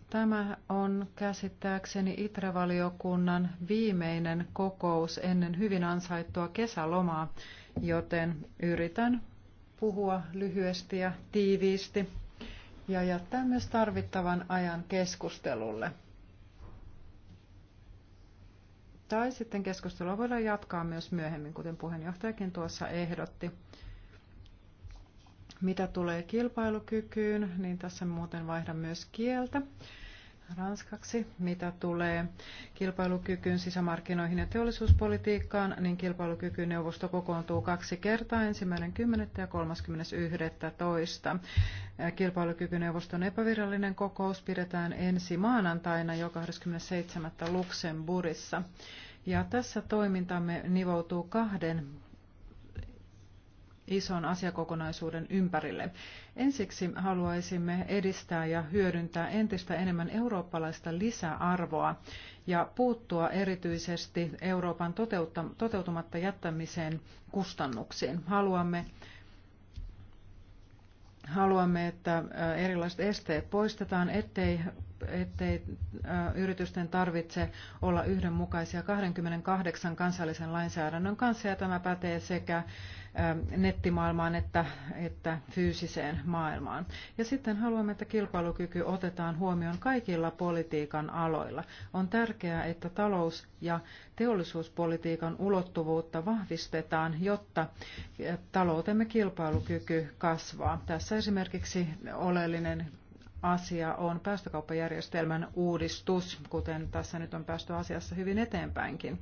C: Tämä on käsittääkseni Itravaliokunnan viimeinen kokous ennen hyvin ansaittua kesälomaa, joten yritän puhua lyhyesti ja tiiviisti ja jättää myös tarvittavan ajan keskustelulle. tai sitten keskustelua voidaan jatkaa myös myöhemmin, kuten puheenjohtajakin tuossa ehdotti. Mitä tulee kilpailukykyyn, niin tässä muuten vaihdan myös kieltä ranskaksi, mitä tulee kilpailukykyyn, sisämarkkinoihin ja teollisuuspolitiikkaan, niin kilpailukykyneuvosto kokoontuu kaksi kertaa, ensimmäinen 10. ja 30.11. Kilpailukykyneuvoston epävirallinen kokous pidetään ensi maanantaina jo 27. Luxemburgissa. Ja tässä toimintamme nivoutuu kahden ison asiakokonaisuuden ympärille. Ensiksi haluaisimme edistää ja hyödyntää entistä enemmän eurooppalaista lisäarvoa ja puuttua erityisesti Euroopan toteutumatta jättämiseen kustannuksiin. Haluamme haluamme, että äh, erilaiset esteet poistetaan, ettei, ettei äh, yritysten tarvitse olla yhdenmukaisia 28 kansallisen lainsäädännön kanssa, ja tämä pätee sekä nettimaailmaan että, että fyysiseen maailmaan. Ja sitten haluamme, että kilpailukyky otetaan huomioon kaikilla politiikan aloilla. On tärkeää, että talous- ja teollisuuspolitiikan ulottuvuutta vahvistetaan, jotta taloutemme kilpailukyky kasvaa. Tässä esimerkiksi oleellinen asia on päästökauppajärjestelmän uudistus, kuten tässä nyt on päästy asiassa hyvin eteenpäinkin.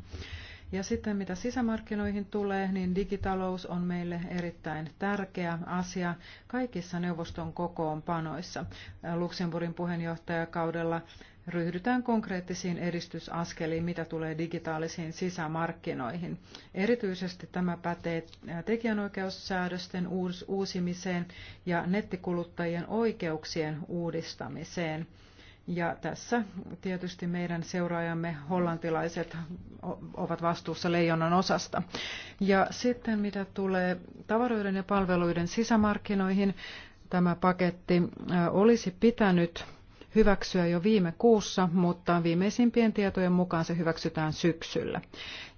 C: Ja sitten mitä sisämarkkinoihin tulee, niin digitalous on meille erittäin tärkeä asia kaikissa neuvoston kokoonpanoissa. Luxemburgin puheenjohtajakaudella ryhdytään konkreettisiin edistysaskeliin, mitä tulee digitaalisiin sisämarkkinoihin. Erityisesti tämä pätee tekijänoikeussäädösten uusimiseen ja nettikuluttajien oikeuksien uudistamiseen. Ja tässä tietysti meidän seuraajamme hollantilaiset ovat vastuussa leijonan osasta. Ja sitten mitä tulee tavaroiden ja palveluiden sisämarkkinoihin, tämä paketti olisi pitänyt hyväksyä jo viime kuussa, mutta viimeisimpien tietojen mukaan se hyväksytään syksyllä.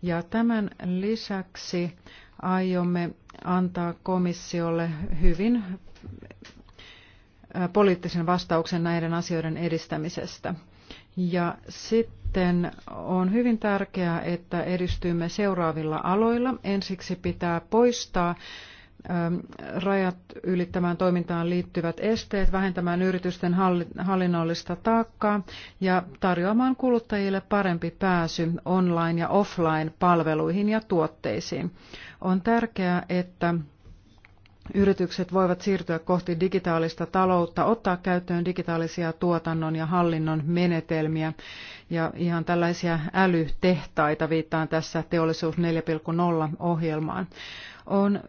C: Ja tämän lisäksi aiomme antaa komissiolle hyvin poliittisen vastauksen näiden asioiden edistämisestä. Ja sitten on hyvin tärkeää, että edistymme seuraavilla aloilla. Ensiksi pitää poistaa rajat ylittämään toimintaan liittyvät esteet, vähentämään yritysten hallinnollista taakkaa ja tarjoamaan kuluttajille parempi pääsy online- ja offline-palveluihin ja tuotteisiin. On tärkeää, että Yritykset voivat siirtyä kohti digitaalista taloutta, ottaa käyttöön digitaalisia tuotannon ja hallinnon menetelmiä ja ihan tällaisia älytehtaita, viittaan tässä teollisuus 4.0 ohjelmaan. On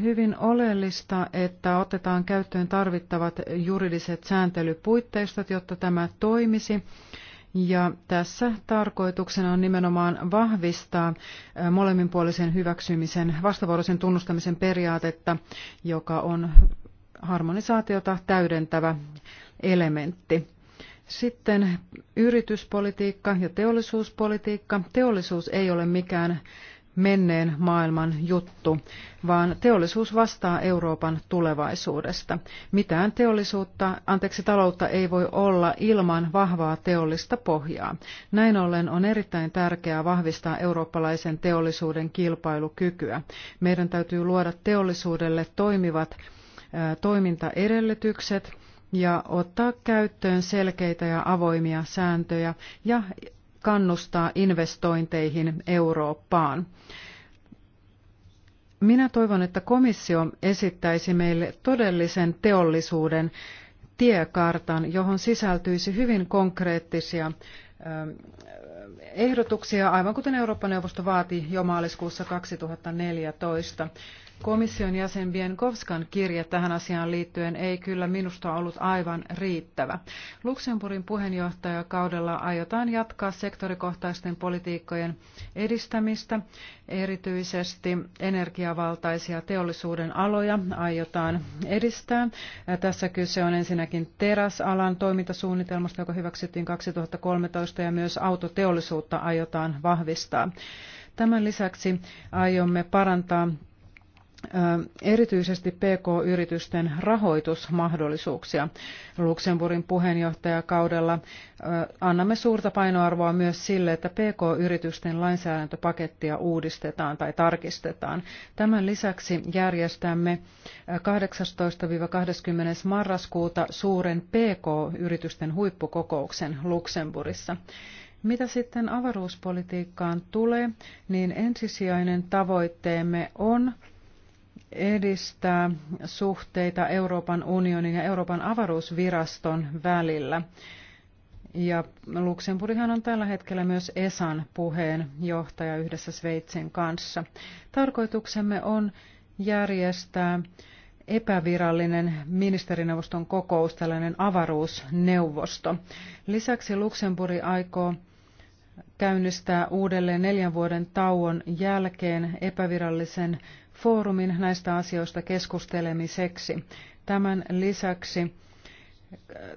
C: hyvin oleellista, että otetaan käyttöön tarvittavat juridiset sääntelypuitteistot, jotta tämä toimisi ja tässä tarkoituksena on nimenomaan vahvistaa molemminpuolisen hyväksymisen, vastavuoroisen tunnustamisen periaatetta, joka on harmonisaatiota täydentävä elementti. Sitten yrityspolitiikka ja teollisuuspolitiikka. Teollisuus ei ole mikään menneen maailman juttu, vaan teollisuus vastaa Euroopan tulevaisuudesta. Mitään teollisuutta, anteeksi taloutta ei voi olla ilman vahvaa teollista pohjaa. Näin ollen on erittäin tärkeää vahvistaa eurooppalaisen teollisuuden kilpailukykyä. Meidän täytyy luoda teollisuudelle toimivat toimintaedellytykset ja ottaa käyttöön selkeitä ja avoimia sääntöjä ja kannustaa investointeihin Eurooppaan. Minä toivon, että komissio esittäisi meille todellisen teollisuuden tiekartan, johon sisältyisi hyvin konkreettisia ähm, ehdotuksia, aivan kuten Eurooppa-neuvosto vaati jo maaliskuussa 2014. Komission jäsen Bienkovskan kirje tähän asiaan liittyen ei kyllä minusta ollut aivan riittävä. Luxemburgin puheenjohtajakaudella aiotaan jatkaa sektorikohtaisten politiikkojen edistämistä, erityisesti energiavaltaisia teollisuuden aloja aiotaan edistää. Tässä kyse on ensinnäkin teräsalan toimintasuunnitelmasta, joka hyväksyttiin 2013 ja myös autoteollisuutta aiotaan vahvistaa. Tämän lisäksi aiomme parantaa erityisesti PK-yritysten rahoitusmahdollisuuksia. Luxemburgin puheenjohtajakaudella annamme suurta painoarvoa myös sille, että PK-yritysten lainsäädäntöpakettia uudistetaan tai tarkistetaan. Tämän lisäksi järjestämme 18-20. marraskuuta suuren PK-yritysten huippukokouksen Luxemburgissa. Mitä sitten avaruuspolitiikkaan tulee, niin ensisijainen tavoitteemme on edistää suhteita Euroopan unionin ja Euroopan avaruusviraston välillä. Ja Luxemburghan on tällä hetkellä myös ESAN puheenjohtaja yhdessä Sveitsin kanssa. Tarkoituksemme on järjestää epävirallinen ministerineuvoston kokous, tällainen avaruusneuvosto. Lisäksi Luxemburg aikoo käynnistää uudelleen neljän vuoden tauon jälkeen epävirallisen foorumin näistä asioista keskustelemiseksi. Tämän lisäksi äh,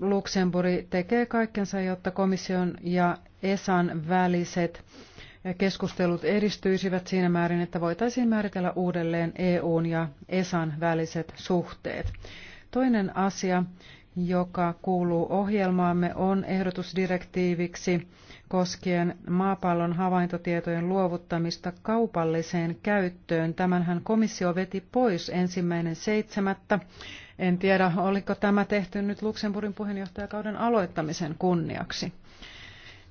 C: Luxemburg tekee kaikkensa, jotta komission ja ESAn väliset keskustelut edistyisivät siinä määrin, että voitaisiin määritellä uudelleen EUn ja ESAn väliset suhteet. Toinen asia, joka kuuluu ohjelmaamme, on ehdotusdirektiiviksi koskien maapallon havaintotietojen luovuttamista kaupalliseen käyttöön. Tämänhän komissio veti pois ensimmäinen seitsemättä. En tiedä, oliko tämä tehty nyt Luxemburgin puheenjohtajakauden aloittamisen kunniaksi.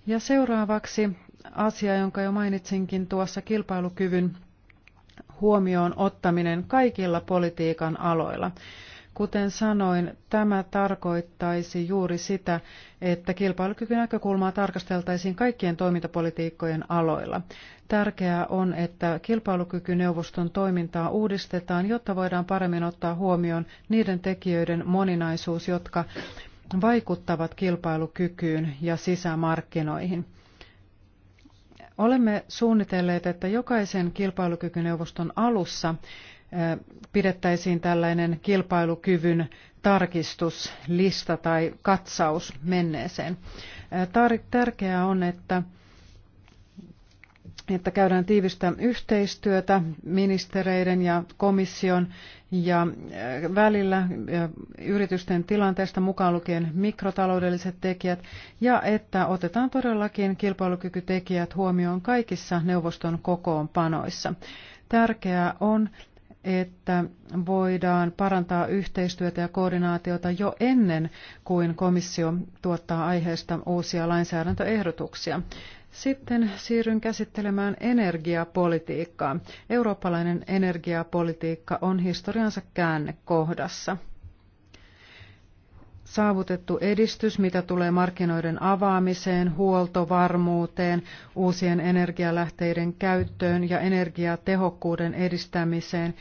C: Ja seuraavaksi asia, jonka jo mainitsinkin tuossa kilpailukyvyn huomioon ottaminen kaikilla politiikan aloilla. Kuten sanoin, tämä tarkoittaisi juuri sitä, että kilpailukykynäkökulmaa tarkasteltaisiin kaikkien toimintapolitiikkojen aloilla. Tärkeää on, että kilpailukykyneuvoston toimintaa uudistetaan, jotta voidaan paremmin ottaa huomioon niiden tekijöiden moninaisuus, jotka vaikuttavat kilpailukykyyn ja sisämarkkinoihin. Olemme suunnitelleet, että jokaisen kilpailukykyneuvoston alussa pidettäisiin tällainen kilpailukyvyn tarkistuslista tai katsaus menneeseen. Tärkeää on, että että käydään tiivistä yhteistyötä ministereiden ja komission ja äh, välillä yritysten tilanteesta mukaan lukien mikrotaloudelliset tekijät ja että otetaan todellakin kilpailukykytekijät huomioon kaikissa neuvoston kokoonpanoissa. Tärkeää on, että voidaan parantaa yhteistyötä ja koordinaatiota jo ennen kuin komissio tuottaa aiheesta uusia lainsäädäntöehdotuksia. Sitten siirryn käsittelemään energiapolitiikkaa. Eurooppalainen energiapolitiikka on historiansa käännekohdassa saavutettu edistys, mitä tulee markkinoiden avaamiseen, huoltovarmuuteen, uusien energialähteiden käyttöön ja energiatehokkuuden edistämiseen,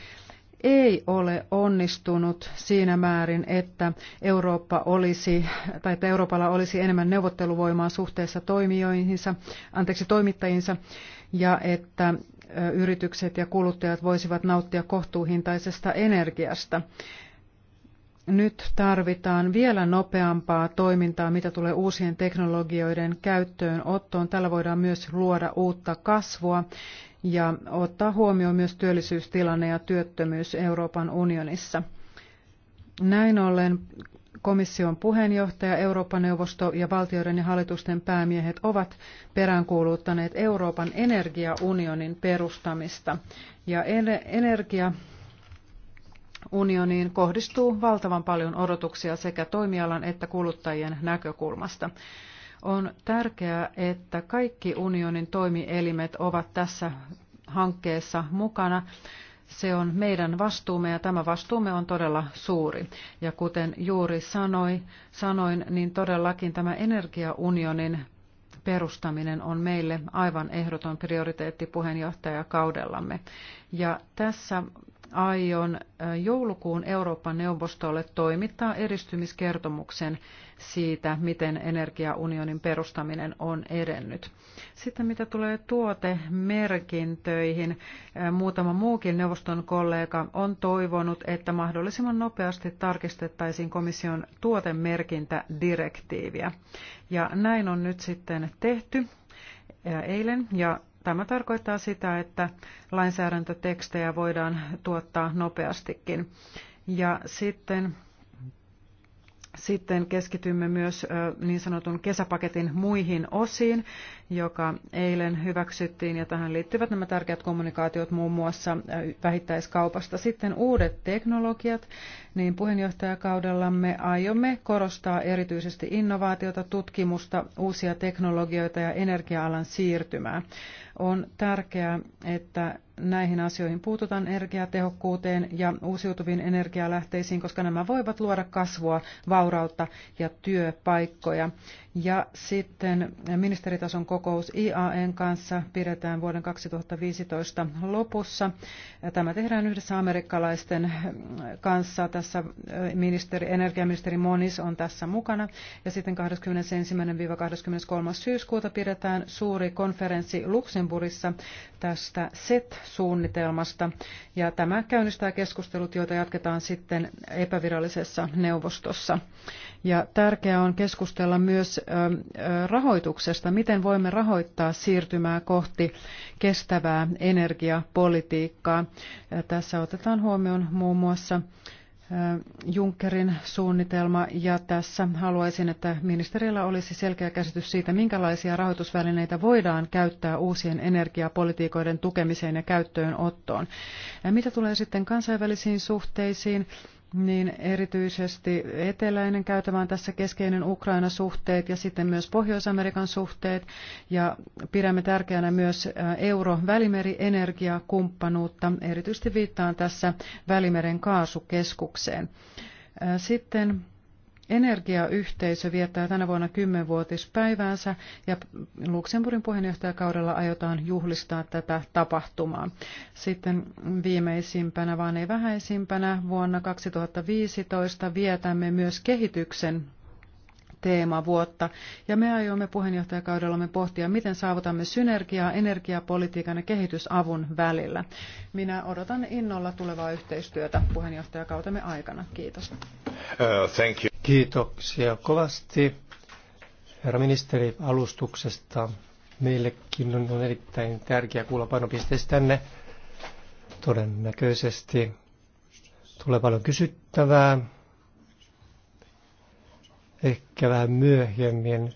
C: ei ole onnistunut siinä määrin, että, Eurooppa olisi, tai että Euroopalla olisi enemmän neuvotteluvoimaa suhteessa toimijoihinsa, anteeksi, toimittajinsa, ja että yritykset ja kuluttajat voisivat nauttia kohtuuhintaisesta energiasta nyt tarvitaan vielä nopeampaa toimintaa, mitä tulee uusien teknologioiden käyttöön. Ottoon Tällä voidaan myös luoda uutta kasvua ja ottaa huomioon myös työllisyystilanne ja työttömyys Euroopan unionissa. Näin ollen komission puheenjohtaja, Euroopan neuvosto ja valtioiden ja hallitusten päämiehet ovat peräänkuuluttaneet Euroopan energiaunionin perustamista. Ja energia unioniin kohdistuu valtavan paljon odotuksia sekä toimialan että kuluttajien näkökulmasta. On tärkeää, että kaikki unionin toimielimet ovat tässä hankkeessa mukana. Se on meidän vastuumme ja tämä vastuumme on todella suuri. Ja kuten juuri sanoi, sanoin, niin todellakin tämä energiaunionin perustaminen on meille aivan ehdoton prioriteetti puheenjohtajakaudellamme. Ja tässä aion joulukuun Euroopan neuvostolle toimittaa eristymiskertomuksen siitä, miten energiaunionin perustaminen on edennyt. Sitten mitä tulee tuotemerkintöihin, muutama muukin neuvoston kollega on toivonut, että mahdollisimman nopeasti tarkistettaisiin komission tuotemerkintädirektiiviä. Ja näin on nyt sitten tehty eilen ja Tämä tarkoittaa sitä, että lainsäädäntötekstejä voidaan tuottaa nopeastikin. Ja sitten sitten keskitymme myös niin sanotun kesäpaketin muihin osiin, joka eilen hyväksyttiin ja tähän liittyvät nämä tärkeät kommunikaatiot muun muassa vähittäiskaupasta. Sitten uudet teknologiat, niin puheenjohtajakaudellamme aiomme korostaa erityisesti innovaatiota, tutkimusta, uusia teknologioita ja energia-alan siirtymää. On tärkeää, että näihin asioihin puututaan energiatehokkuuteen ja uusiutuviin energialähteisiin, koska nämä voivat luoda kasvua, vaurautta ja työpaikkoja. Ja sitten ministeritason kokous IAEn kanssa pidetään vuoden 2015 lopussa. Tämä tehdään yhdessä amerikkalaisten kanssa. Tässä ministeri, energiaministeri Monis on tässä mukana. Ja sitten 21-23. syyskuuta pidetään suuri konferenssi Luxemburgissa Luxemburgissa tästä SET-suunnitelmasta. Ja tämä käynnistää keskustelut, joita jatketaan sitten epävirallisessa neuvostossa. Ja tärkeää on keskustella myös rahoituksesta, miten voimme rahoittaa siirtymää kohti kestävää energiapolitiikkaa. Ja tässä otetaan huomioon muun muassa Junckerin suunnitelma ja tässä haluaisin, että ministerillä olisi selkeä käsitys siitä, minkälaisia rahoitusvälineitä voidaan käyttää uusien energiapolitiikoiden tukemiseen ja käyttöönottoon. Ja mitä tulee sitten kansainvälisiin suhteisiin, niin erityisesti eteläinen käytävä on tässä keskeinen Ukraina-suhteet ja sitten myös Pohjois-Amerikan suhteet. Ja pidämme tärkeänä myös euro-välimeri-energiakumppanuutta. Erityisesti viittaan tässä Välimeren kaasukeskukseen. Sitten Energiayhteisö viettää tänä vuonna kymmenvuotispäiväänsä ja Luxemburgin puheenjohtajakaudella aiotaan juhlistaa tätä tapahtumaa. Sitten viimeisimpänä, vaan ei vähäisimpänä, vuonna 2015 vietämme myös kehityksen teemavuotta. Ja me aiomme puheenjohtajakaudellamme pohtia, miten saavutamme synergiaa energiapolitiikan ja kehitysavun välillä. Minä odotan innolla tulevaa yhteistyötä puheenjohtajakautemme aikana. Kiitos.
B: Uh, thank you. Kiitoksia kovasti herra ministeri alustuksesta. Meillekin on erittäin tärkeää kuulla tänne. Todennäköisesti tulee paljon kysyttävää ehkä vähän myöhemmin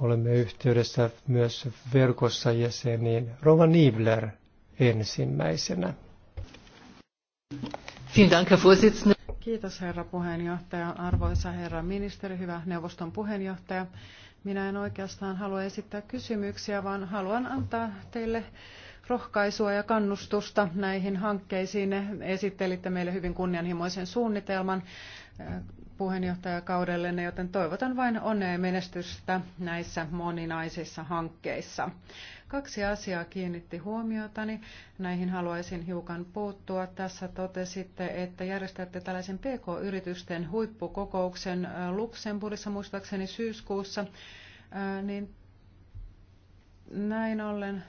B: olemme yhteydessä myös verkossa jäseniin. Rova Niebler ensimmäisenä.
C: Kiitos herra puheenjohtaja, arvoisa herra ministeri, hyvä neuvoston puheenjohtaja. Minä en oikeastaan halua esittää kysymyksiä, vaan haluan antaa teille rohkaisua ja kannustusta näihin hankkeisiin. Esittelitte meille hyvin kunnianhimoisen suunnitelman puheenjohtajakaudellenne, joten toivotan vain onnea ja menestystä näissä moninaisissa hankkeissa. Kaksi asiaa kiinnitti huomiotani. Näihin haluaisin hiukan puuttua. Tässä totesitte, että järjestätte tällaisen PK-yritysten huippukokouksen Luxemburgissa muistaakseni syyskuussa. Niin näin ollen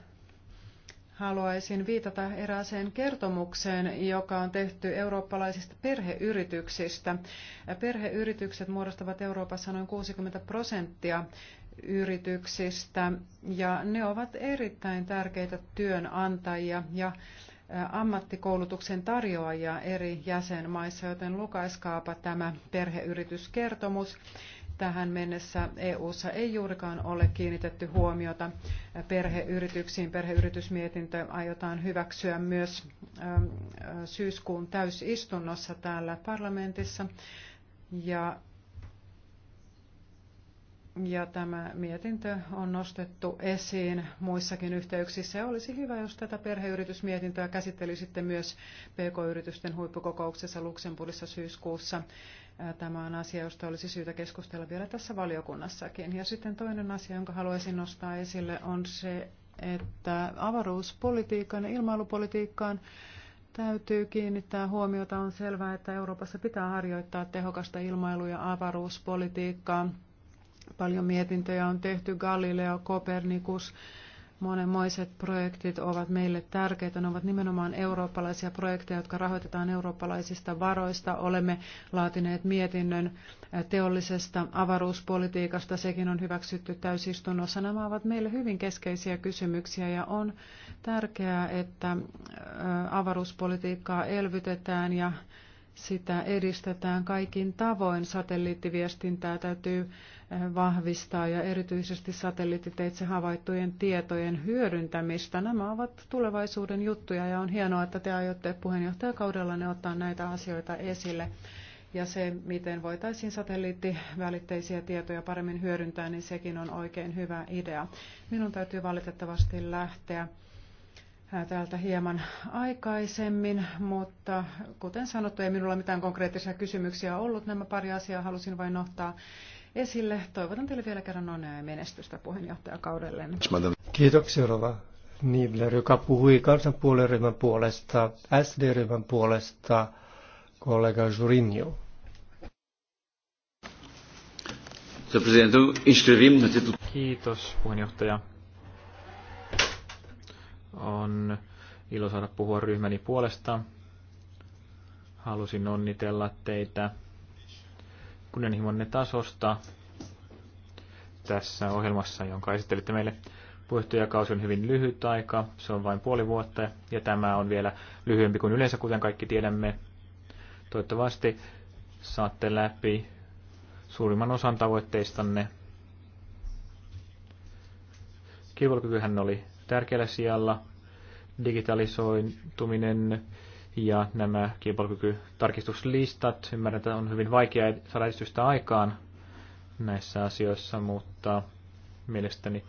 C: haluaisin viitata erääseen kertomukseen, joka on tehty eurooppalaisista perheyrityksistä. Perheyritykset muodostavat Euroopassa noin 60 prosenttia yrityksistä ja ne ovat erittäin tärkeitä työnantajia ja ammattikoulutuksen tarjoajia eri jäsenmaissa, joten lukaiskaapa tämä perheyrityskertomus Tähän mennessä EU-ssa ei juurikaan ole kiinnitetty huomiota perheyrityksiin. Perheyritysmietintö aiotaan hyväksyä myös ähm, äh, syyskuun täysistunnossa täällä parlamentissa. Ja ja tämä mietintö on nostettu esiin muissakin yhteyksissä. Ja olisi hyvä, jos tätä perheyritysmietintöä käsittelisitte myös PK-yritysten huippukokouksessa Luxemburgissa syyskuussa. Tämä on asia, josta olisi syytä keskustella vielä tässä valiokunnassakin. Ja sitten toinen asia, jonka haluaisin nostaa esille, on se, että avaruuspolitiikkaan ja ilmailupolitiikkaan täytyy kiinnittää huomiota. On selvää, että Euroopassa pitää harjoittaa tehokasta ilmailu- ja avaruuspolitiikkaa. Paljon mietintöjä on tehty Galileo, Kopernikus, Monenmoiset projektit ovat meille tärkeitä. Ne ovat nimenomaan eurooppalaisia projekteja, jotka rahoitetaan eurooppalaisista varoista. Olemme laatineet mietinnön eh, teollisesta avaruuspolitiikasta. Sekin on hyväksytty täysistunnossa. Nämä ovat meille hyvin keskeisiä kysymyksiä ja on tärkeää, että eh, avaruuspolitiikkaa elvytetään ja sitä edistetään kaikin tavoin. Satelliittiviestintää täytyy eh, vahvistaa ja erityisesti satelliittiteitse havaittujen tietojen hyödyntämistä. Nämä ovat tulevaisuuden juttuja ja on hienoa, että te aiotte ne ottaa näitä asioita esille. Ja se, miten voitaisiin satelliittivälitteisiä tietoja paremmin hyödyntää, niin sekin on oikein hyvä idea. Minun täytyy valitettavasti lähteä täältä hieman aikaisemmin, mutta kuten sanottu, ei minulla mitään konkreettisia kysymyksiä ollut. Nämä pari asiaa halusin vain ottaa esille. Toivotan teille vielä kerran onnea ja menestystä puheenjohtajakaudelle.
B: Kiitoksia Rova Niibler, joka puhui kansanpuolueryhmän puolesta, SD-ryhmän puolesta, kollega Jurinho.
A: Kiitos puheenjohtaja. On ilo saada puhua ryhmäni puolesta. Halusin onnitella teitä kunnianhimonne tasosta tässä ohjelmassa, jonka esittelitte meille. Puheenjohtajakausi on hyvin lyhyt aika, se on vain puoli vuotta, ja tämä on vielä lyhyempi kuin yleensä, kuten kaikki tiedämme. Toivottavasti saatte läpi suurimman osan tavoitteistanne. Kilpailukykyhän oli tärkeällä sijalla. Digitalisoituminen ja nämä kilpailukykytarkistuslistat. Ymmärrän, että on hyvin vaikea saada edistystä aikaan näissä asioissa, mutta mielestäni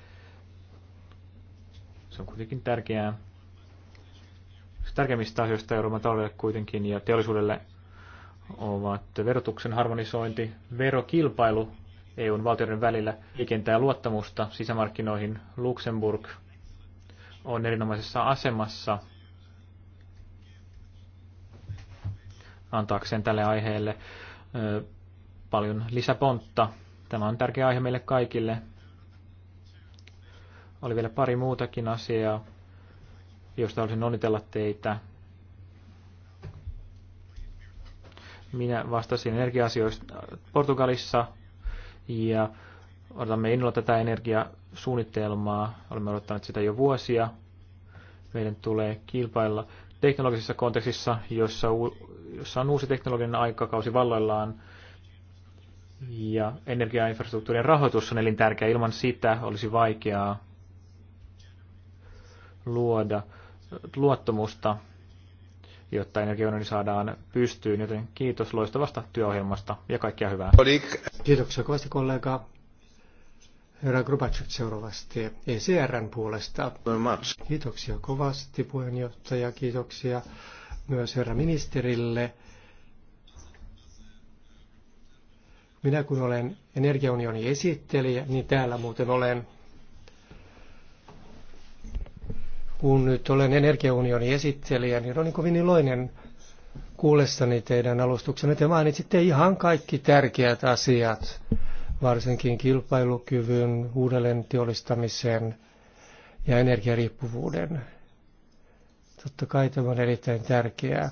A: se on kuitenkin tärkeää. Tärkeimmistä asioista Euroopan taloudelle kuitenkin ja teollisuudelle ovat verotuksen harmonisointi, verokilpailu EUn valtioiden välillä, liikentää luottamusta sisämarkkinoihin, Luxemburg – on erinomaisessa asemassa antaakseen tälle aiheelle paljon lisäpontta. Tämä on tärkeä aihe meille kaikille. Oli vielä pari muutakin asiaa, josta olisin onnitella teitä. Minä vastasin energia-asioista Portugalissa ja odotamme innolla tätä energia suunnitelmaa. Olemme odottaneet sitä jo vuosia. Meidän tulee kilpailla teknologisessa kontekstissa, jossa, jossa on uusi teknologinen aikakausi valloillaan. Ja energiainfrastruktuurin rahoitus on elintärkeä. Ilman sitä olisi vaikeaa luoda luottamusta, jotta energiaunioni saadaan pystyyn. Joten kiitos loistavasta työohjelmasta ja kaikkea hyvää.
B: Kiitoksia kovasti kollega. Herra Grubachev seuraavasti ECRn puolesta. Kiitoksia kovasti puheenjohtaja, kiitoksia myös herra ministerille. Minä kun olen energiaunionin esittelijä, niin täällä muuten olen. Kun nyt olen energiaunionin esittelijä, niin olen niin kovin iloinen kuullessani teidän alustuksenne. Te mainitsitte ihan kaikki tärkeät asiat varsinkin kilpailukyvyn, uudelleen teollistamisen ja energiariippuvuuden. Totta kai tämä on erittäin tärkeää.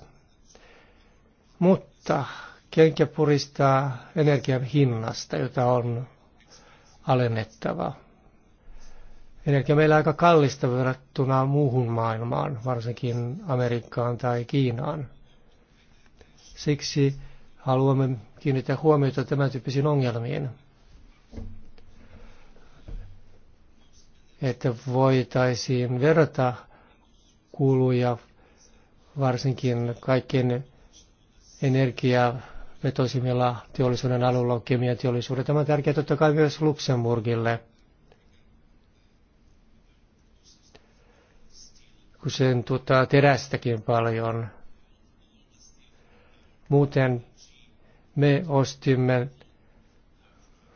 B: Mutta kenkä puristaa energian hinnasta, jota on alennettava. Energia meillä on aika kallista verrattuna muuhun maailmaan, varsinkin Amerikkaan tai Kiinaan. Siksi haluamme kiinnittää huomiota tämän tyyppisiin ongelmiin. että voitaisiin verrata kuluja varsinkin kaikkien energiavetoisimmilla teollisuuden alueilla on kemianteollisuuden. Tämä on tärkeää totta kai myös Luxemburgille. kun sen tuota, terästäkin paljon. Muuten me ostimme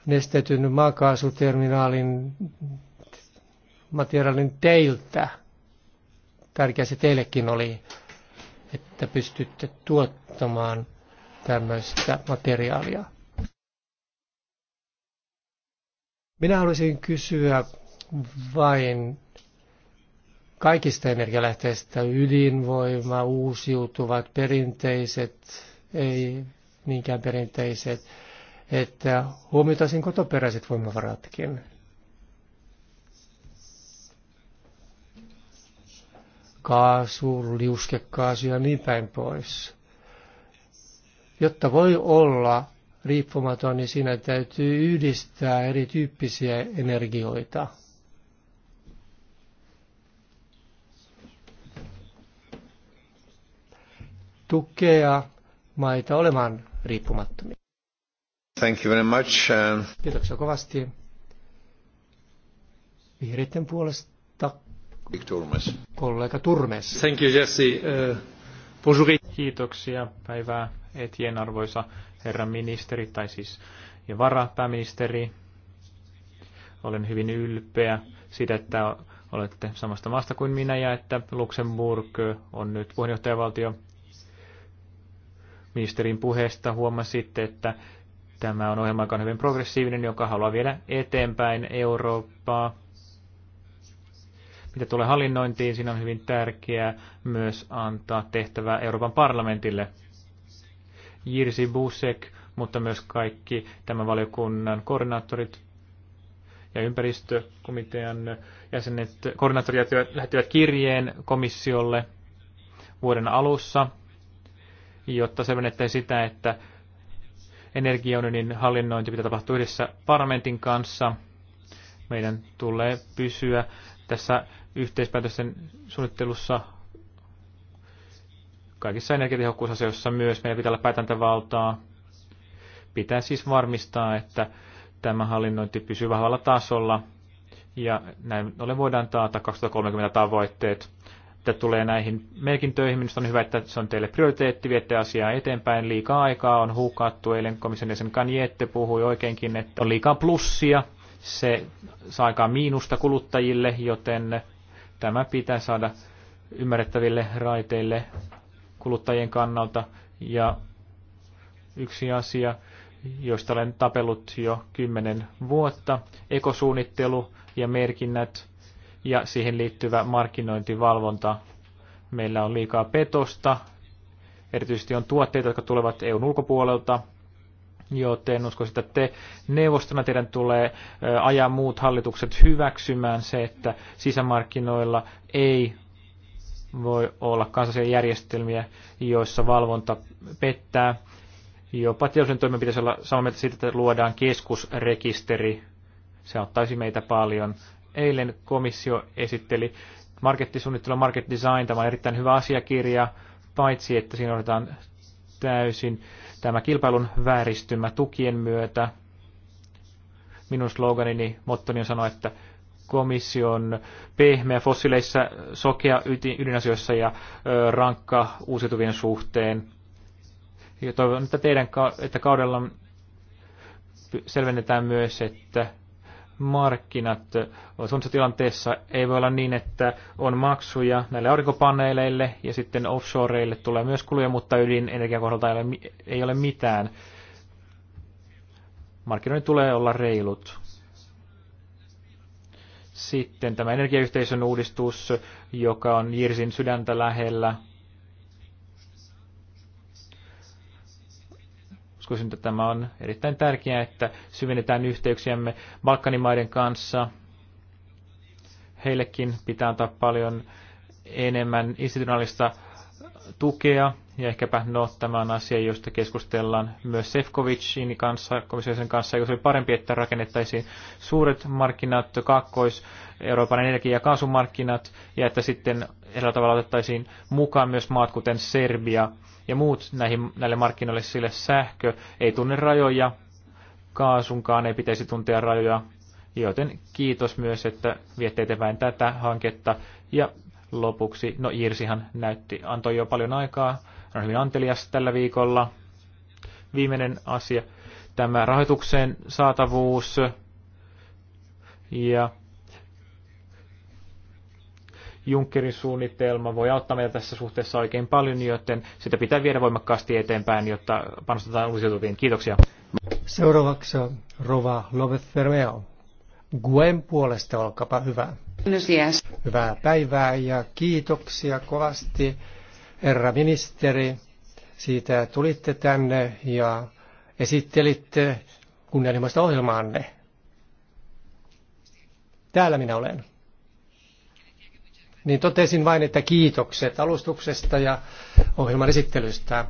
B: nestetyn maakaasuterminaalin materiaalin teiltä. Tärkeä se teillekin oli, että pystytte tuottamaan tämmöistä materiaalia. Minä haluaisin kysyä vain kaikista energialähteistä, ydinvoima, uusiutuvat, perinteiset, ei niinkään perinteiset, että huomioitaisiin kotoperäiset voimavaratkin. kaasu, liuskekaasu ja niin päin pois. Jotta voi olla riippumaton, niin siinä täytyy yhdistää erityyppisiä energioita. Tukea maita olemaan riippumattomia. Thank you very much. Kiitoksia kovasti. Vihreiden puolesta Turmes.
A: Kollega Turmes. Thank you, Jesse. Uh, Kiitoksia. Päivää Etien arvoisa herra ministeri, tai siis ja varapääministeri. Olen hyvin ylpeä siitä, että olette samasta maasta kuin minä ja että Luxemburg on nyt puheenjohtajavaltio. Ministerin puheesta huomasitte, että tämä on ohjelma, joka on hyvin progressiivinen, joka haluaa viedä eteenpäin Eurooppaa mitä tulee hallinnointiin, siinä on hyvin tärkeää myös antaa tehtävää Euroopan parlamentille. Jirsi Busek, mutta myös kaikki tämän valiokunnan koordinaattorit ja ympäristökomitean jäsenet, koordinaattorit lähettivät kirjeen komissiolle vuoden alussa, jotta se sitä, että energiaunionin hallinnointi pitää tapahtua yhdessä parlamentin kanssa. Meidän tulee pysyä tässä yhteispäätösten suunnittelussa kaikissa energiatehokkuusasioissa myös meillä pitää olla päätäntävaltaa. Pitää siis varmistaa, että tämä hallinnointi pysyy vahvalla tasolla ja näin ollen voidaan taata 2030 tavoitteet. Mitä tulee näihin merkintöihin, minusta on hyvä, että se on teille prioriteetti, viette asiaa eteenpäin. Liikaa aikaa on hukattu. Eilen komission jäsen Kanjette puhui oikeinkin, että on liikaa plussia. Se saa aikaa miinusta kuluttajille, joten Tämä pitää saada ymmärrettäville raiteille kuluttajien kannalta. Ja yksi asia, josta olen tapellut jo kymmenen vuotta, ekosuunnittelu ja merkinnät ja siihen liittyvä markkinointivalvonta. Meillä on liikaa petosta, erityisesti on tuotteita, jotka tulevat EUn ulkopuolelta, Joo, joten uskoisin, että te neuvostona teidän tulee ajaa muut hallitukset hyväksymään se, että sisämarkkinoilla ei voi olla kansallisia järjestelmiä, joissa valvonta pettää. Jopa teollisen toimen pitäisi olla samaa mieltä siitä, että luodaan keskusrekisteri. Se ottaisi meitä paljon. Eilen komissio esitteli markettisuunnittelu Market Design. Tämä on erittäin hyvä asiakirja, paitsi että siinä otetaan täysin tämä kilpailun vääristymä tukien myötä. Minun sloganini, mottoni on sanoa, että komission pehmeä fossiileissa, sokea ydinasioissa ja rankka uusiutuvien suhteen. Ja toivon, että teidän että kaudella selvennetään myös, että markkinat on tilanteessa, ei voi olla niin, että on maksuja näille aurinkopaneeleille ja sitten offshoreille tulee myös kuluja, mutta ydinenergian kohdalta ei ole, ei ole mitään. Markkinoiden tulee olla reilut. Sitten tämä energiayhteisön uudistus, joka on Jirsin sydäntä lähellä, Uskoisin, että tämä on erittäin tärkeää, että syvennetään yhteyksiämme Balkanimaiden kanssa. Heillekin pitää antaa paljon enemmän institutionaalista tukea, ja ehkäpä no, tämä on asia, josta keskustellaan myös Sefcovicin kanssa, komission kanssa, jos oli parempi, että rakennettaisiin suuret markkinat, kakkois Euroopan energia- ja kaasumarkkinat, ja että sitten erillä tavalla otettaisiin mukaan myös maat, kuten Serbia, ja muut näihin, näille markkinoille, sille sähkö ei tunne rajoja, kaasunkaan ei pitäisi tuntea rajoja, joten kiitos myös, että viette eteenpäin tätä hanketta. Ja lopuksi, no Irsihan näytti, antoi jo paljon aikaa, on hyvin antelias tällä viikolla. Viimeinen asia, tämä rahoituksen saatavuus ja Junckerin suunnitelma voi auttaa meitä tässä suhteessa oikein paljon, joten sitä pitää viedä voimakkaasti eteenpäin, jotta panostetaan uusiutuviin. Kiitoksia.
B: Seuraavaksi Rova López Guen puolesta, olkapa hyvä. Yes. Hyvää päivää ja kiitoksia kovasti, herra ministeri, siitä tulitte tänne ja esittelitte kunnianhimoista ohjelmaanne. Täällä minä olen niin totesin vain, että kiitokset alustuksesta ja ohjelman esittelystä.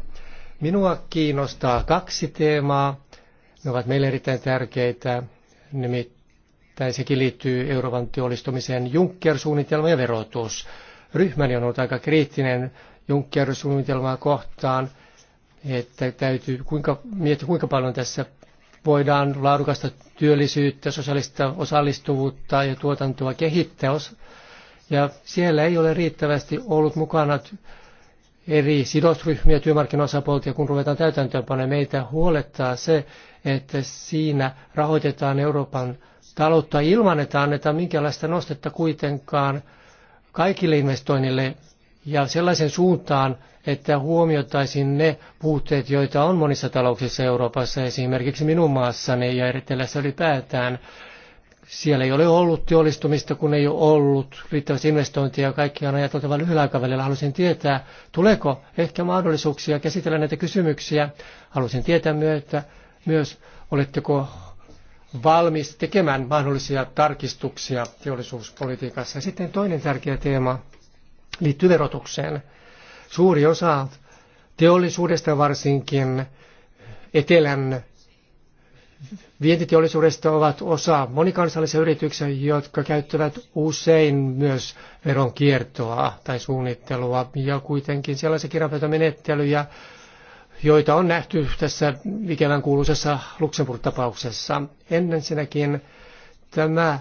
B: Minua kiinnostaa kaksi teemaa. Ne ovat meille erittäin tärkeitä, nimittäin sekin liittyy Euroopan työllistymiseen. Juncker-suunnitelma ja verotus. Ryhmäni on ollut aika kriittinen Juncker-suunnitelmaa kohtaan, että täytyy kuinka, miettiä, kuinka paljon tässä voidaan laadukasta työllisyyttä, sosiaalista osallistuvuutta ja tuotantoa kehittää ja siellä ei ole riittävästi ollut mukana eri sidosryhmiä, työmarkkinaosapuolta, ja kun ruvetaan täytäntöönpanoa, meitä huolettaa se, että siinä rahoitetaan Euroopan taloutta ilman, että annetaan minkäänlaista nostetta kuitenkaan kaikille investoinnille ja sellaisen suuntaan, että huomioitaisiin ne puutteet, joita on monissa talouksissa Euroopassa, esimerkiksi minun maassani ja Etelässä ylipäätään. Siellä ei ole ollut teollistumista, kun ei ole ollut riittävästi investointia. Kaikki on vain lyhyellä aikavälillä. Haluaisin tietää, tuleeko ehkä mahdollisuuksia käsitellä näitä kysymyksiä. Haluaisin tietää myös, että myös, oletteko valmis tekemään mahdollisia tarkistuksia teollisuuspolitiikassa. Ja sitten toinen tärkeä teema liittyy verotukseen. Suuri osa teollisuudesta varsinkin etelän vientiteollisuudesta ovat osa monikansallisia yrityksiä, jotka käyttävät usein myös veronkiertoa tai suunnittelua ja kuitenkin sellaisia kirjanpitomenettelyjä, joita on nähty tässä ikävän kuuluisessa Luxemburg-tapauksessa. Ennensinnäkin tämä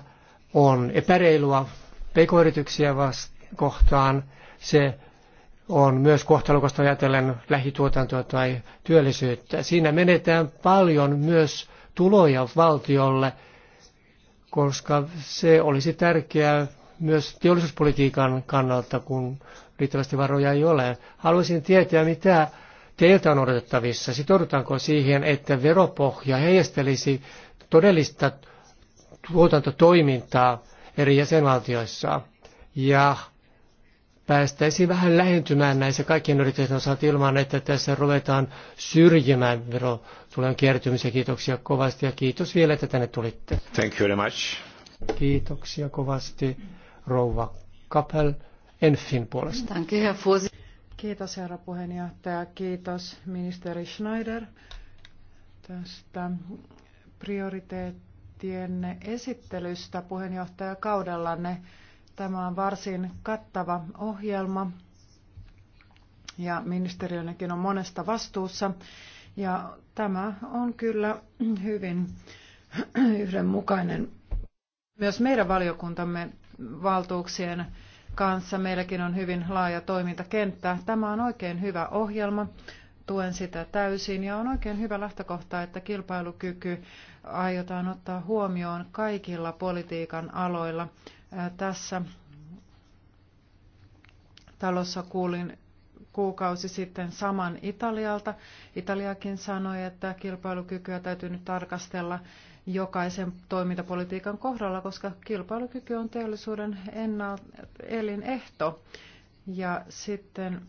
B: on epäreilua pk-yrityksiä kohtaan. Se on myös kohtalokasta ajatellen lähituotantoa tai työllisyyttä. Siinä menetään paljon myös tuloja valtiolle, koska se olisi tärkeää myös teollisuuspolitiikan kannalta, kun riittävästi varoja ei ole. Haluaisin tietää, mitä teiltä on odotettavissa. Sitoudutaanko siihen, että veropohja heijastelisi todellista tuotantotoimintaa eri jäsenvaltioissa? Ja päästäisiin vähän lähentymään näissä kaikkien yritysten osalta ilman, että tässä ruvetaan syrjimään verotulojen kiertymisiä. Kiitoksia kovasti ja kiitos vielä, että tänne tulitte.
A: Thank you very much.
B: Kiitoksia kovasti rouva Kapel Enfin puolesta.
C: Kiitos herra puheenjohtaja, kiitos ministeri Schneider tästä prioriteettienne esittelystä puheenjohtajakaudellanne. kaudellanne Tämä on varsin kattava ohjelma ja ministeriönäkin on monesta vastuussa. Ja tämä on kyllä hyvin yhdenmukainen myös meidän valiokuntamme valtuuksien kanssa. Meilläkin on hyvin laaja toimintakenttä. Tämä on oikein hyvä ohjelma. Tuen sitä täysin ja on oikein hyvä lähtökohta, että kilpailukyky aiotaan ottaa huomioon kaikilla politiikan aloilla tässä talossa kuulin kuukausi sitten saman Italialta. Italiakin sanoi, että kilpailukykyä täytyy nyt tarkastella jokaisen toimintapolitiikan kohdalla, koska kilpailukyky on teollisuuden elin elinehto. Ja sitten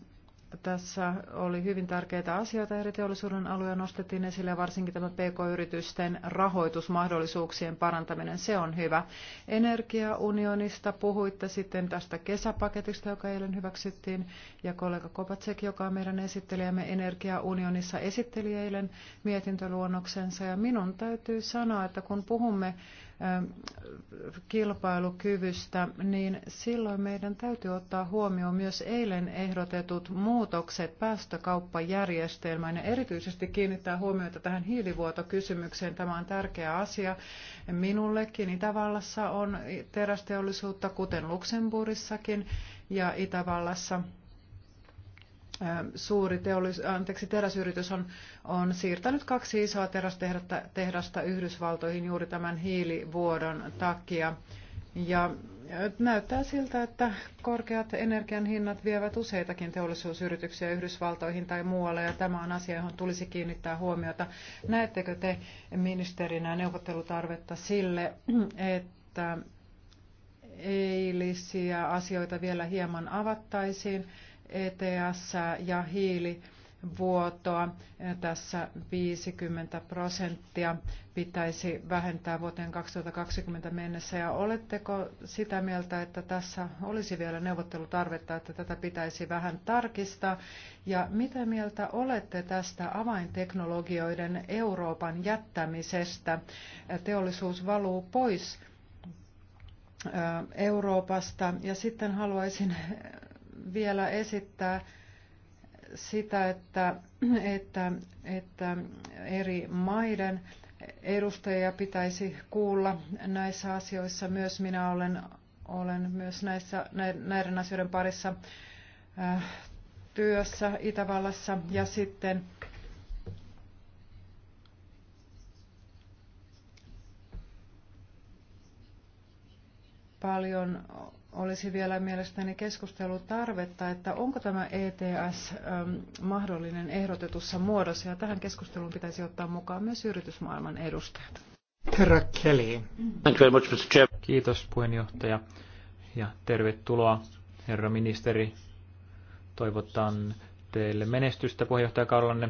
C: tässä oli hyvin tärkeitä asioita eri teollisuuden alueilla nostettiin esille, varsinkin tämä PK-yritysten rahoitusmahdollisuuksien parantaminen, se on hyvä. Energiaunionista puhuitte sitten tästä kesäpaketista, joka eilen hyväksyttiin, ja kollega Kopacek, joka on meidän esittelijämme Energiaunionissa, esitteli eilen mietintöluonnoksensa, ja minun täytyy sanoa, että kun puhumme kilpailukyvystä, niin silloin meidän täytyy ottaa huomioon myös eilen ehdotetut muutokset päästökauppajärjestelmään ja erityisesti kiinnittää huomiota tähän hiilivuotokysymykseen. Tämä on tärkeä asia minullekin. Itävallassa on terästeollisuutta, kuten Luxemburgissakin ja Itävallassa – suuri teollis, anteeksi, teräsyritys on, on siirtänyt kaksi isoa terästehdasta tehdasta Yhdysvaltoihin juuri tämän hiilivuodon takia. Ja näyttää siltä, että korkeat energian hinnat vievät useitakin teollisuusyrityksiä Yhdysvaltoihin tai muualle, ja tämä on asia, johon tulisi kiinnittää huomiota. Näettekö te ministerinä neuvottelutarvetta sille, että eilisiä asioita vielä hieman avattaisiin? ETS ja hiilivuotoa. Tässä 50 prosenttia pitäisi vähentää vuoteen 2020 mennessä. Ja oletteko sitä mieltä, että tässä olisi vielä neuvottelutarvetta, että tätä pitäisi vähän tarkistaa? Ja mitä mieltä olette tästä avainteknologioiden Euroopan jättämisestä? Teollisuus valuu pois Euroopasta. Ja sitten haluaisin vielä esittää sitä, että, että, että eri maiden edustajia pitäisi kuulla näissä asioissa. Myös minä olen, olen myös näissä, näiden asioiden parissa äh, työssä Itävallassa ja sitten paljon olisi vielä mielestäni keskustelu tarvetta, että onko tämä ETS ähm, mahdollinen ehdotetussa muodossa, ja tähän keskusteluun pitäisi ottaa mukaan myös yritysmaailman edustajat.
A: Herra Kelly. Kiitos puheenjohtaja ja tervetuloa herra ministeri. Toivotan teille menestystä puheenjohtajakaudellanne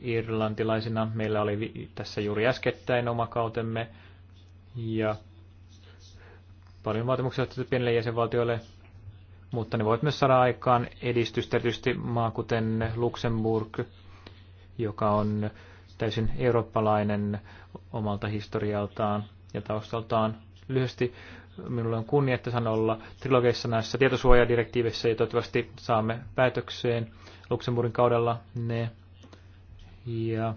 A: irlantilaisina. Meillä oli tässä juuri äskettäin oma kautemme ja paljon vaatimuksia pienille jäsenvaltioille, mutta ne voivat myös saada aikaan edistystä, erityisesti maa kuten Luxemburg, joka on täysin eurooppalainen omalta historialtaan ja taustaltaan. Lyhyesti minulla on kunnia, että saan olla trilogeissa näissä tietosuojadirektiiveissä ja toivottavasti saamme päätökseen Luxemburgin kaudella ne. Ja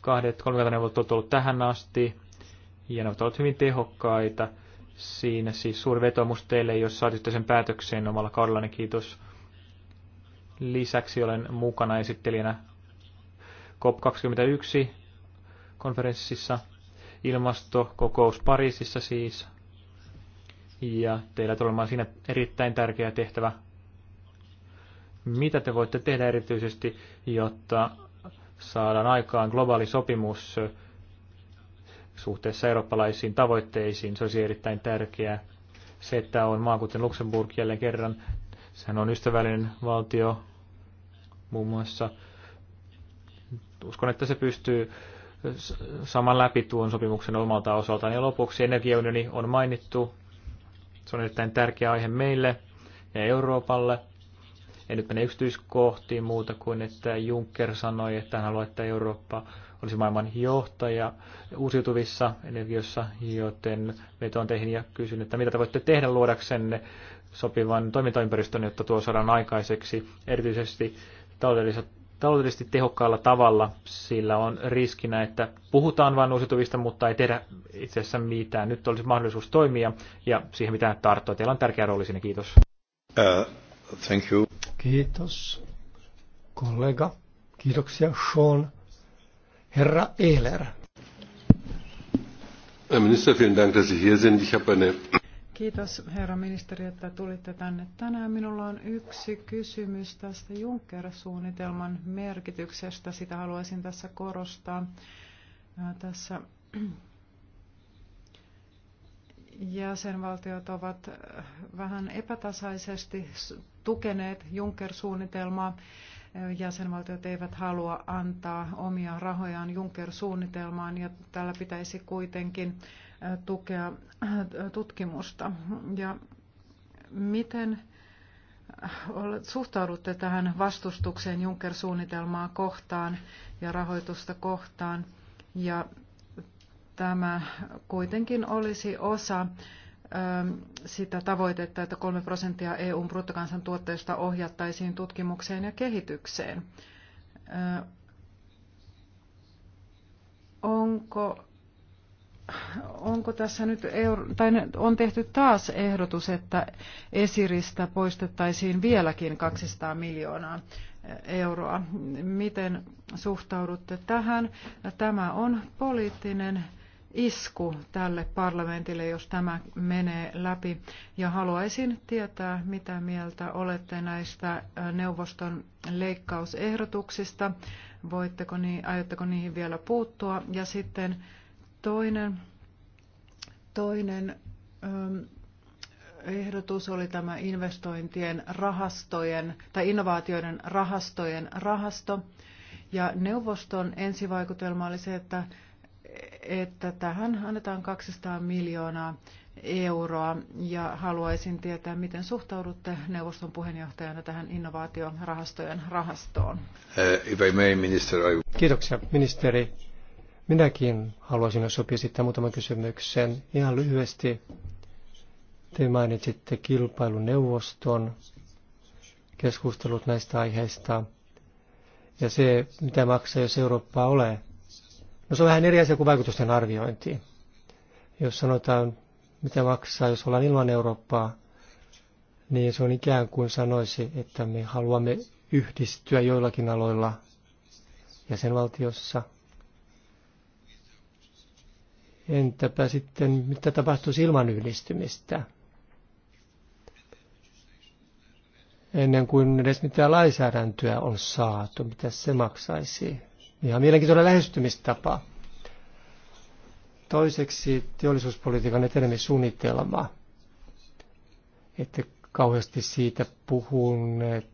A: kahdet kolmikantaneuvot ovat ollut tähän asti ja ne ovat olleet hyvin tehokkaita – Siinä siis suuri vetomus teille, jos saatitte sen päätökseen omalla kaudellani. Kiitos. Lisäksi olen mukana esittelijänä COP21 konferenssissa, ilmastokokous Pariisissa siis. Ja teillä tulee olemaan siinä erittäin tärkeä tehtävä. Mitä te voitte tehdä erityisesti, jotta saadaan aikaan globaali sopimus suhteessa eurooppalaisiin tavoitteisiin. Se olisi erittäin tärkeää. Se, että on maa kuten Luxemburg jälleen kerran, sehän on ystävällinen valtio muun muassa. Uskon, että se pystyy saman läpi tuon sopimuksen omalta osaltaan. Ja lopuksi energiaunioni on mainittu. Se on erittäin tärkeä aihe meille ja Euroopalle. En nyt mene yksityiskohtiin muuta kuin, että Juncker sanoi, että hän haluaa, että Eurooppa olisi maailman johtaja uusiutuvissa energiossa, joten vetoan teihin ja kysyn, että mitä te voitte tehdä luodaksenne sopivan toimintaympäristön, jotta tuo saadaan aikaiseksi erityisesti taloudellisesti tehokkaalla tavalla, sillä on riskinä, että puhutaan vain uusiutuvista, mutta ei tehdä itse asiassa mitään. Nyt olisi mahdollisuus toimia ja siihen mitään tarttua. Teillä on tärkeä rooli siinä, kiitos.
C: Uh, thank you.
B: Kiitos, kollega. Kiitoksia, Sean herra Ehler.
C: Herr Minister, vielen Dank, dass Sie hier sind. Ich habe eine Kiitos herra ministeri, että tulitte tänne tänään. Minulla on yksi kysymys tästä Juncker-suunnitelman merkityksestä. Sitä haluaisin tässä korostaa. Tässä jäsenvaltiot ovat vähän epätasaisesti tukeneet Juncker-suunnitelmaa jäsenvaltiot eivät halua antaa omia rahojaan Juncker-suunnitelmaan ja tällä pitäisi kuitenkin tukea tutkimusta. Ja miten suhtaudutte tähän vastustukseen Juncker-suunnitelmaa kohtaan ja rahoitusta kohtaan? Ja tämä kuitenkin olisi osa Ähm, sitä tavoitetta, että 3 prosenttia EUn bruttokansantuotteesta ohjattaisiin tutkimukseen ja kehitykseen. Äh, onko, onko tässä nyt, euro, tai on tehty taas ehdotus, että esiristä poistettaisiin vieläkin 200 miljoonaa euroa. Miten suhtaudutte tähän? Tämä on poliittinen isku tälle parlamentille, jos tämä menee läpi. Ja haluaisin tietää, mitä mieltä olette näistä äh, neuvoston leikkausehdotuksista. Voitteko niin, aiotteko niihin vielä puuttua? Ja sitten toinen, toinen ähm, ehdotus oli tämä investointien rahastojen tai innovaatioiden rahastojen rahasto. Ja neuvoston ensivaikutelma oli se, että että tähän annetaan 200 miljoonaa euroa ja haluaisin tietää, miten suhtaudutte neuvoston puheenjohtajana tähän innovaatiorahastojen rahastoon.
A: Eh,
B: Kiitoksia ministeri. Minäkin haluaisin, jos sopii sitten muutaman kysymyksen. Ihan lyhyesti te mainitsitte kilpailuneuvoston keskustelut näistä aiheista ja se, mitä maksaa, jos Eurooppa ole No se on vähän eri asia kuin vaikutusten arviointi. Jos sanotaan, mitä maksaa, jos ollaan ilman Eurooppaa, niin se on ikään kuin sanoisi, että me haluamme yhdistyä joillakin aloilla jäsenvaltiossa. Entäpä sitten, mitä tapahtuisi ilman yhdistymistä? Ennen kuin edes mitään lainsäädäntöä on saatu, mitä se maksaisi? Ihan mielenkiintoinen lähestymistapa. Toiseksi teollisuuspolitiikan etenemissuunnitelma. Että kauheasti siitä puhuneet,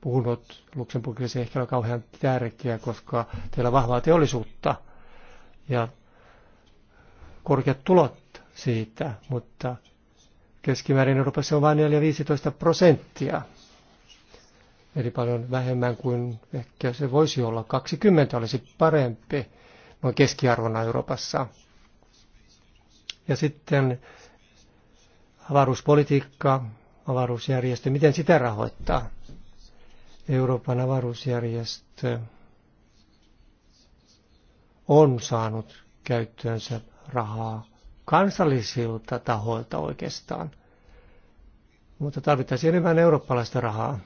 B: puhunut Luxemburgille se ehkä ole kauhean tärkeä, koska teillä on vahvaa teollisuutta ja korkeat tulot siitä, mutta keskimäärin Euroopassa on vain 4-15 prosenttia eli paljon vähemmän kuin ehkä se voisi olla. 20 olisi parempi noin keskiarvona Euroopassa. Ja sitten avaruuspolitiikka, avaruusjärjestö, miten sitä rahoittaa? Euroopan avaruusjärjestö on saanut käyttöönsä rahaa kansallisilta tahoilta oikeastaan. Mutta tarvittaisiin enemmän eurooppalaista rahaa.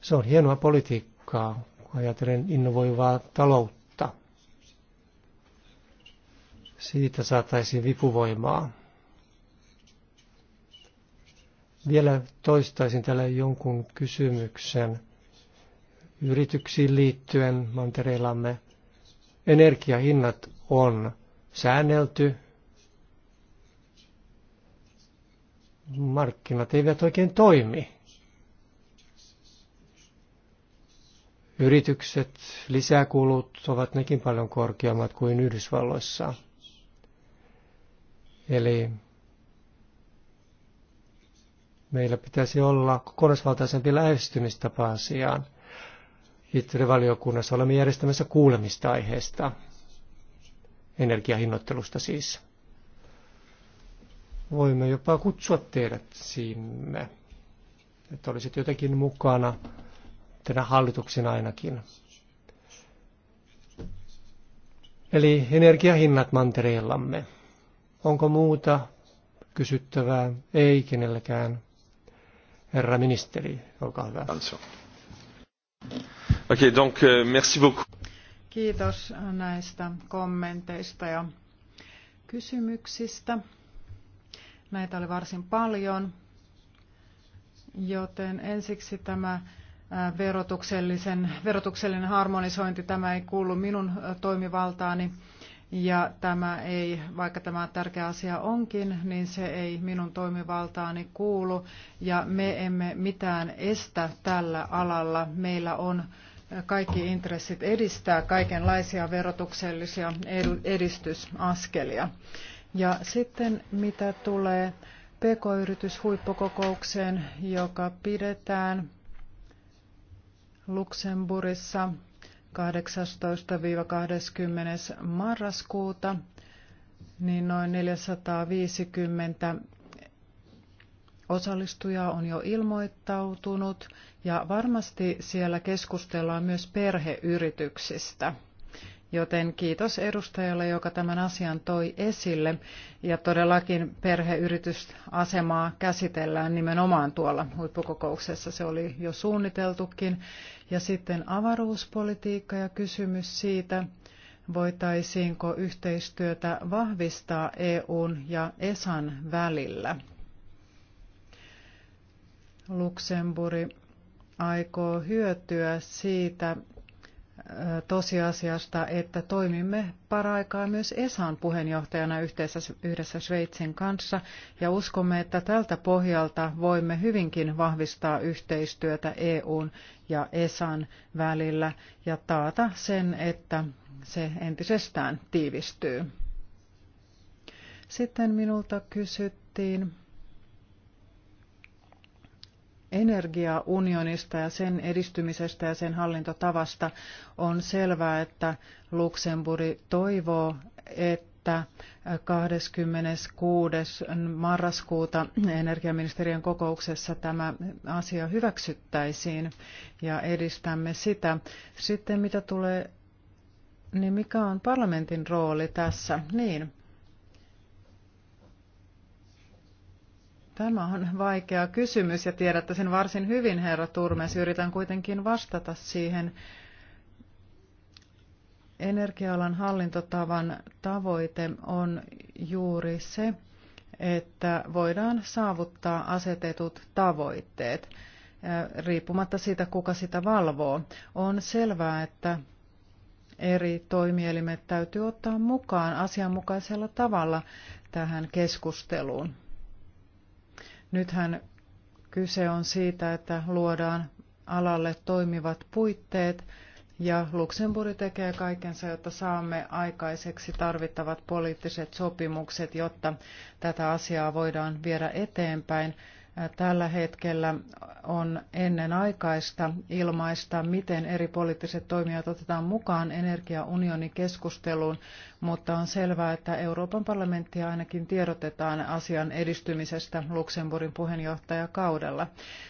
B: Se on hienoa politiikkaa, kun ajatellen innovoivaa taloutta. Siitä saataisiin vipuvoimaa. Vielä toistaisin tällä jonkun kysymyksen yrityksiin liittyen mantereillamme. Energiahinnat on säännelty. Markkinat eivät oikein toimi Yritykset, lisäkulut ovat nekin paljon korkeammat kuin Yhdysvalloissa. Eli meillä pitäisi olla kokonaisvaltaisempi lähestymistapa asiaan. Itse valiokunnassa olemme järjestämässä kuulemista aiheesta, energiahinnoittelusta siis. Voimme jopa kutsua teidät sinne, että olisit jotenkin mukana yhtenä hallituksen ainakin. Eli energiahinnat mantereillamme. Onko muuta kysyttävää? Ei kenelläkään. Herra ministeri, olkaa hyvä. Okay, donc, euh, merci beaucoup.
C: Kiitos näistä kommenteista ja kysymyksistä. Näitä oli varsin paljon, joten ensiksi tämä verotuksellisen, verotuksellinen harmonisointi, tämä ei kuulu minun toimivaltaani. Ja tämä ei, vaikka tämä tärkeä asia onkin, niin se ei minun toimivaltaani kuulu. Ja me emme mitään estä tällä alalla. Meillä on kaikki intressit edistää kaikenlaisia verotuksellisia edistysaskelia. Ja sitten mitä tulee PK-yrityshuippukokoukseen, joka pidetään Luxemburissa 18-20. marraskuuta, niin noin 450 osallistujaa on jo ilmoittautunut ja varmasti siellä keskustellaan myös perheyrityksistä. Joten kiitos edustajalle, joka tämän asian toi esille. Ja todellakin perheyritysasemaa käsitellään nimenomaan tuolla huippukokouksessa. Se oli jo suunniteltukin. Ja sitten avaruuspolitiikka ja kysymys siitä, voitaisiinko yhteistyötä vahvistaa EUn ja ESAn välillä. Luxemburg aikoo hyötyä siitä, tosiasiasta, että toimimme paraikaa myös ESAn puheenjohtajana yhteensä, yhdessä Sveitsin kanssa ja uskomme, että tältä pohjalta voimme hyvinkin vahvistaa yhteistyötä EUn ja ESAn välillä ja taata sen, että se entisestään tiivistyy. Sitten minulta kysyttiin energiaunionista ja sen edistymisestä ja sen hallintotavasta, on selvää, että Luxemburg toivoo, että 26. marraskuuta energiaministeriön kokouksessa tämä asia hyväksyttäisiin ja edistämme sitä. Sitten mitä tulee, niin mikä on parlamentin rooli tässä? Niin, Tämä on vaikea kysymys ja tiedätte sen varsin hyvin, herra Turmes. Yritän kuitenkin vastata siihen. Energialan hallintotavan tavoite on juuri se, että voidaan saavuttaa asetetut tavoitteet, äh, riippumatta siitä, kuka sitä valvoo. On selvää, että eri toimielimet täytyy ottaa mukaan asianmukaisella tavalla tähän keskusteluun. Nythän kyse on siitä, että luodaan alalle toimivat puitteet ja Luxemburg tekee kaikensa, jotta saamme aikaiseksi tarvittavat poliittiset sopimukset, jotta tätä asiaa voidaan viedä eteenpäin. Tällä hetkellä on ennen aikaista ilmaista, miten eri poliittiset toimijat otetaan mukaan energiaunionin keskusteluun, mutta on selvää, että Euroopan parlamenttia ainakin tiedotetaan asian edistymisestä Luxemburgin puheenjohtajakaudella.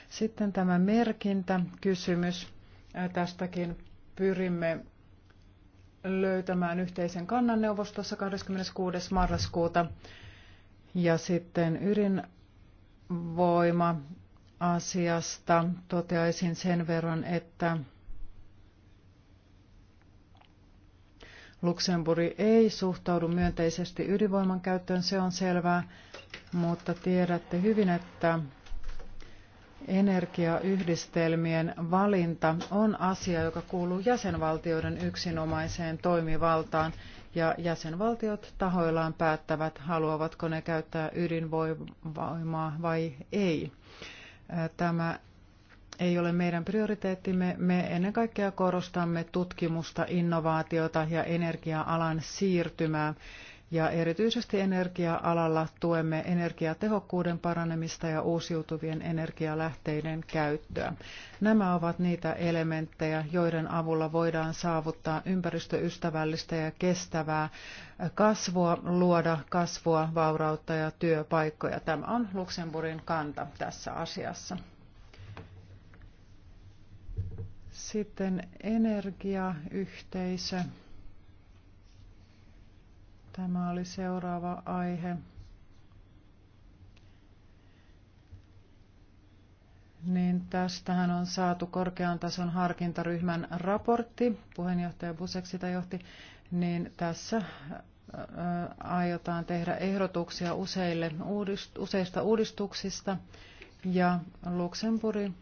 C: Sitten tämä merkintäkysymys. Tästäkin pyrimme löytämään yhteisen kannan neuvostossa 26. marraskuuta. Ja sitten ydin voima asiasta toteaisin sen verran, että Luxemburg ei suhtaudu myönteisesti ydinvoiman käyttöön, se on selvää, mutta tiedätte hyvin, että energiayhdistelmien valinta on asia, joka kuuluu jäsenvaltioiden yksinomaiseen toimivaltaan ja jäsenvaltiot tahoillaan päättävät, haluavatko ne käyttää ydinvoimaa vai ei. Tämä ei ole meidän prioriteettimme. Me ennen kaikkea korostamme tutkimusta, innovaatiota ja energia-alan siirtymää ja erityisesti energia-alalla tuemme energiatehokkuuden paranemista ja uusiutuvien energialähteiden käyttöä. Nämä ovat niitä elementtejä, joiden avulla voidaan saavuttaa ympäristöystävällistä ja kestävää kasvua, luoda kasvua, vaurautta ja työpaikkoja. Tämä on Luxemburgin kanta tässä asiassa. Sitten energiayhteisö. Tämä oli seuraava aihe. Niin tästähän on saatu korkean tason harkintaryhmän raportti. Puheenjohtaja Busek sitä johti. Niin tässä aiotaan tehdä ehdotuksia useille uudist, useista uudistuksista ja Luxemburgin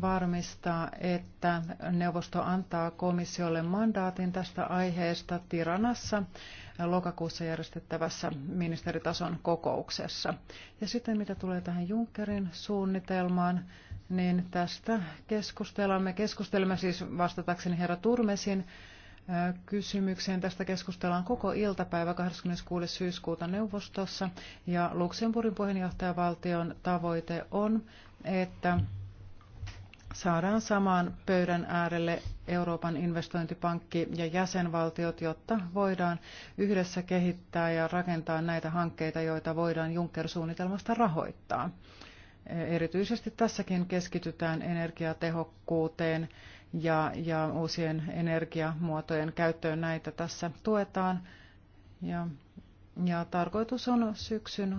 C: varmistaa, että neuvosto antaa komissiolle mandaatin tästä aiheesta Tiranassa lokakuussa järjestettävässä ministeritason kokouksessa. Ja sitten mitä tulee tähän Junckerin suunnitelmaan, niin tästä keskustelemme. Keskustelemme siis vastatakseni herra Turmesin kysymykseen. Tästä keskustellaan koko iltapäivä 26. syyskuuta neuvostossa ja Luxemburgin puheenjohtajavaltion tavoite on, että saadaan samaan pöydän äärelle Euroopan investointipankki ja jäsenvaltiot, jotta voidaan yhdessä kehittää ja rakentaa näitä hankkeita, joita voidaan Juncker-suunnitelmasta rahoittaa. Erityisesti tässäkin keskitytään energiatehokkuuteen ja, ja uusien energiamuotojen käyttöön. Näitä tässä tuetaan. Ja, ja tarkoitus on syksyn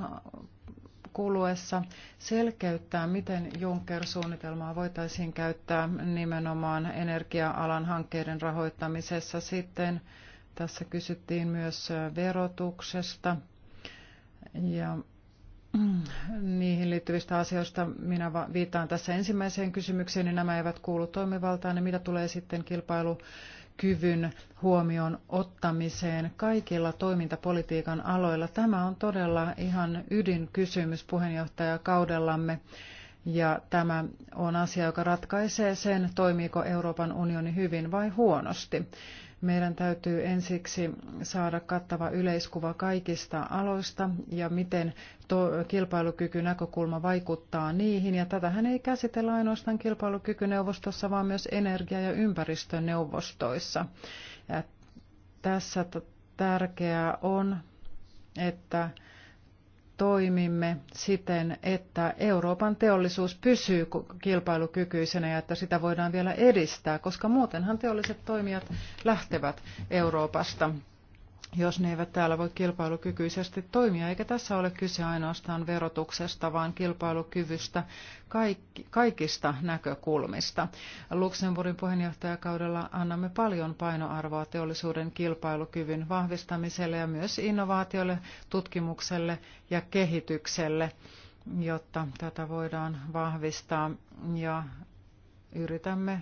C: kuluessa selkeyttää, miten Juncker-suunnitelmaa voitaisiin käyttää nimenomaan energia-alan hankkeiden rahoittamisessa. Sitten tässä kysyttiin myös verotuksesta ja niihin liittyvistä asioista. Minä viittaan tässä ensimmäiseen kysymykseen, niin nämä eivät kuulu toimivaltaan. Ja mitä tulee sitten kilpailu kyvyn huomioon ottamiseen kaikilla toimintapolitiikan aloilla. Tämä on todella ihan ydinkysymys puheenjohtajakaudellamme ja tämä on asia, joka ratkaisee sen, toimiiko Euroopan unioni hyvin vai huonosti. Meidän täytyy ensiksi saada kattava yleiskuva kaikista aloista ja miten to- kilpailukykynäkökulma vaikuttaa niihin. Ja tätähän ei käsitellä ainoastaan kilpailukykyneuvostossa, vaan myös energia- ja ympäristöneuvostoissa. Ja tässä tärkeää on, että toimimme siten, että Euroopan teollisuus pysyy kilpailukykyisenä ja että sitä voidaan vielä edistää, koska muutenhan teolliset toimijat lähtevät Euroopasta jos ne eivät täällä voi kilpailukykyisesti toimia. Eikä tässä ole kyse ainoastaan verotuksesta, vaan kilpailukyvystä kaikki, kaikista näkökulmista. Luxemburgin puheenjohtajakaudella annamme paljon painoarvoa teollisuuden kilpailukyvyn vahvistamiselle ja myös innovaatioille, tutkimukselle ja kehitykselle, jotta tätä voidaan vahvistaa. Ja yritämme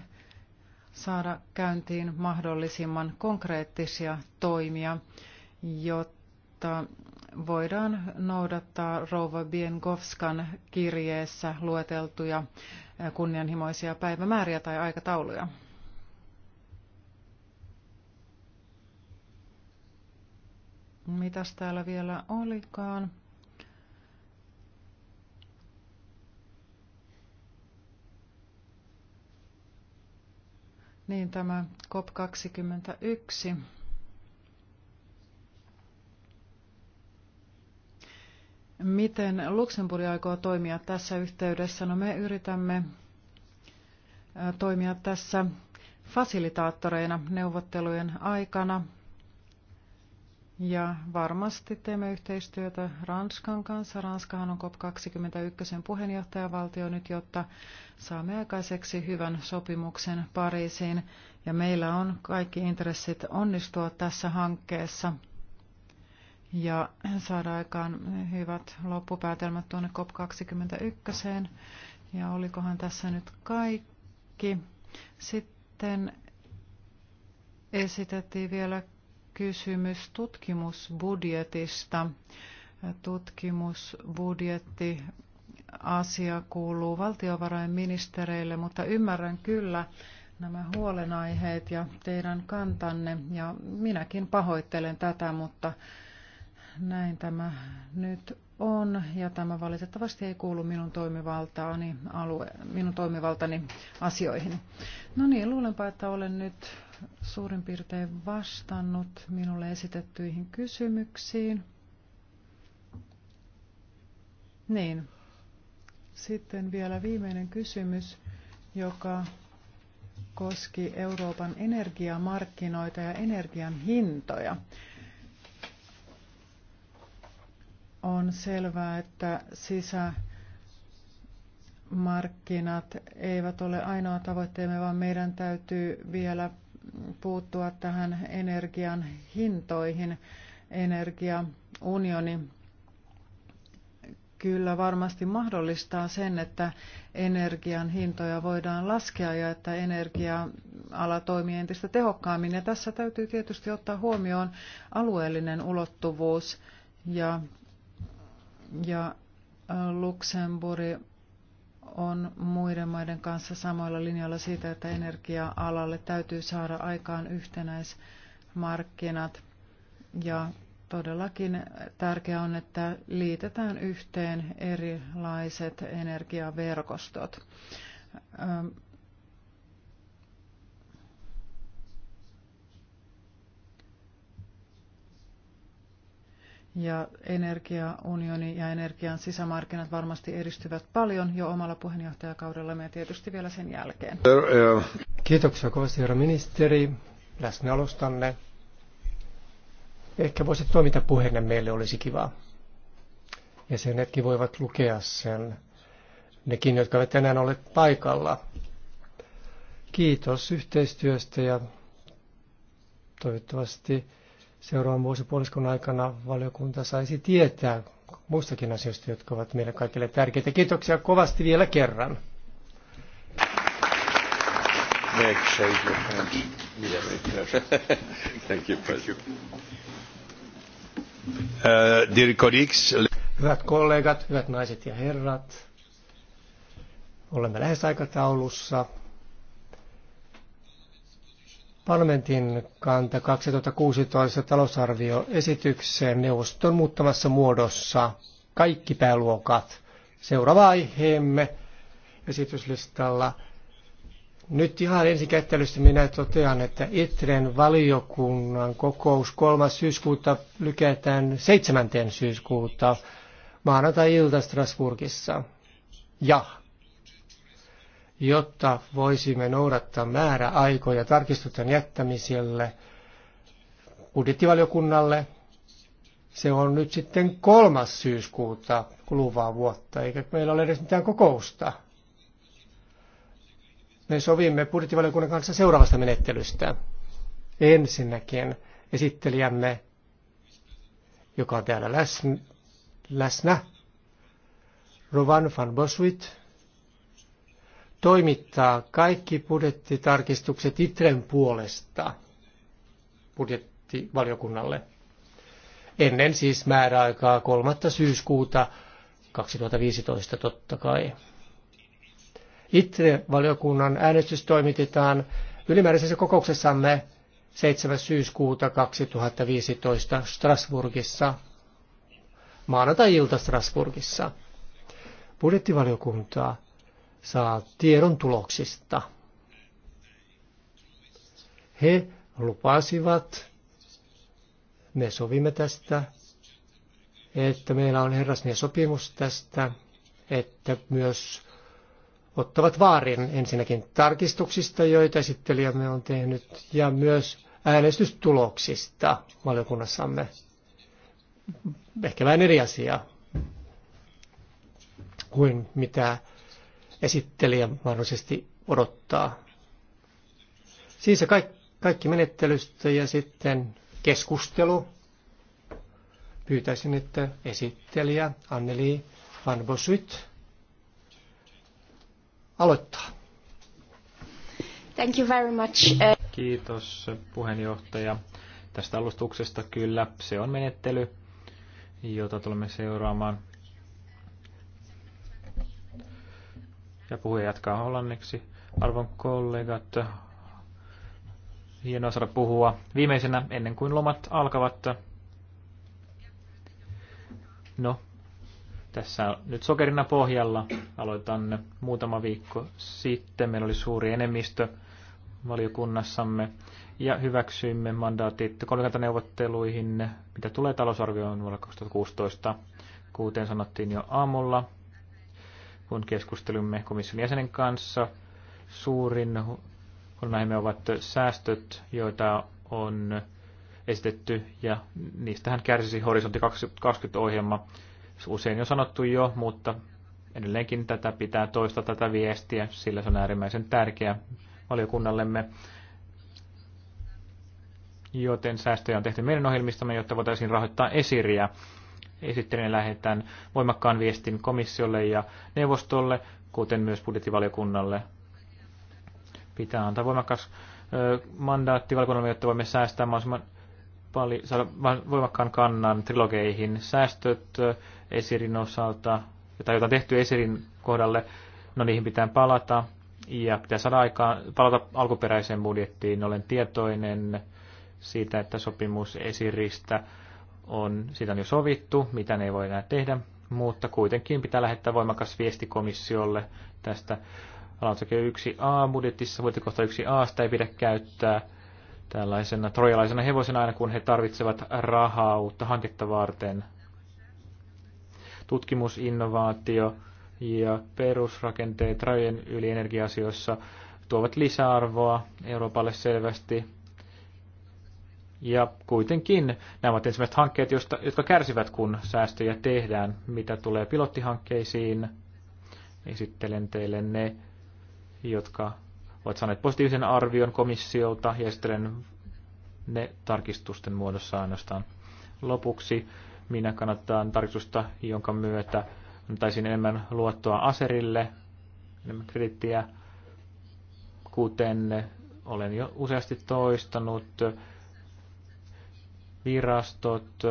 C: saada käyntiin mahdollisimman konkreettisia toimia, jotta voidaan noudattaa Rouva Biengovskan kirjeessä lueteltuja kunnianhimoisia päivämääriä tai aikatauluja. Mitäs täällä vielä olikaan? Niin tämä COP21. Miten Luxemburg aikoo toimia tässä yhteydessä? No me yritämme toimia tässä fasilitaattoreina neuvottelujen aikana ja varmasti teemme yhteistyötä Ranskan kanssa. Ranskahan on COP21 puheenjohtajavaltio nyt, jotta saamme aikaiseksi hyvän sopimuksen Pariisiin. Ja meillä on kaikki intressit onnistua tässä hankkeessa ja saada aikaan hyvät loppupäätelmät tuonne COP21. Ja olikohan tässä nyt kaikki. Sitten esitettiin vielä kysymys tutkimusbudjetista. Tutkimusbudjetti asia kuuluu valtiovarainministereille, mutta ymmärrän kyllä nämä huolenaiheet ja teidän kantanne. Ja minäkin pahoittelen tätä, mutta näin tämä nyt on. Ja tämä valitettavasti ei kuulu minun, toimivaltaani, alue, minun toimivaltani asioihin. No niin, luulenpa, että olen nyt suurin piirtein vastannut minulle esitettyihin kysymyksiin. Niin. Sitten vielä viimeinen kysymys, joka koski Euroopan energiamarkkinoita ja energian hintoja. On selvää, että sisä markkinat eivät ole ainoa tavoitteemme, vaan meidän täytyy vielä puuttua tähän energian hintoihin. Energiaunioni kyllä varmasti mahdollistaa sen, että energian hintoja voidaan laskea ja että energia-ala toimii entistä tehokkaammin. Ja tässä täytyy tietysti ottaa huomioon alueellinen ulottuvuus ja, ja Luxemburgin on muiden maiden kanssa samoilla linjoilla siitä, että energia-alalle täytyy saada aikaan yhtenäismarkkinat. Ja todellakin tärkeää on, että liitetään yhteen erilaiset energiaverkostot. ja energiaunioni ja energian sisämarkkinat varmasti edistyvät paljon jo omalla puheenjohtajakaudellamme ja tietysti vielä sen jälkeen.
B: Kiitoksia kovasti herra ministeri läsnäolostanne. Ehkä voisit toimita puheenne meille, olisi kivaa. hetki voivat lukea sen, nekin, jotka ovat tänään olleet paikalla. Kiitos yhteistyöstä ja toivottavasti Seuraavan vuosipuoliskon aikana valiokunta saisi tietää muistakin asioista, jotka ovat meille kaikille tärkeitä. Kiitoksia kovasti vielä kerran. Uh, hyvät kollegat, hyvät naiset ja herrat, olemme lähes aikataulussa parlamentin kanta 2016 talousarvioesitykseen neuvoston muuttamassa muodossa kaikki pääluokat. Seuraava aiheemme esityslistalla. Nyt ihan ensikättelystä minä totean, että Itren valiokunnan kokous 3. syyskuuta lykätään 7. syyskuuta maanantai-ilta Strasburgissa. Ja jotta voisimme noudattaa määräaikoja tarkistusten jättämiselle budjettivaliokunnalle. Se on nyt sitten kolmas syyskuuta kuluvaa vuotta, eikä meillä ole edes mitään kokousta. Me sovimme budjettivaliokunnan kanssa seuraavasta menettelystä. Ensinnäkin esittelijämme, joka on täällä läsnä, Rovan van Boswit, toimittaa kaikki budjettitarkistukset ITREn puolesta budjettivaliokunnalle ennen siis määräaikaa 3. syyskuuta 2015 totta kai. ITRE-valiokunnan äänestys toimitetaan ylimääräisessä kokouksessamme 7. syyskuuta 2015 Strasburgissa, maanantai-ilta Strasburgissa. Budjettivaliokuntaa saa tiedon tuloksista. He lupasivat, me sovimme tästä, että meillä on herrasmies sopimus tästä, että myös ottavat vaarin ensinnäkin tarkistuksista, joita esittelijämme on tehnyt, ja myös äänestystuloksista valiokunnassamme. Ehkä vähän eri asia kuin mitä esittelijä mahdollisesti odottaa. Siis se kaikki, kaikki menettelystä ja sitten keskustelu. Pyytäisin, että esittelijä
A: Anneli Van Bosyt aloittaa.
B: Thank you very much.
A: Kiitos puheenjohtaja tästä alustuksesta. Kyllä, se on menettely, jota tulemme seuraamaan Ja puhuja jatkaa hollanniksi. Arvon kollegat, hienoa saada puhua viimeisenä ennen kuin lomat alkavat. No, tässä nyt sokerina pohjalla. Aloitan muutama viikko sitten. Meillä oli suuri enemmistö valiokunnassamme ja hyväksyimme mandaatit kolmikantaneuvotteluihin, mitä tulee talousarvioon vuonna 2016, kuten sanottiin jo aamulla kun keskustelimme komission jäsenen kanssa. Suurin huolenaihe ovat säästöt, joita on esitetty, ja niistähän kärsisi Horisontti 2020-ohjelma. Usein jo sanottu jo, mutta edelleenkin tätä pitää toistaa tätä viestiä, sillä se on äärimmäisen tärkeä valiokunnallemme. Joten säästöjä on tehty meidän ohjelmistamme, jotta voitaisiin rahoittaa esiriä esittelen lähetän voimakkaan viestin komissiolle ja neuvostolle, kuten myös budjettivaliokunnalle. Pitää antaa voimakas mandaatti valiokunnalle, jotta voimme säästää mahdollisimman paljon, saada voimakkaan kannan trilogeihin. Säästöt Esirin osalta, tai joita on tehty Esirin kohdalle, no niihin pitää palata. Ja pitää saada aikaa palata alkuperäiseen budjettiin. Olen tietoinen siitä, että sopimus Esiristä on, siitä on jo sovittu, mitä ne ei voi enää tehdä, mutta kuitenkin pitää lähettää voimakas viesti komissiolle tästä alaosake 1a budjetissa, budjettikohta 1a, sitä ei pidä käyttää tällaisena trojalaisena hevosena aina, kun he tarvitsevat rahaa uutta hanketta varten. Tutkimusinnovaatio ja perusrakenteet rajojen yli energia tuovat lisäarvoa Euroopalle selvästi ja kuitenkin nämä ovat ensimmäiset hankkeet, jotka kärsivät, kun säästöjä tehdään. Mitä tulee pilottihankkeisiin, esittelen teille ne, jotka ovat saaneet positiivisen arvion komissiolta ja esittelen ne tarkistusten muodossa ainoastaan. Lopuksi minä kannatan tarkistusta, jonka myötä antaisin enemmän luottoa Aserille, enemmän kredittiä, kuten olen jo useasti toistanut virastot,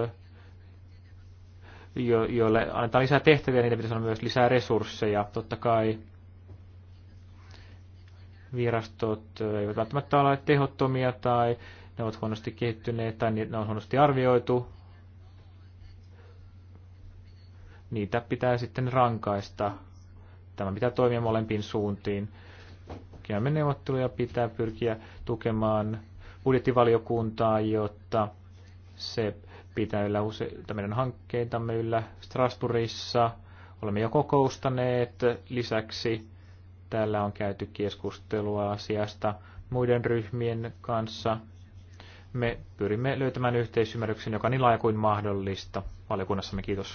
A: jo, joille annetaan lisää tehtäviä, niiden pitäisi olla myös lisää resursseja. Totta kai virastot eivät välttämättä ole tehottomia tai ne ovat huonosti kehittyneet tai ne on huonosti arvioitu. Niitä pitää sitten rankaista. Tämä pitää toimia molempiin suuntiin. Käymme neuvotteluja pitää pyrkiä tukemaan budjettivaliokuntaa, jotta se pitää yllä useita meidän hankkeitamme yllä Strasbourgissa. Olemme jo kokoustaneet. Lisäksi täällä on käyty keskustelua asiasta muiden ryhmien kanssa. Me pyrimme löytämään yhteisymmärryksen, joka niin laaja kuin mahdollista. Valiokunnassamme kiitos.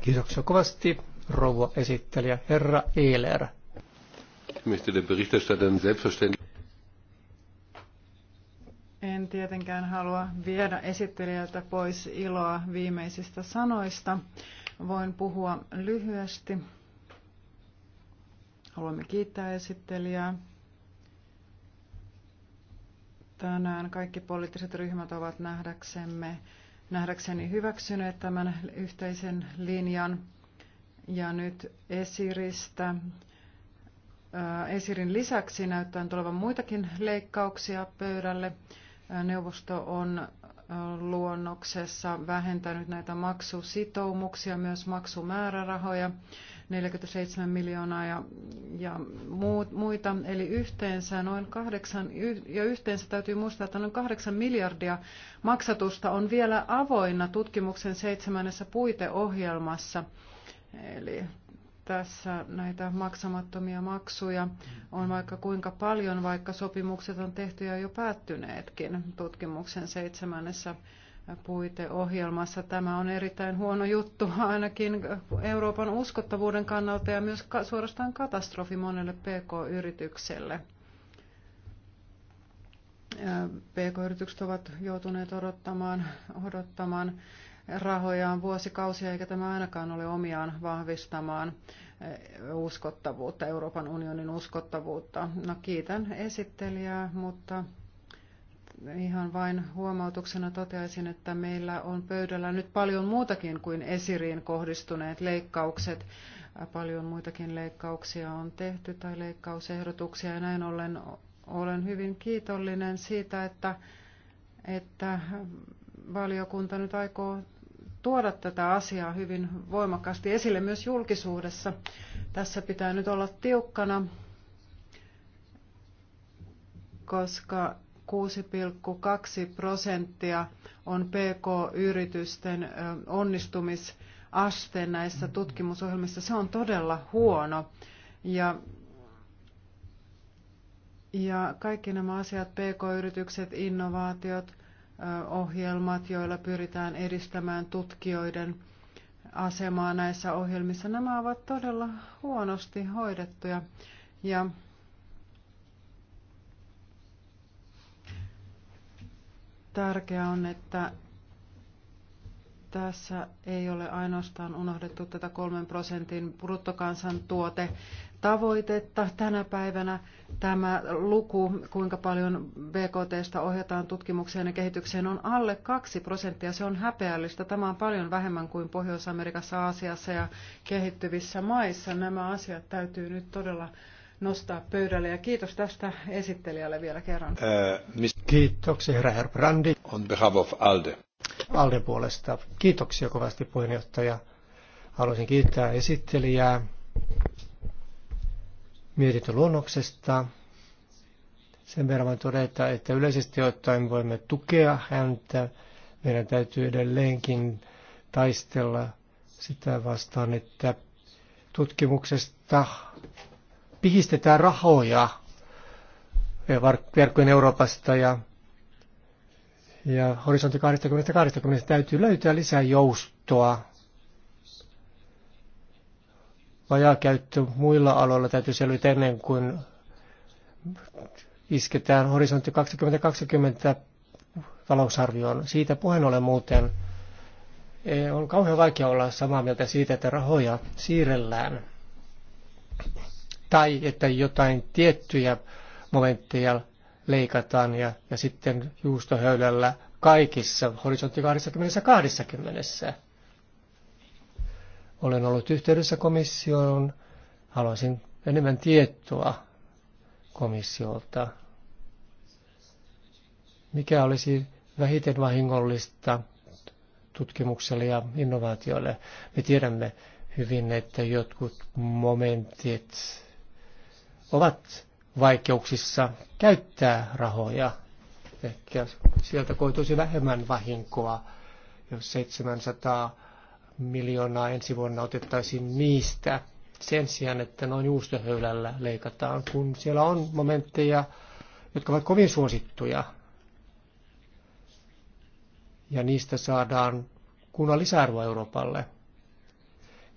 A: Kiitoksia kovasti, rouva esittelijä, herra Eeler.
C: Ich möchte den Berichterstattern selbstverständlich en tietenkään halua viedä esittelijältä pois iloa viimeisistä sanoista. Voin puhua lyhyesti. Haluamme kiittää esittelijää. Tänään kaikki poliittiset ryhmät ovat nähdäksemme, nähdäkseni hyväksyneet tämän yhteisen linjan. Ja nyt esiristä Esirin lisäksi näyttää tulevan muitakin leikkauksia pöydälle. Neuvosto on luonnoksessa vähentänyt näitä maksusitoumuksia, myös maksumäärärahoja, 47 miljoonaa ja, ja muut, muita. Eli yhteensä noin kahdeksan, ja yhteensä täytyy muistaa, että noin kahdeksan miljardia maksatusta on vielä avoinna tutkimuksen seitsemännessä puiteohjelmassa. Eli tässä näitä maksamattomia maksuja on vaikka kuinka paljon, vaikka sopimukset on tehty ja jo päättyneetkin tutkimuksen seitsemännessä puiteohjelmassa. Tämä on erittäin huono juttu ainakin Euroopan uskottavuuden kannalta ja myös suorastaan katastrofi monelle PK-yritykselle. PK-yritykset ovat joutuneet odottamaan, odottamaan rahojaan vuosikausia, eikä tämä ainakaan ole omiaan vahvistamaan eh, uskottavuutta, Euroopan unionin uskottavuutta. No kiitän esittelijää, mutta ihan vain huomautuksena toteaisin, että meillä on pöydällä nyt paljon muutakin kuin esiriin kohdistuneet leikkaukset. Paljon muitakin leikkauksia on tehty tai leikkausehdotuksia ja näin ollen olen hyvin kiitollinen siitä, että, että valiokunta nyt aikoo tuoda tätä asiaa hyvin voimakkaasti esille myös julkisuudessa. Tässä pitää nyt olla tiukkana, koska 6,2 prosenttia on PK-yritysten onnistumisaste näissä tutkimusohjelmissa. Se on todella huono. Ja ja kaikki nämä asiat, pk-yritykset, innovaatiot, ohjelmat, joilla pyritään edistämään tutkijoiden asemaa näissä ohjelmissa. Nämä ovat todella huonosti hoidettuja ja tärkeää on, että tässä ei ole ainoastaan unohdettu tätä kolmen prosentin bruttokansantuote tavoitetta tänä päivänä. Tämä luku, kuinka paljon BKTstä ohjataan tutkimukseen ja kehitykseen, on alle 2 prosenttia. Se on häpeällistä. Tämä on paljon vähemmän kuin Pohjois-Amerikassa, Aasiassa ja kehittyvissä maissa. Nämä asiat täytyy nyt todella nostaa pöydälle. Ja kiitos tästä esittelijälle vielä kerran.
B: Äh, Kiitoksia herra Brandi. On behalf of ALDE. ALDE puolesta. Kiitoksia kovasti puheenjohtaja. Haluaisin kiittää esittelijää luonnoksesta. Sen verran voin todeta, että yleisesti ottaen voimme tukea häntä. Meidän täytyy edelleenkin taistella sitä vastaan, että tutkimuksesta pihistetään rahoja verkkojen Euroopasta ja, ja horisontti 2020 täytyy löytää lisää joustoa vajakäyttö muilla aloilla täytyy selvitä ennen kuin isketään horisontti 2020 talousarvioon. Siitä puheen ollen muuten eh, on kauhean vaikea olla samaa mieltä siitä, että rahoja siirrellään tai että jotain tiettyjä momentteja leikataan ja, ja sitten juustohöylällä kaikissa horisontti 2020. Olen ollut yhteydessä komissioon. Haluaisin enemmän tietoa komissiolta. Mikä olisi vähiten vahingollista tutkimukselle ja innovaatioille? Me tiedämme hyvin, että jotkut momentit ovat vaikeuksissa käyttää rahoja. Ehkä sieltä koituisi vähemmän vahinkoa, jos 700 miljoonaa ensi vuonna otettaisiin niistä sen sijaan, että noin juustohöylällä leikataan, kun siellä on momentteja, jotka ovat kovin suosittuja. Ja niistä saadaan kunnan lisäarvoa Euroopalle.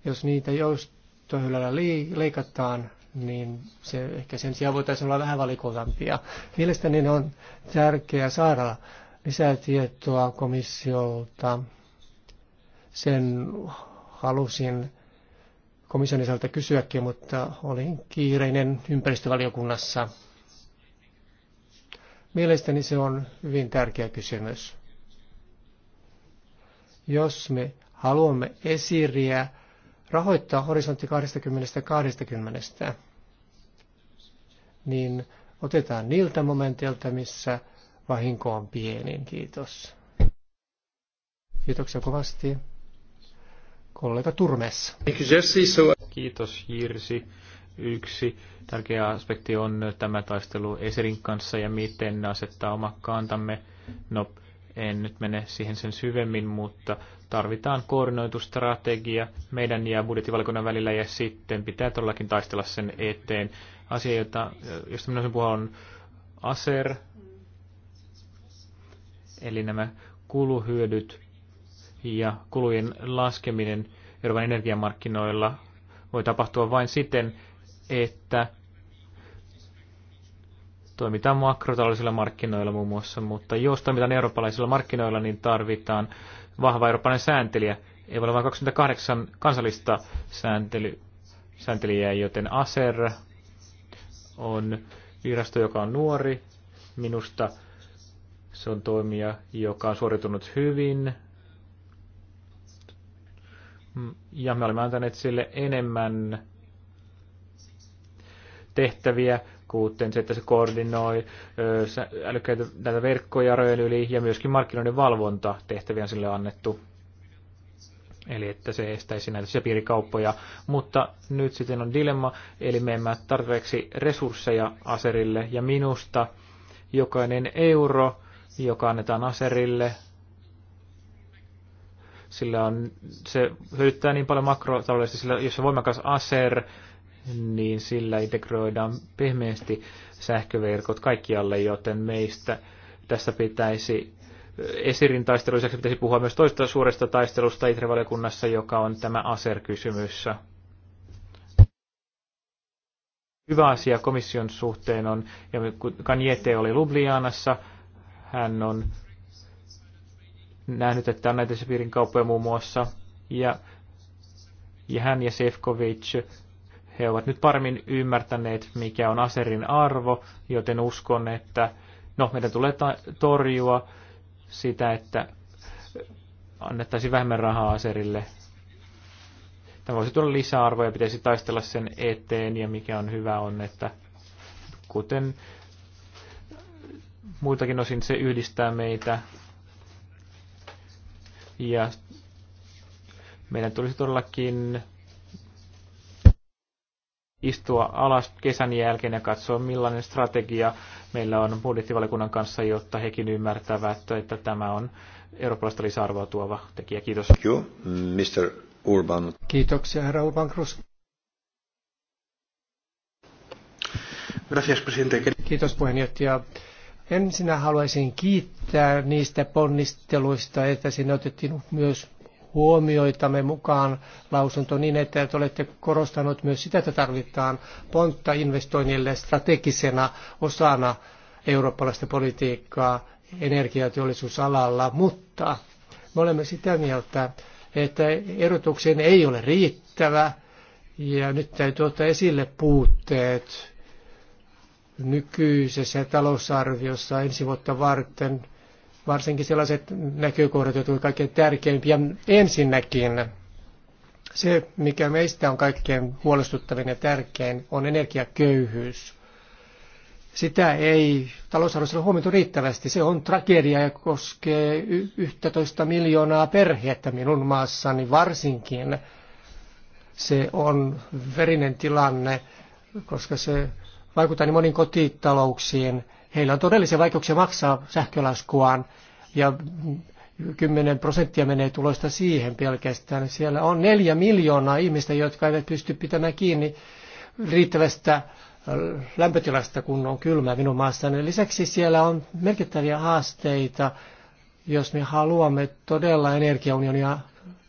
B: Jos niitä juustohöylällä leikataan, niin se, ehkä sen sijaan voitaisiin olla vähän valikoivampia. Mielestäni on tärkeää saada lisää tietoa komissiolta sen halusin komission isältä kysyäkin, mutta olin kiireinen ympäristövaliokunnassa. Mielestäni se on hyvin tärkeä kysymys. Jos me haluamme esiriä rahoittaa horisontti 2020, niin otetaan niiltä momentilta, missä vahinko on pienin. Kiitos. Kiitoksia kovasti kollega Turmes. Uh,
A: Kiitos Jirsi. Yksi tärkeä aspekti on tämä taistelu Eserin kanssa ja miten asettaa oma kantamme. No, en nyt mene siihen sen syvemmin, mutta tarvitaan koordinoitustrategia meidän ja budjettivalikunnan välillä ja sitten pitää todellakin taistella sen eteen. Asia, jota, josta minä sen puhua on ASER, eli nämä kuluhyödyt ja kulujen laskeminen Euroopan energiamarkkinoilla voi tapahtua vain siten, että toimitaan makrotaloudellisilla markkinoilla muun muassa, mutta jos toimitaan eurooppalaisilla markkinoilla, niin tarvitaan vahva eurooppalainen sääntelijä. Ei voi olla vain 28 kansallista sääntely, sääntelijää, joten ASER on virasto, joka on nuori. Minusta se on toimija, joka on suoritunut hyvin ja me olemme antaneet sille enemmän tehtäviä, kuten se, että se koordinoi älykkäitä näitä verkkoja rajojen yli ja myöskin markkinoiden valvonta tehtäviä on sille annettu. Eli että se estäisi näitä piirikauppoja. Mutta nyt sitten on dilemma, eli me emme tarpeeksi resursseja Aserille ja minusta jokainen euro, joka annetaan Aserille, sillä on, se hyödyttää niin paljon makrotaloudellisesti, sillä jos on voimakas ASER, niin sillä integroidaan pehmeästi sähköverkot kaikkialle, joten meistä tässä pitäisi Esirin taistelun lisäksi pitäisi puhua myös toista suuresta taistelusta Itrevaliokunnassa, joka on tämä ASER-kysymys. Hyvä asia komission suhteen on, ja kun Kanjete oli Lublianassa, hän on nähnyt, että on näitä Sipirin kauppoja muun muassa. Ja, ja hän ja Sefkovic, he ovat nyt paremmin ymmärtäneet, mikä on aserin arvo, joten uskon, että no, meidän tulee torjua sitä, että annettaisiin vähemmän rahaa aserille. Tämä voisi tulla lisäarvoa ja pitäisi taistella sen eteen ja mikä on hyvä on, että kuten muitakin osin se yhdistää meitä ja meidän tulisi todellakin istua alas kesän jälkeen ja katsoa, millainen strategia meillä on budjettivalikunnan kanssa, jotta hekin ymmärtävät, että tämä on eurooppalaista lisäarvoa tuova tekijä. Kiitos. Thank you,
B: Mr. Urban. Kiitoksia, herra Urban Cruz. Gracias, presidente. Kiitos puheenjohtaja. Ensinnä haluaisin kiittää niistä ponnisteluista, että sinne otettiin myös huomioitamme mukaan lausunto niin, että olette korostanut myös sitä, että tarvitaan pontta investoinnille strategisena osana eurooppalaista politiikkaa energiateollisuusalalla, mutta me olemme sitä mieltä, että erotukseen ei ole riittävä ja nyt täytyy ottaa esille puutteet nykyisessä talousarviossa ensi vuotta varten, varsinkin sellaiset näkökohdat, jotka ovat kaikkein tärkeimpiä. Ensinnäkin se, mikä meistä on kaikkein huolestuttavin ja tärkein, on energiaköyhyys. Sitä ei talousarvossa ole huomioitu riittävästi. Se on tragedia ja koskee 11 miljoonaa perhettä minun maassani varsinkin. Se on verinen tilanne, koska se vaikuttaa niin moniin kotitalouksiin. Heillä on todellisia vaikeuksia maksaa sähkölaskuaan ja 10 prosenttia menee tuloista siihen pelkästään. Siellä on neljä miljoonaa ihmistä, jotka eivät pysty pitämään kiinni riittävästä äh, lämpötilasta, kun on kylmä minun maassani. Lisäksi siellä on merkittäviä haasteita, jos me haluamme todella energiaunionia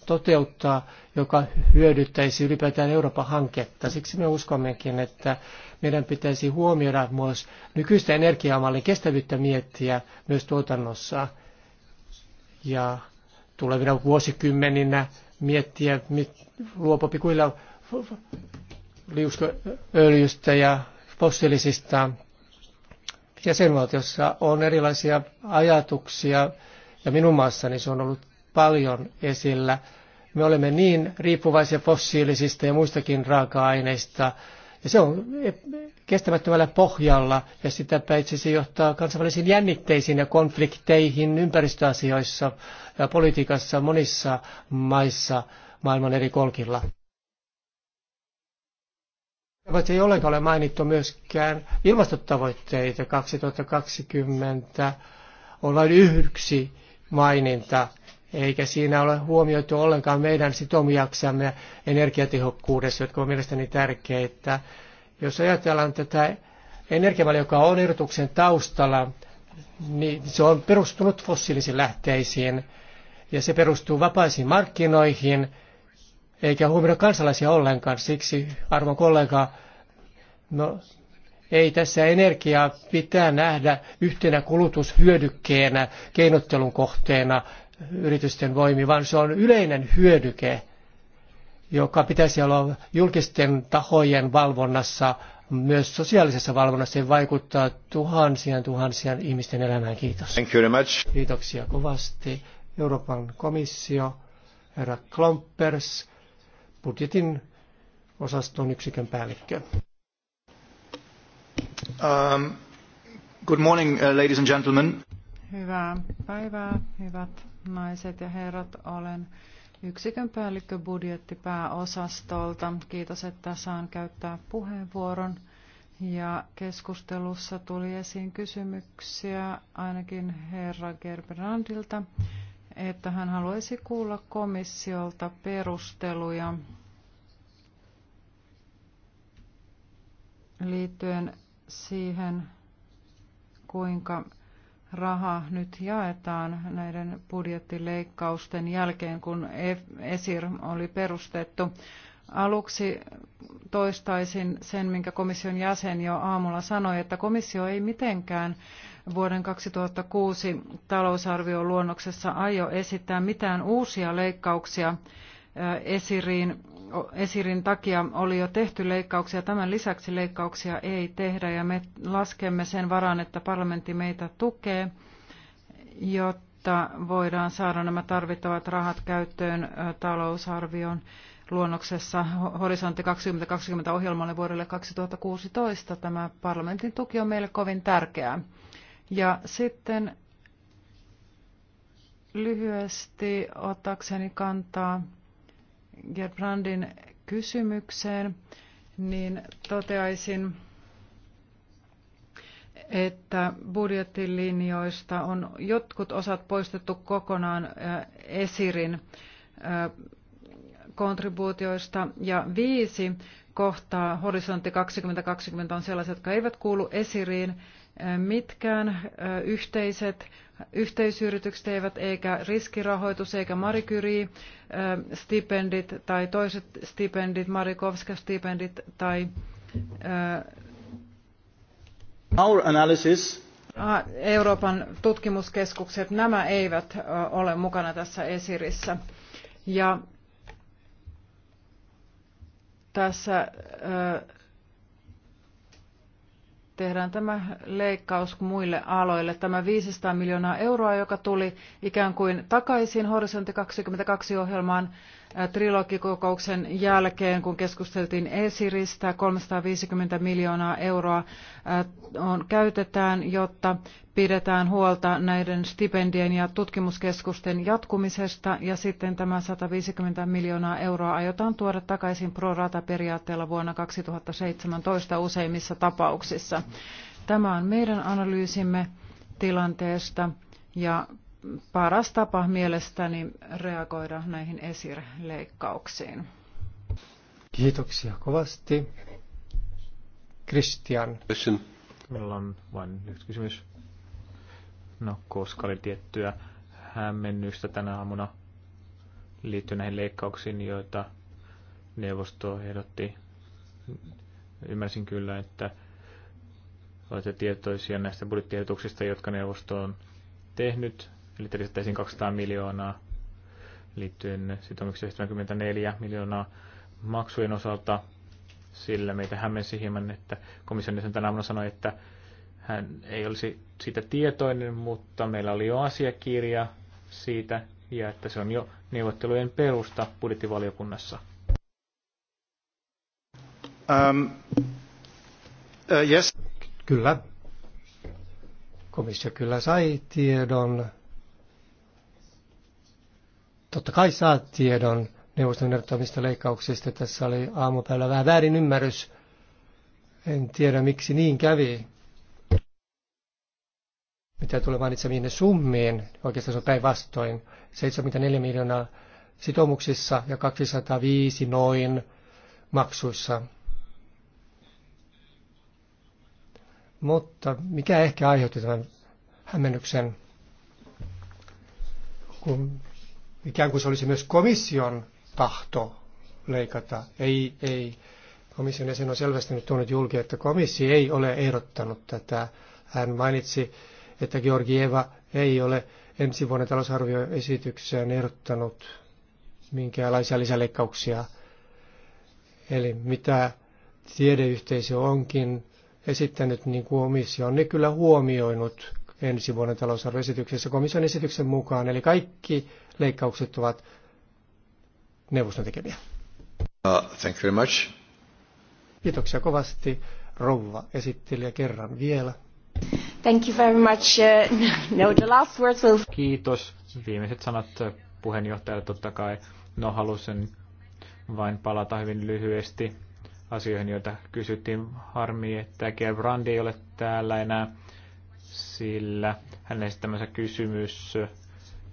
B: toteuttaa, joka hyödyttäisi ylipäätään Euroopan hanketta. Siksi me uskommekin, että meidän pitäisi huomioida myös nykyistä energiamallin kestävyyttä miettiä myös tuotannossa ja tulevina vuosikymmeninä miettiä luopopi kuilla liuskoöljystä ja fossiilisista. Jäsenvaltiossa on erilaisia ajatuksia ja minun maassani se on ollut paljon esillä. Me olemme niin riippuvaisia fossiilisista ja muistakin raaka-aineista, ja se on kestämättömällä pohjalla, ja sitäpä itse se johtaa kansainvälisiin jännitteisiin ja konflikteihin ympäristöasioissa ja politiikassa monissa maissa maailman eri kolkilla. Paitsi ei ollenkaan ole mainittu myöskään ilmastotavoitteita 2020 on vain yksi maininta eikä siinä ole huomioitu ollenkaan meidän sitomiaksamme energiatehokkuudessa, jotka on mielestäni tärkeitä. Jos ajatellaan tätä energiamallia, joka on erotuksen taustalla, niin se on perustunut fossiilisiin lähteisiin ja se perustuu vapaisiin markkinoihin, eikä huomioida kansalaisia ollenkaan. Siksi, arvon kollega, no, ei tässä energiaa pitää nähdä yhtenä kulutushyödykkeenä, keinottelun kohteena – yritysten voimi, vaan se on yleinen hyödyke, joka pitäisi olla julkisten tahojen valvonnassa, myös sosiaalisessa valvonnassa. Se vaikuttaa tuhansien tuhansien ihmisten elämään. Kiitos. Thank you very much. Kiitoksia kovasti. Euroopan komissio, herra Klompers, budjetin osaston yksikön päällikkö.
A: Um, good morning, uh, ladies and gentlemen.
C: Hyvää päivää, hyvät naiset ja herrat, olen yksikön päällikkö budjettipääosastolta. Kiitos, että saan käyttää puheenvuoron. Ja keskustelussa tuli esiin kysymyksiä ainakin herra Gerbrandilta, että hän haluaisi kuulla komissiolta perusteluja liittyen siihen, kuinka raha nyt jaetaan näiden budjettileikkausten jälkeen, kun ESIR oli perustettu. Aluksi toistaisin sen, minkä komission jäsen jo aamulla sanoi, että komissio ei mitenkään vuoden 2006 talousarvion luonnoksessa aio esittää mitään uusia leikkauksia esiriin esirin takia oli jo tehty leikkauksia. Tämän lisäksi leikkauksia ei tehdä ja me laskemme sen varaan, että parlamentti meitä tukee, jotta voidaan saada nämä tarvittavat rahat käyttöön talousarvion luonnoksessa Horisontti 2020 ohjelmalle vuodelle 2016. Tämä parlamentin tuki on meille kovin tärkeää. Ja sitten lyhyesti ottaakseni kantaa Gerbrandin kysymykseen, niin toteaisin, että budjettilinjoista on jotkut osat poistettu kokonaan äh, esirin äh, kontribuutioista ja viisi kohtaa horisontti 2020 on sellaiset, jotka eivät kuulu esiriin mitkään yhteiset yhteisyritykset eivät, eikä riskirahoitus, eikä Marie Curie-stipendit tai toiset stipendit, Marikovska-stipendit tai... Our analysis. Euroopan tutkimuskeskukset, nämä eivät ole mukana tässä esirissä. Ja tässä tehdään tämä leikkaus muille aloille. Tämä 500 miljoonaa euroa, joka tuli ikään kuin takaisin Horisontti 22 ohjelmaan, trilogikokouksen jälkeen, kun keskusteltiin Esiristä, 350 miljoonaa euroa on, käytetään, jotta pidetään huolta näiden stipendien ja tutkimuskeskusten jatkumisesta ja sitten tämä 150 miljoonaa euroa aiotaan tuoda takaisin pro rata periaatteella vuonna 2017 useimmissa tapauksissa. Tämä on meidän analyysimme tilanteesta ja paras tapa mielestäni reagoida näihin esirleikkauksiin.
B: Kiitoksia kovasti. Christian.
A: Meillä on vain yksi kysymys. No, koska oli tiettyä hämmennystä tänä aamuna liittyen näihin leikkauksiin, joita neuvosto ehdotti. Ymmärsin kyllä, että olette tietoisia näistä budjettiehdotuksista, jotka neuvosto on tehnyt Eli lisättäisiin 200 miljoonaa liittyen sitoumuksi 74 miljoonaa maksujen osalta. Sillä meitä hämmensi hieman, että komission jäsen tänä aamuna sanoi, että hän ei olisi siitä tietoinen, mutta meillä oli jo asiakirja siitä ja että se on jo neuvottelujen perusta budjettivaliokunnassa.
B: Um, uh, yes. Kyllä. Komissio kyllä sai tiedon totta kai saa tiedon neuvoston neuvottomista leikkauksista. Tässä oli aamupäivällä vähän väärin ymmärrys. En tiedä, miksi niin kävi. Mitä tulee mainitsemiin summiin, oikeastaan se on päinvastoin. 74 miljoonaa sitoumuksissa ja 205 noin maksuissa. Mutta mikä ehkä aiheutti tämän hämmennyksen, kun ikään kuin se olisi myös komission tahto leikata. Ei, ei. Komission jäsen on selvästi nyt tuonut julki, että komissio ei ole ehdottanut tätä. Hän mainitsi, että Georgieva ei ole ensi vuoden talousarvioesitykseen ehdottanut minkäänlaisia lisäleikkauksia. Eli mitä tiedeyhteisö onkin esittänyt niin kuin komissio on ne kyllä huomioinut ensi vuoden talousarvioesityksessä komission esityksen mukaan. Eli kaikki leikkaukset ovat neuvoston tekemiä. Uh, thank you very much. Kiitoksia kovasti. Rouva esittelijä kerran vielä.
A: Thank you very much. Uh, no, the last words will... Kiitos. Viimeiset sanat puheenjohtajalle totta kai. No, halusin vain palata hyvin lyhyesti asioihin, joita kysyttiin. Harmi, että Gerbrandi ei ole täällä enää, sillä hänen esittämänsä kysymys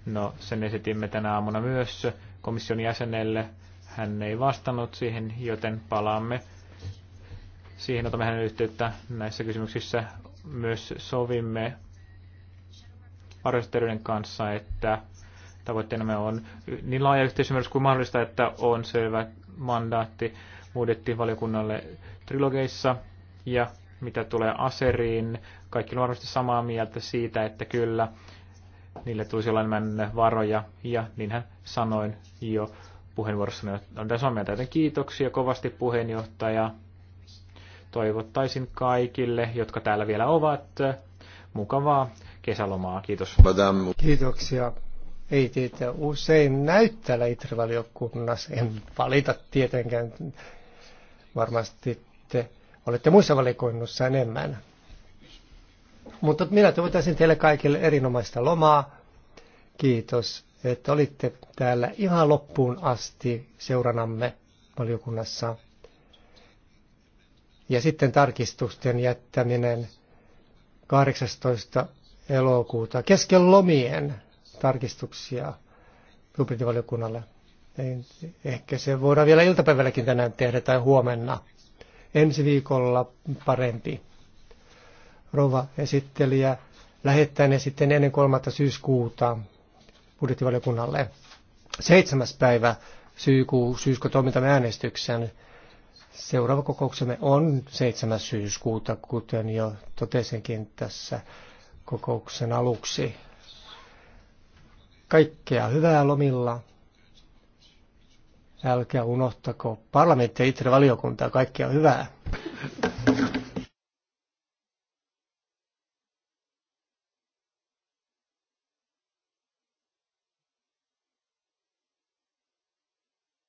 A: No, sen esitimme tänä aamuna myös komission jäsenelle. Hän ei vastannut siihen, joten palaamme siihen, otamme hänen yhteyttä näissä kysymyksissä. Myös sovimme arvostelujen kanssa, että tavoitteenamme on niin laaja yhteisymmärrys kuin mahdollista, että on selvä mandaatti valiokunnalle trilogeissa. Ja mitä tulee Aseriin, kaikki on varmasti samaa mieltä siitä, että kyllä niille tulisi olla enemmän varoja, ja niinhän sanoin jo puheenvuorossani. On tässä on mieltä, kiitoksia kovasti puheenjohtaja. Toivottaisin kaikille, jotka täällä vielä ovat, mukavaa kesälomaa. Kiitos. Kiitoksia. Ei
B: tietä usein näyttää täällä Itrivaliokunnassa. En valita tietenkään. Varmasti te olette muissa valikoinnissa enemmän. Mutta minä toivotaisin teille kaikille erinomaista lomaa. Kiitos, että olitte täällä ihan loppuun asti seuranamme valiokunnassa. Ja sitten tarkistusten jättäminen 18. elokuuta kesken lomien tarkistuksia hybridivaliokunnalle. Ehkä se voidaan vielä iltapäivälläkin tänään tehdä tai huomenna. Ensi viikolla parempi rouva ja lähettää ne sitten ennen kolmatta syyskuuta budjettivaliokunnalle. Seitsemäs päivä syyskuu, syyskö äänestyksen. Seuraava kokouksemme on 7. syyskuuta, kuten jo totesinkin tässä kokouksen aluksi. Kaikkea hyvää lomilla. Älkää unohtako parlamentti ja itse valiokuntaa. Kaikkea hyvää.